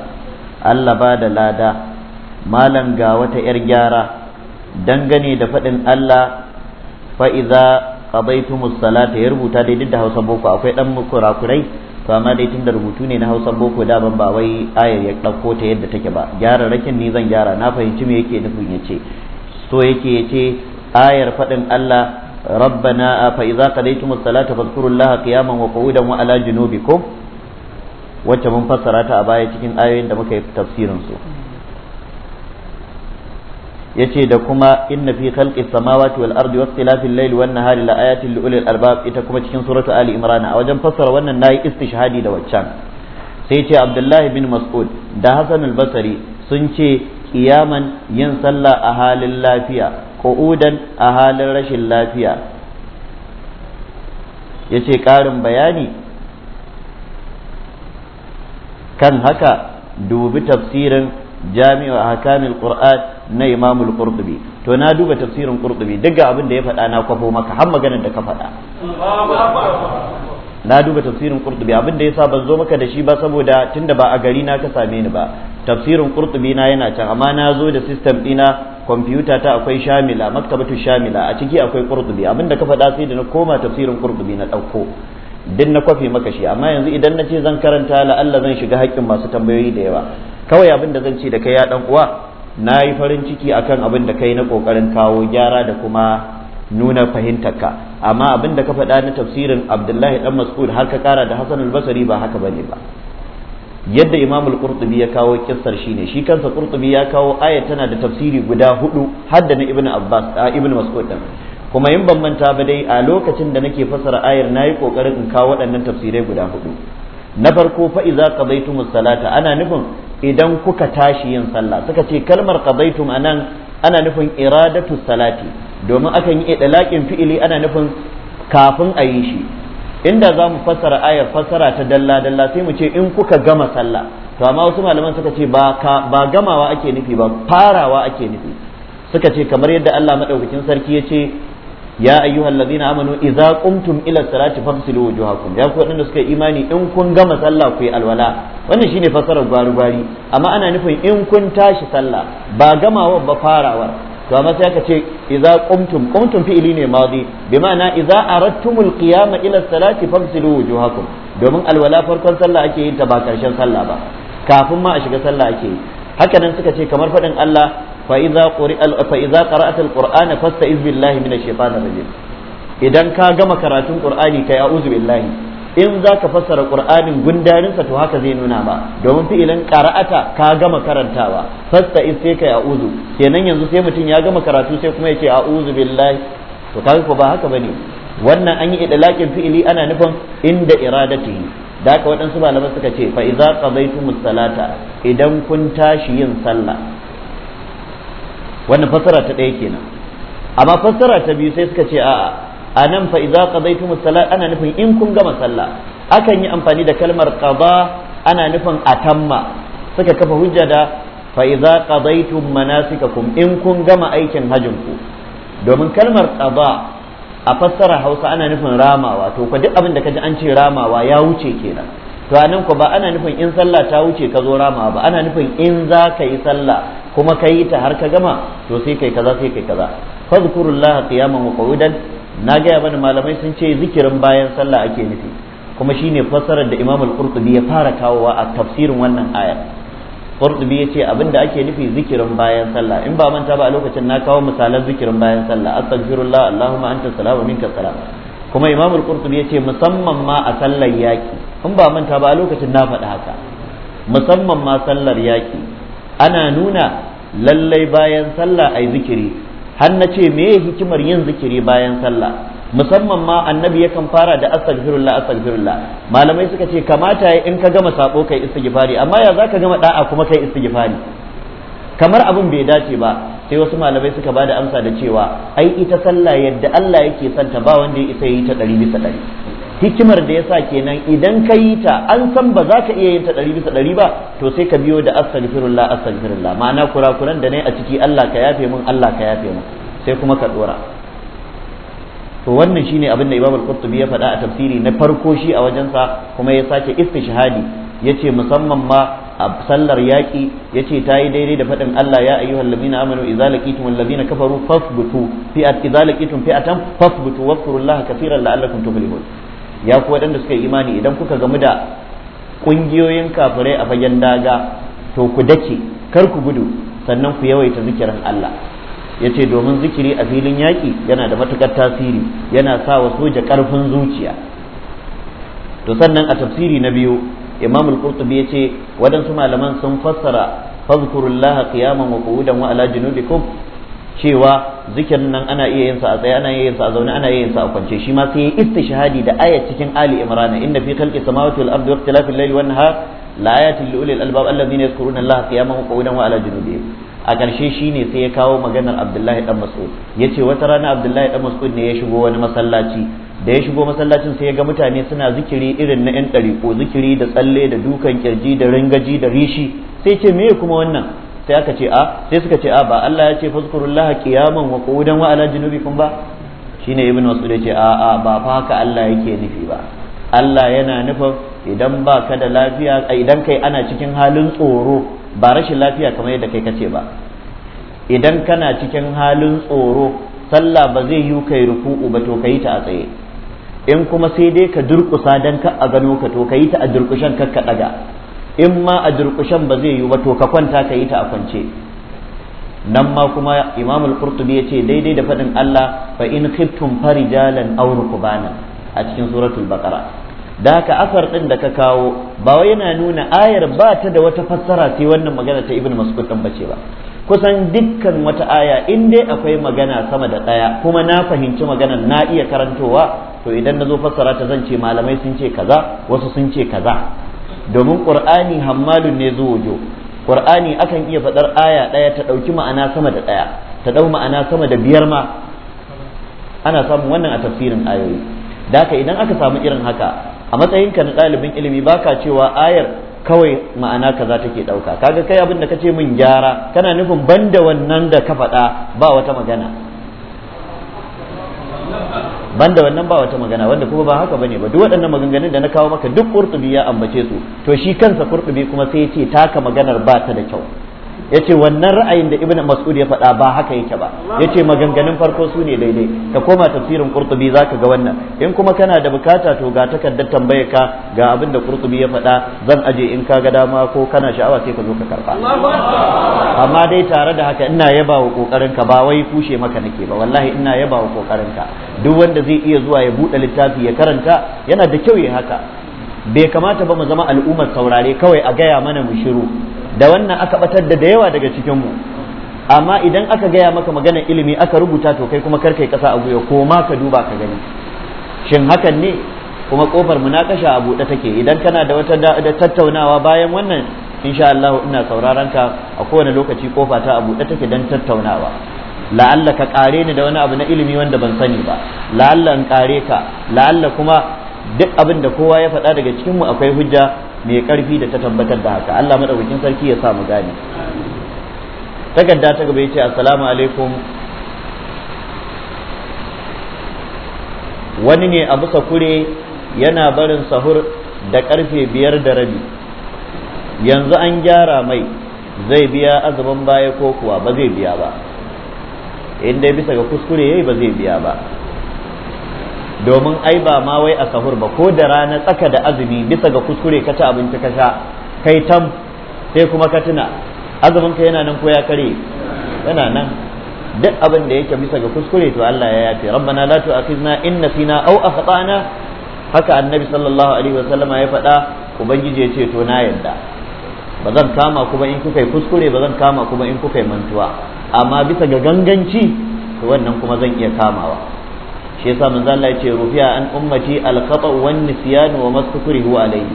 Allah ba da lada malam ga wata yar gyara dangane da faɗin Allah fa iza qadaytumus salata ya rubuta dai duk da Hausa boko akwai dan kurakurai to amma dai tunda rubutu ne na Hausa boko daban ba wai ayar ya ɗauko ta yadda take ba gyara rakin ni zan gyara na fahimci me yake nufin yace so yake yace ayar faɗin Allah ربنا فإذا قضيتم الصلاة فاذكروا الله قياما وقعودا وعلى ko wacce mun fassara ta a baya cikin ayoyin da muka yi tafsirin su yace da kuma inna fi khalqi samawati wal ardi wastilafil layli wan nahari la ayatin li ulil albab ita kuma cikin suratu ali imran a wajen fassara wannan nayi istishhadi da waccan sai ce abdullahi bin mas'ud da hasan al-basri sun ce kiyaman yin sallah a halin lafiya qu'udan a halin rashin lafiya yace ƙarin bayani kan haka dubi tafsirin jami'u ahkamil qur'an na imam al-qurtubi to na duba tafsirin qurtubi daga abin da ya fada na kwafo maka har maganar da ka fada. na duba tafsirin qurtubi abin da yasa ban zo maka da shi ba saboda tunda ba a gari na ka same ni ba tafsirin qurtubi na yana can amma na zo da system dina computer ta akwai shamila maktabatu shamila a ciki akwai qurtubi abin da ka faɗa sai da na koma tafsirin qurtubi na ɗauko duk na kwafi maka shi amma yanzu idan na ce zan karanta la Allah zan shiga haƙƙin masu tambayoyi da yawa kawai abin da zan ce da kai ya dan uwa na yi farin ciki akan abin da kai na kokarin kawo gyara da kuma nuna fahimtarka amma abin da ka faɗa na tafsirin Abdullahi dan Mas'ud har ka kara da Hassan al-Basri ba haka bane ba yadda Imam al-Qurtubi ya kawo kissar ne shi kansa Qurtubi ya kawo aya tana da tafsiri guda hudu har na Ibn Abbas Ibn Mas'ud kuma in ban manta ba dai a lokacin da nake fasara ayar nayi kokarin in kawo waɗannan tafsirai guda hudu na farko fa iza qadaytumus salata ana nufin idan kuka tashi yin sallah suka ce kalmar qadaytum anan ana nufin iradatu salati domin akan yi idlaqin fi'ili ana nufin kafin a yi shi inda za mu fassara ayar fassara ta dalla dalla sai mu ce in kuka gama sallah to amma wasu malaman suka ce ba ba gamawa ake nufi ba farawa ake nufi suka ce kamar yadda Allah madaukakin sarki ya ce ya ayyuhal ladina amanu idza qumtum ila salati famsilu wujuhakum ya ku wadanda suka imani in kun gama sallah ku yi alwala wannan shine fasarar gwari gwari amma ana nufin in kun tashi sallah ba gamawar ba farawar to amma sai aka ce idza qumtum qumtum fi'li ne madi bi ma'ana idza aradtumul qiyama ila salati famsilu wujuhakum domin alwala farkon sallah ake yin ta ba karshen sallah ba kafin ma a shiga sallah ake yi haka nan suka ce kamar faɗin Allah fa iza quri'al fa al-qur'ana fasta'iz billahi minash shaitanir rajim idan ka gama karatun qur'ani kai a'udhu billahi in za ka fassara qur'anin gundarin sa to haka zai nuna ba domin fi'ilin qara'ata ka gama karantawa in sai kai a'udhu kenan yanzu sai mutum ya gama karatu sai kuma yake a'udhu billahi to kai ko ba haka bane wannan an yi idlaqin fi'ili ana nufin inda iradatihi da haka waɗansu ba malaman suka ce fa idza qadaytumus idan kun tashi yin sallah wannan fassara ta ɗaya kenan amma fasara ta biyu sai suka ce a'a a nan fa idza qadaytumus ana nufin in kun gama sallah akan yi amfani da kalmar qada ana nufin atamma suka kafa hujja da fa idza qadaytum manasikakum in kun gama aikin hajjin domin kalmar qada a fassara hausa ana nufin ramawa to kwa duk abin da ka an ce ramawa ya wuce kenan to anan ku ba ana nufin in sallah ta wuce ka zo ramawa ba ana nufin in za ka yi sallah kuma ka yi ta har ka gama to sai kai kaza sai kai kaza fadhkurullaha qiyaman wa qu'udan na gaya mana malamai sun ce zikirin bayan sallah ake nufi kuma shine fassarar da imamul Al-Qurtubi ya fara kawowa a tafsirin wannan ayar qurtubi yace abinda ake nufi zikirin bayan sallah in ba manta ba a lokacin na kawo misalan zikirin bayan sallah astaghfirullah allahumma anta salamu minka salam kuma imam al-qurtubi yace musamman ma a sallar yaki in ba manta ba a lokacin na faɗa haka musamman ma sallar yaki ana nuna lallai bayan sallah ai zikiri har na ce me hikimar yin zikiri bayan sallah musamman ma annabi yakan fara da astaghfirullah astaghfirullah malamai suka ce kamata ya in ka gama sabo kai istighfari amma ya zaka gama da'a kuma kai istighfari kamar abun bai dace ba sai wasu malamai suka bada amsa da cewa ai ita sallah yadda Allah yake santa ba wanda ya isa yi ta ɗari bisa ɗari hikimar da yasa kenan idan ka yi ta an san ba za ka iya yin ta ɗari bisa ɗari ba to sai ka biyo da astaghfirullah astaghfirullah ma'ana kurakuran da ne a ciki Allah ka yafe mun Allah ka yafe mun sai kuma ka dora to wannan shine abin da Imam al-Qurtubi ya faɗa a tafsiri na farko shi a wajensa kuma ya sake istishhadi yace musamman ma a sallar yaki ya ce ta yi daidai da faɗin Allah ya ayyuha allazina amanu idza laqitum allazina kafaru fasbutu fi idza laqitum fi'atan fasbutu allah kaseeran la'allakum tuflihun ya ku waɗanda suka yi imani idan kuka gamu da ƙungiyoyin kafirai a fagen daga to ku dake kar ku gudu sannan ku yawaita zikirin Allah ya ce domin zikiri a filin yaƙi yana da matuƙar tasiri yana sa wa soja ƙarfin zuciya to sannan a tafsiri na biyu imam al-qurtubi ya ce waɗansu malaman sun fassara fazkurullaha qiyaman wa qu'udan wa ala junubikum cewa zikirin nan ana iya yin sa a tsaye ana iya yin sa a zaune ana iya yin sa a kwance shi ma sai ya istishhadi da ayat cikin ali imran inna fi khalqi samawati wal ardi wa ikhtilafi al-layli wan nahar la ayatin li ulil albab alladhina yadhkuruna allaha qiyaman wa qu'udan wa ala junubihim a ƙarshe shi ne sai ya kawo maganar abdullahi dan mas'ud ce wata rana abdullahi dan mas'ud ne ya shigo wani masallaci da ya shigo masallacin sai ya ga mutane suna zikiri irin na yan ko zikiri da tsalle da dukan kirji da ringaji da rishi sai ce me kuma wannan sai aka ce a sai suka ce a ba Allah ya ce fazkurullaha qiyaman wa qu'udan wa ala junubikum ba shine ibn mas'ud ya ce a a ba fa haka Allah yake nufi ba Allah yana nufin idan ba ka da lafiya idan kai ana cikin halin tsoro ba rashin lafiya kamar yadda kai kace ba idan kana cikin halin tsoro sallah ba zai yi kai ruku'u ba to kai ta a tsaye in kuma sai dai ka durkusa dan ka a gano ka to kai ta a durkushan kar ka daga in ma a durkushan ba zai yi ba to ka kwanta ka yi ta a kwance nan ma kuma imamul al-qurtubi ya ce daidai da faɗin Allah fa in khiftum farijalan aw rukbanan a cikin suratul baqara da haka asar din da ka kawo ba wai yana nuna ayar ba ta da wata fassara sai wannan magana ta ibn mas'ud din bace ba kusan dukkan wata aya in dai akwai magana sama da ɗaya kuma na fahimci maganar na iya karantowa to idan na zo fassara ta zan ce malamai sun ce kaza wasu sun ce kaza domin qur'ani hammalun ne zuwujo qur'ani akan iya faɗar aya ɗaya ta ɗauki ma'ana sama da ɗaya ta ɗau ma'ana sama da biyar ma ana samun wannan a tafsirin ayoyi Daka idan aka samu irin haka a matsayinka na ɗalibin ilimi baka cewa ayar kawai ma'ana kaza ke ɗauka kaga kai abin da ka ce min gyara kana nufin banda wannan da ka faɗa ba wata magana banda wannan ba wata magana wanda kuma ba haka bane ba duk waɗannan maganganun da na kawo maka duk qurtubi ya ambace su to shi kansa qurtubi kuma sai ya ce taka maganar ba ta da kyau ya ce wannan ra'ayin da ibnu mas'ud ya faɗa ba haka yake ba ce maganganun farko su ne daidai ka koma tafsirin qurtubi ka ga wannan in kuma kana da bukata to ga takardar tambayar ka ga abin da qurtubi ya faɗa zan aje in ka ga dama ko kana sha'awa sai ka zo ka karɓa amma dai tare da haka ina yaba wa kokarin ka ba wai kushe maka nake ba wallahi ina yaba wa kokarin ka duk wanda zai iya zuwa ya buɗe littafi ya karanta yana da kyau ya haka bai kamata ba mu zama al'ummar saurare kawai a gaya mana mu shiru da wannan aka batar da da yawa daga cikin mu amma idan aka gaya maka maganar ilimi aka rubuta to kai kuma karkai kasa a guya ko ma ka duba ka gani shin hakan ne kuma kofar munakasha a buɗe take idan kana da wata tattaunawa bayan wannan insha Allah ina sauraron ka a kowane lokaci kofa ta a buɗe take dan tattaunawa la'alla ka kare ni da wani abu na ilimi wanda ban sani ba la'alla in kare ka la'alla kuma duk abin da kowa ya faɗa daga cikin mu akwai hujja mai karfi da ta tabbatar da haka Allah madaukakin sarki ya sa mu gane takarda ta gaba yace assalamu alaikum wani ne a bisa kure yana barin sahur da karfe biyar da rabi yanzu an gyara mai zai biya azumin baya ko kuwa ba zai biya ba in dai bisa ga kuskure yayi ba zai biya ba domin ai ba ma wai a sahur ba ko da rana tsaka da azumi bisa ga kuskure ka abinci ka sha kai tam sai kuma ka tuna azumin ka yana nan ko ya kare yana nan duk abin da yake bisa ga kuskure to Allah ya yafe rabbana la tu'akhizna in nasina aw akhtana haka annabi sallallahu alaihi wasallama ya faɗa ubangiji ya ce to na yadda ba zan kama kuma in kuka yi kuskure ba zan kama kuma in kuka yi mantuwa amma bisa ga ganganci to wannan kuma zan iya kamawa shi yasa manzo Allah yace rufiya an ummati al-khata wan nisyan wa mastukrihu alayhi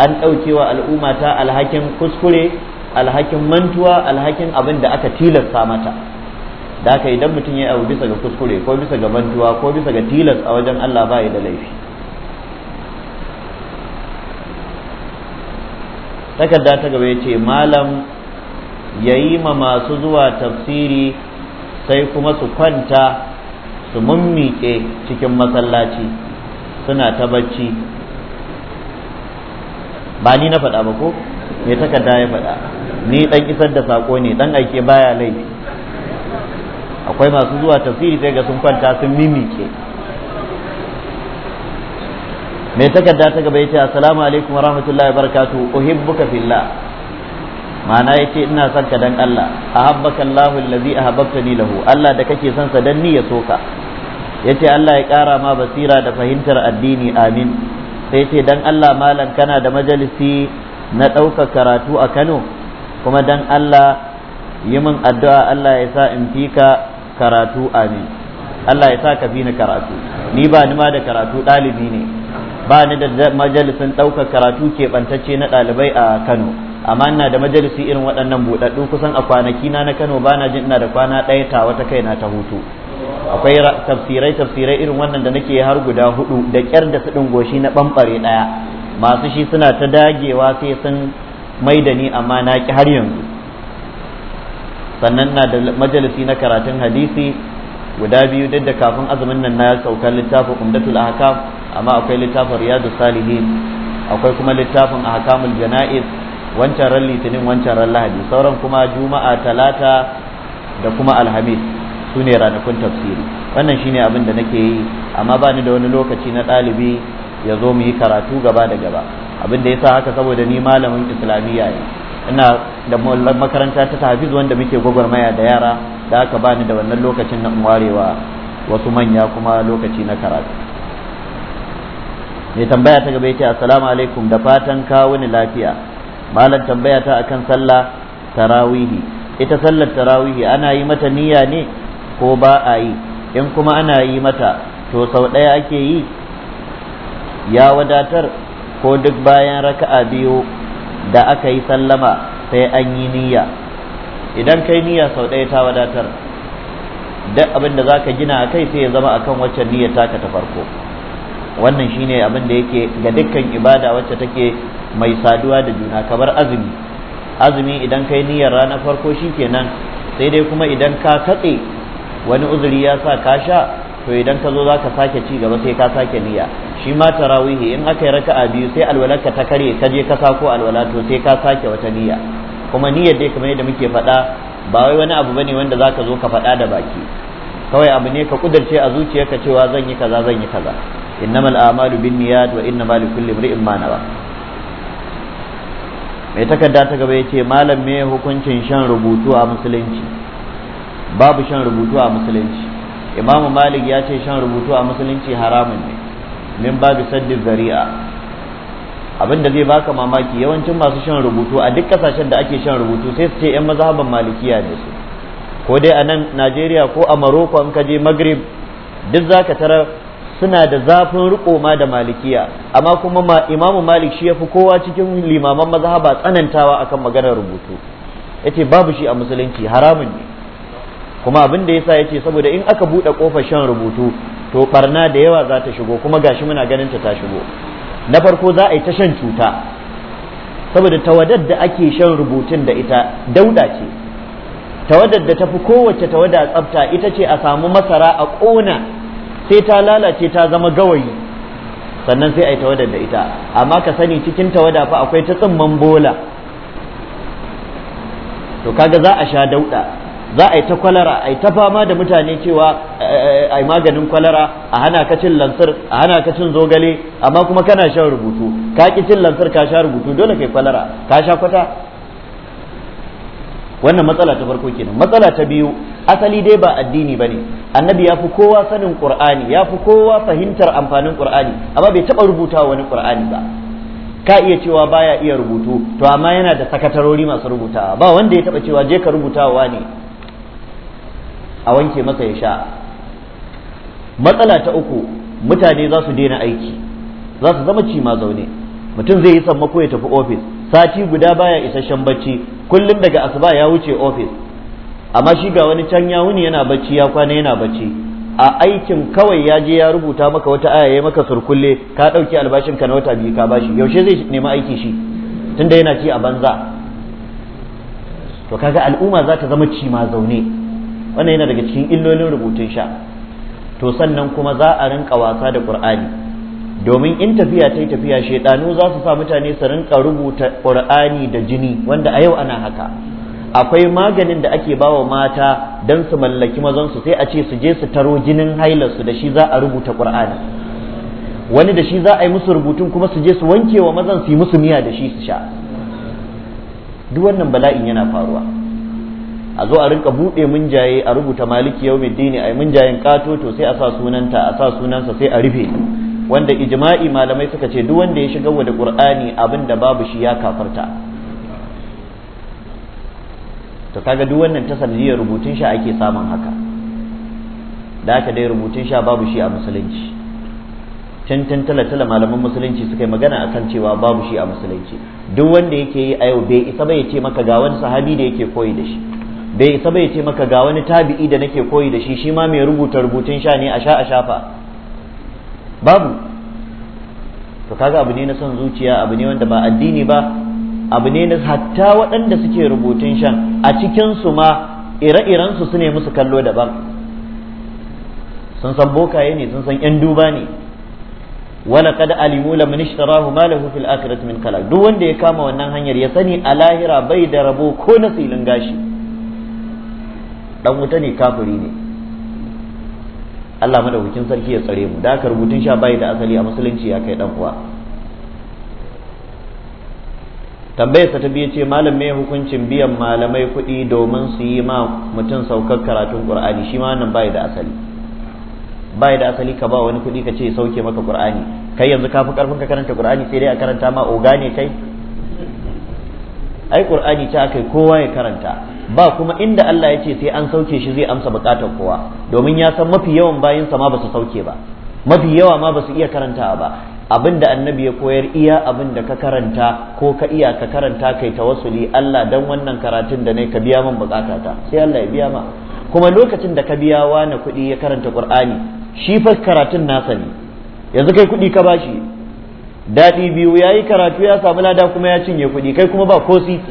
an daukewa al'umma ta alhakin kuskure alhakin mantuwa alhakin abin da aka tilasta mata da aka idan mutum ya abu bisa ga kuskure ko bisa ga mantuwa ko bisa ga tilas a wajen Allah ba ya da laifi takarda ta gaba ya ce malam ya yi ma masu zuwa tafsiri sai kuma su kwanta su mummike cikin masallaci suna ta bacci ba ni na faɗa ba ko me takarda ya faɗa ni dan isar da sako ne dan aike baya laifi akwai masu zuwa tafsiri sai ga sun kwanta sun mimike mai takarda ta gaba yace assalamu alaikum wa rahmatullahi wa barakatuh uhibbuka fillah ma'ana yace ina son ka dan Allah A lahu ahabbaka a allazi ni lahu Allah da kake son sa dan ni ya soka yace Allah ya ƙara ma basira da fahimtar addini amin sai ce dan Allah malam kana da majalisi na ɗauka karatu a Kano kuma dan Allah yi min addu'a Allah ya sa in fi ka karatu amin Allah ya sa ka fi ni karatu ni ba ni ma da karatu ɗalibi ne ba ni da majalisin ɗaukar karatu keɓantacce na ɗalibai a Kano amma ina da majalisi irin waɗannan buɗaɗɗu kusan a kwanaki na na Kano ba na jin ina da kwana ɗaya ta wata kaina ta hutu akwai tafsirai tafsirai irin wannan da nake har guda hudu da kyar da su goshi na bambare daya masu shi suna ta dagewa sai sun mai da ni amma na ki har yanzu sannan na da majalisi na karatun hadisi guda biyu duk da kafin azumin nan na saukar littafin umdatul ahkam amma akwai littafin riyadu salihin akwai kuma littafin ahkamul jana'iz wancan ran litinin wancan ran lahadi sauran kuma juma'a talata da kuma alhamis su ne ranakun tafsiri wannan shine abin da nake yi amma ba ni da wani lokaci na ɗalibi ya zo mu yi karatu gaba da gaba abin da yasa haka saboda ni malamin islamiyya ne ina da makaranta ta tahfiz wanda muke gwagwarmaya da yara da aka bani da wannan lokacin na warewa wasu manya kuma lokaci na karatu mai tambaya ta gaba ce assalamu alaikum da fatan kawuni lafiya malam tambaya ta akan sallah tarawihi ita sallar tarawihi ana yi mata niyya ne ko ba a yi in kuma ana yi mata to sau ɗaya ake yi ya wadatar ko duk bayan raka'a biyu da aka yi sallama sai an yi niyya idan kai niyya sau ɗaya ta wadatar duk abin da za ka gina a kai sai ya zama akan waccan niyya taka ta farko wannan shine abin da yake ga dukkan ibada wacce take mai saduwa da juna kamar azumi azumi idan kai niyyar ranar farko shi shikenan sai dai kuma idan ka katse wani uzuri ya sa ka sha to idan ka zo za ka sake ci gaba sai ka sake niyya shi ma tarawihi in aka yi raka a biyu sai alwalarka ta kare ka je ka ko alwala to sai ka sake wata niyya kuma niyyar dai kamar yadda muke faɗa ba wai wani abu bane wanda za ka zo ka faɗa da baki kawai abu ne ka kudurce a ka cewa zan yi kaza zan yi kaza innamal a'malu binniyat wa innamal kulli imri'in ma nawa mai takarda ta gaba yace malam me hukuncin shan rubutu a musulunci babu shan rubutu a musulunci imam malik ya ce shan rubutu a musulunci haramun ne min babu saddin zari'a abinda zai baka mamaki yawancin masu shan rubutu a duk kasashen da ake shan rubutu sai su ce yan mazhaban malikiya ne su ko dai a nan najeriya ko a maroko in ka je maghrib duk zaka tarar suna da zafin riko ma da malikiya amma kuma ma imamu malik shi ya fi kowa cikin limaman mazhaba tsanantawa akan maganar rubutu yace babu shi a musulunci haramun ne kuma abin da yasa yace saboda in aka bude kofar shan rubutu to barna da yawa za ta shigo kuma gashi muna ganin ta ta shigo na farko za a yi ta shan cuta saboda tawadar da ake shan rubutun da ita dauda ce tawadar da tafi kowace tawada tsafta ita ce a samu masara a kona sai ta lalace ta zama gawayi sannan sai a yi tawadar da ita amma ka sani cikin tawada fa akwai ta tsimman bola to kaga za a sha dauda za a yi ta kwalara a yi ta fama da mutane cewa eh, eh, a yi maganin kwalara a hana ka cin lansir a hana ka cin zogale amma kuma kana shan rubutu ka ki cin lansir ka sha rubutu dole kai kwalara ka sha kwata wannan matsala ta farko kenan matsala ta biyu asali dai ba addini ba ne annabi ya fi kowa sanin qur'ani ya fi kowa fahimtar amfanin qur'ani amma bai taba rubuta wani qur'ani ba ka iya cewa baya iya rubutu to amma yana da sakatarori masu rubutawa ba wanda ya taba cewa je ka rubutawa ne a wanke masa ya sha matsala ta uku mutane za su daina aiki za su zama cima zaune mutum zai yi sammako ya tafi ofis sati guda baya isasshen bacci kullum daga asuba ya wuce ofis amma shi ga wani can ya wuni yana bacci ya kwana yana bacci a aikin kawai ya je ya rubuta maka wata aya ya maka surkulle ka ɗauki albashin ka na wata biyu ka bashi yaushe zai nemi aiki shi tunda yana ci a banza to kaga al'umma za ta zama cima zaune wannan yana daga cikin illolin rubutun sha to sannan kuma za a rinka wasa da qur'ani domin in tafiya ta yi tafiya shaidanu za su sa mutane su rinka rubuta qur'ani da jini wanda a yau ana haka akwai maganin da ake bawa mata don su mallaki mazan su sai a ce su je su taro jinin hailarsu da shi za a rubuta qur'ani wani da shi za a yi musu rubutun kuma su je su wanke wa mazan su yi musu miya da shi su sha duk wannan bala'in yana faruwa a zo a rinka buɗe munjaye a rubuta maliki yau dini a munjayen kato to sai a sa sunanta a sa sunansa sai a rufe wanda ijma'i malamai suka ce duk wanda ya shiga wa da qur'ani abin da babu shi ya kafarta to kaga duk wannan ta sanadiyar rubutun sha ake samun haka da haka dai rubutun sha babu shi a musulunci can can talatala malaman musulunci suka yi magana akan cewa babu shi a musulunci duk wanda yake yi a yau bai isa bai ce maka ga wani sahabi da yake koyi da shi bai isa bai ce maka ga wani tabi'i da nake koyi da shi shi ma mai rubuta rubutun sha ne a sha a shafa babu to kaga abu ne na son zuciya abu ne wanda ba addini ba abu ne na hatta waɗanda suke rubutun shan a cikin su ma ire-iren su su ne musu kallo daban sun san bokaye ne sun san 'yan duba ne wala kad alimu lamun ishtarahu ma lahu fil akhirati min duk wanda ya kama wannan hanyar ya sani a lahira bai da rabo ko na silin gashi dan wuta ne kafiri ne Allah madaukakin sarki ya tsare mu da aka rubutun sha bai da asali a musulunci ya kai dan uwa tambayar ta biya ce malam mai hukuncin biyan malamai kuɗi domin su yi ma mutum saukar karatun qur'ani shi ma wannan bai da asali bai da asali ka ba wani kuɗi ka ce sauke maka qur'ani kai yanzu ka fi karfin ka karanta qur'ani sai dai a karanta ma oga ne kai ai qur'ani ta kai kowa ya karanta ba kuma inda Allah ya ce sai an sauke shi zai amsa bukatar kowa domin ya san mafi yawan sa ma ba su sauke ba mafi yawa ma ba su iya karanta ba Abinda annabi ya koyar iya abinda ka karanta ko ka iya ka karanta kai tawassuli Allah dan wannan karatun da ne ka biya min bukatata sai Allah ya biya ma kuma lokacin da ka biya na kuɗi ya karanta Qur'ani shi fa karatun nasa ne yanzu kai kuɗi ka bashi daɗi biyu ya yi karatu ya samu lada kuma ya cinye kuɗi kai kuma ba ko siti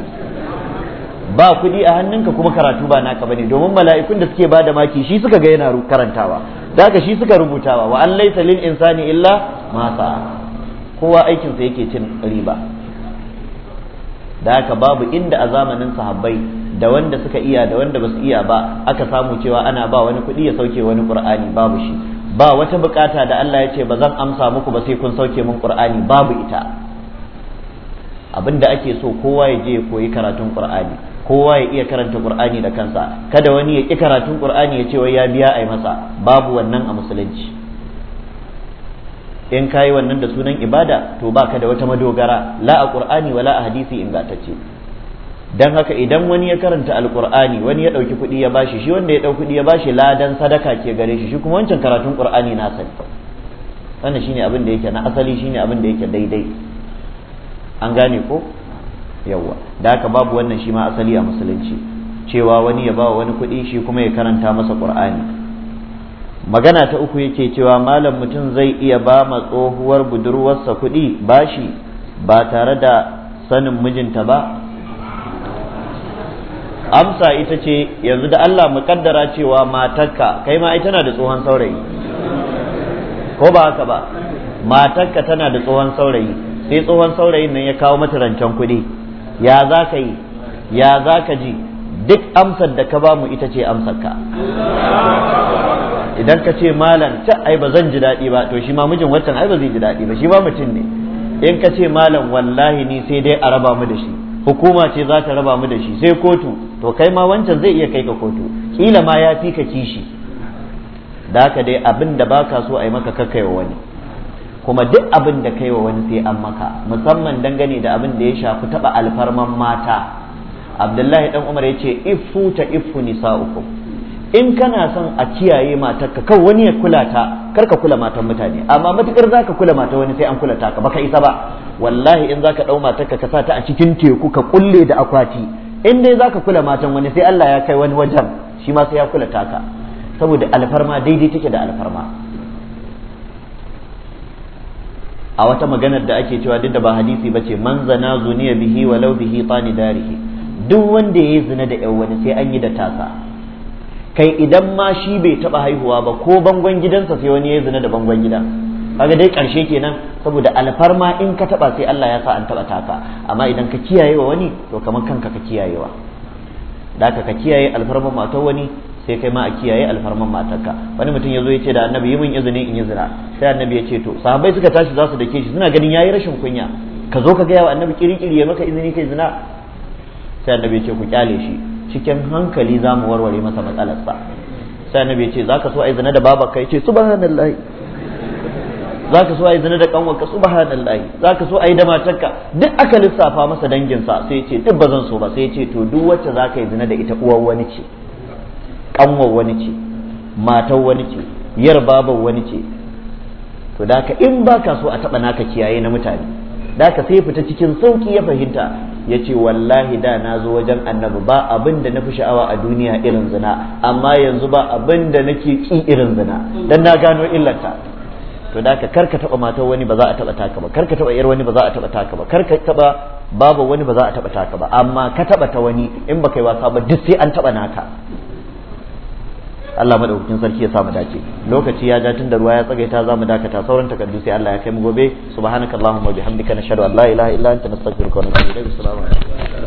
ba kuɗi a hannunka kuma karatu ba naka bane domin mala'ikun da suke bada maki shi suka ga yana karantawa daga shi suka rubutawa wa an laysa lil insani illa ma sa'a kowa aikin sa yake cin riba da babu inda a zamanin sahabbai da wanda suka iya da wanda basu iya ba aka samu cewa ana ba wani kuɗi ya sauke wani qur'ani babu shi ba wata bukata da Allah ya ce ba zan amsa muku ba sai kun sauke mun Qur'ani babu ita abinda ake so kowa ya je ya koyi karatun Qur'ani kowa ya iya karanta Qur'ani da kansa kada wani ya ki karatun Qur'ani ya ce wai ya biya ai masa babu wannan a musulunci in kayi wannan da sunan ibada to baka da wata madogara la a Qur'ani wala a hadisi ingantacce dan haka idan wani ya karanta alqur'ani wani ya dauki kuɗi ya bashi shi wanda ya dauki kuɗi ya bashi ladan sadaka ke gare shi shi kuma wancan karatun qur'ani na sani wannan shine abin da yake na asali shine abin da yake daidai an gane ko yawa da haka babu wannan shi ma asali a musulunci cewa wani ya bawa wani kuɗi shi kuma ya karanta masa qur'ani magana ta uku yake cewa malam mutum zai iya ba ma tsohuwar budurwarsa kuɗi bashi ba tare da sanin mijinta ba amsa ita ce yanzu da Allah mu kaddara cewa matarka kai ma ai tana da tsohon saurayi ko ba haka ba matarka tana da tsohon saurayi sai tsohon saurayin nan ya kawo mata rancen kuɗi ya za ka yi ya za ka ji duk amsar da ka bamu ita ce amsarka idan ka ce malam ta ai ba zan ji daɗi ba to shi ma mijin wancan ai ba zai ji daɗi ba shi ba mutum ne in ka ce malam wallahi ni sai dai a raba mu da shi hukuma ce za ta raba mu da shi sai kotu to kai ma wancan zai iya kai ka kotu kila ma ya fi ka kishi da haka dai abin da baka so a yi maka wa wani kuma duk abin da kai wa wani sai an maka musamman dangane da abin da ya shafi taba alfarman mata abdullahi dan umar ya ce iffu ta iffu nisa'ukum in kana son a kiyaye matarka kan wani ya kula ta kar ka kula matan mutane amma matukar zaka kula mata wani sai an kula ta ka baka isa ba wallahi in zaka dau matarka ka sa ta a cikin teku ka kulle da akwati in dai zaka kula matan wani sai Allah ya kai wani wajen shi ma sai ya kula taka saboda alfarma daidai take da alfarma a wata maganar da ake cewa duk da ba hadisi bace man zana zuniya bihi walau bihi tani darihi duk wanda yayi zina da yan wani sai an yi da tasa kai idan ma shi bai taba haihuwa ba ko bangon gidansa sai wani yayi zina da bangon gidan kaga dai karshe kenan saboda alfarma in ka taba sai Allah ya sa an taba taka amma idan ka kiyaye wa wani to kamar kanka ka kiyayewa da ka kiyaye alfarman matar wani sai kai ma a kiyaye alfarman matarka wani mutum ya zo ya ce da annabi yi min izini in yi zina sai annabi ya ce to sahabbai suka tashi za su dake shi suna ganin yayi rashin kunya ka zo ka gaya wa annabi kirikiri ya maka izini kai zina sai annabi ya ce ku kyale shi cikin hankali za mu warware masa matsalarsa sai annabi ya ce za ka so a yi zina da babarka ya ce subhanallah za ka so a yi zina da kanwarka subhanallahi za ka so a yi da matarka duk aka lissafa masa danginsa sai ce duk ba zan so ba sai ce to duk wacce za ka yi zina da ita uwar wani ce kanwar wani ce matar wani ce yar babar wani ce to da ka in ba ka so a taɓa naka kiyaye na mutane da ka sai fita cikin sauki ya fahimta ya ce wallahi da na zo wajen annabi ba abin da na fi sha'awa a duniya irin zina amma yanzu ba abin da nake ki irin zina dan na gano illarta to da ka karka taba matar wani ba za a taba taka ba karka taba yar wani ba za a taba taka ba karka taba babu wani ba za a taba taka ba amma ka taba ta wani in baka yi wasa ba duk sai an taba naka Allah madaukakin sarki ya samu dace lokaci ya ja tun da ruwa ya tsagaita za mu dakata sauran takardu sai Allah ya kai mu gobe subhanakallahumma wa bihamdika nashhadu an la ilaha illa anta nastaghfiruka wa natubu ilaik assalamu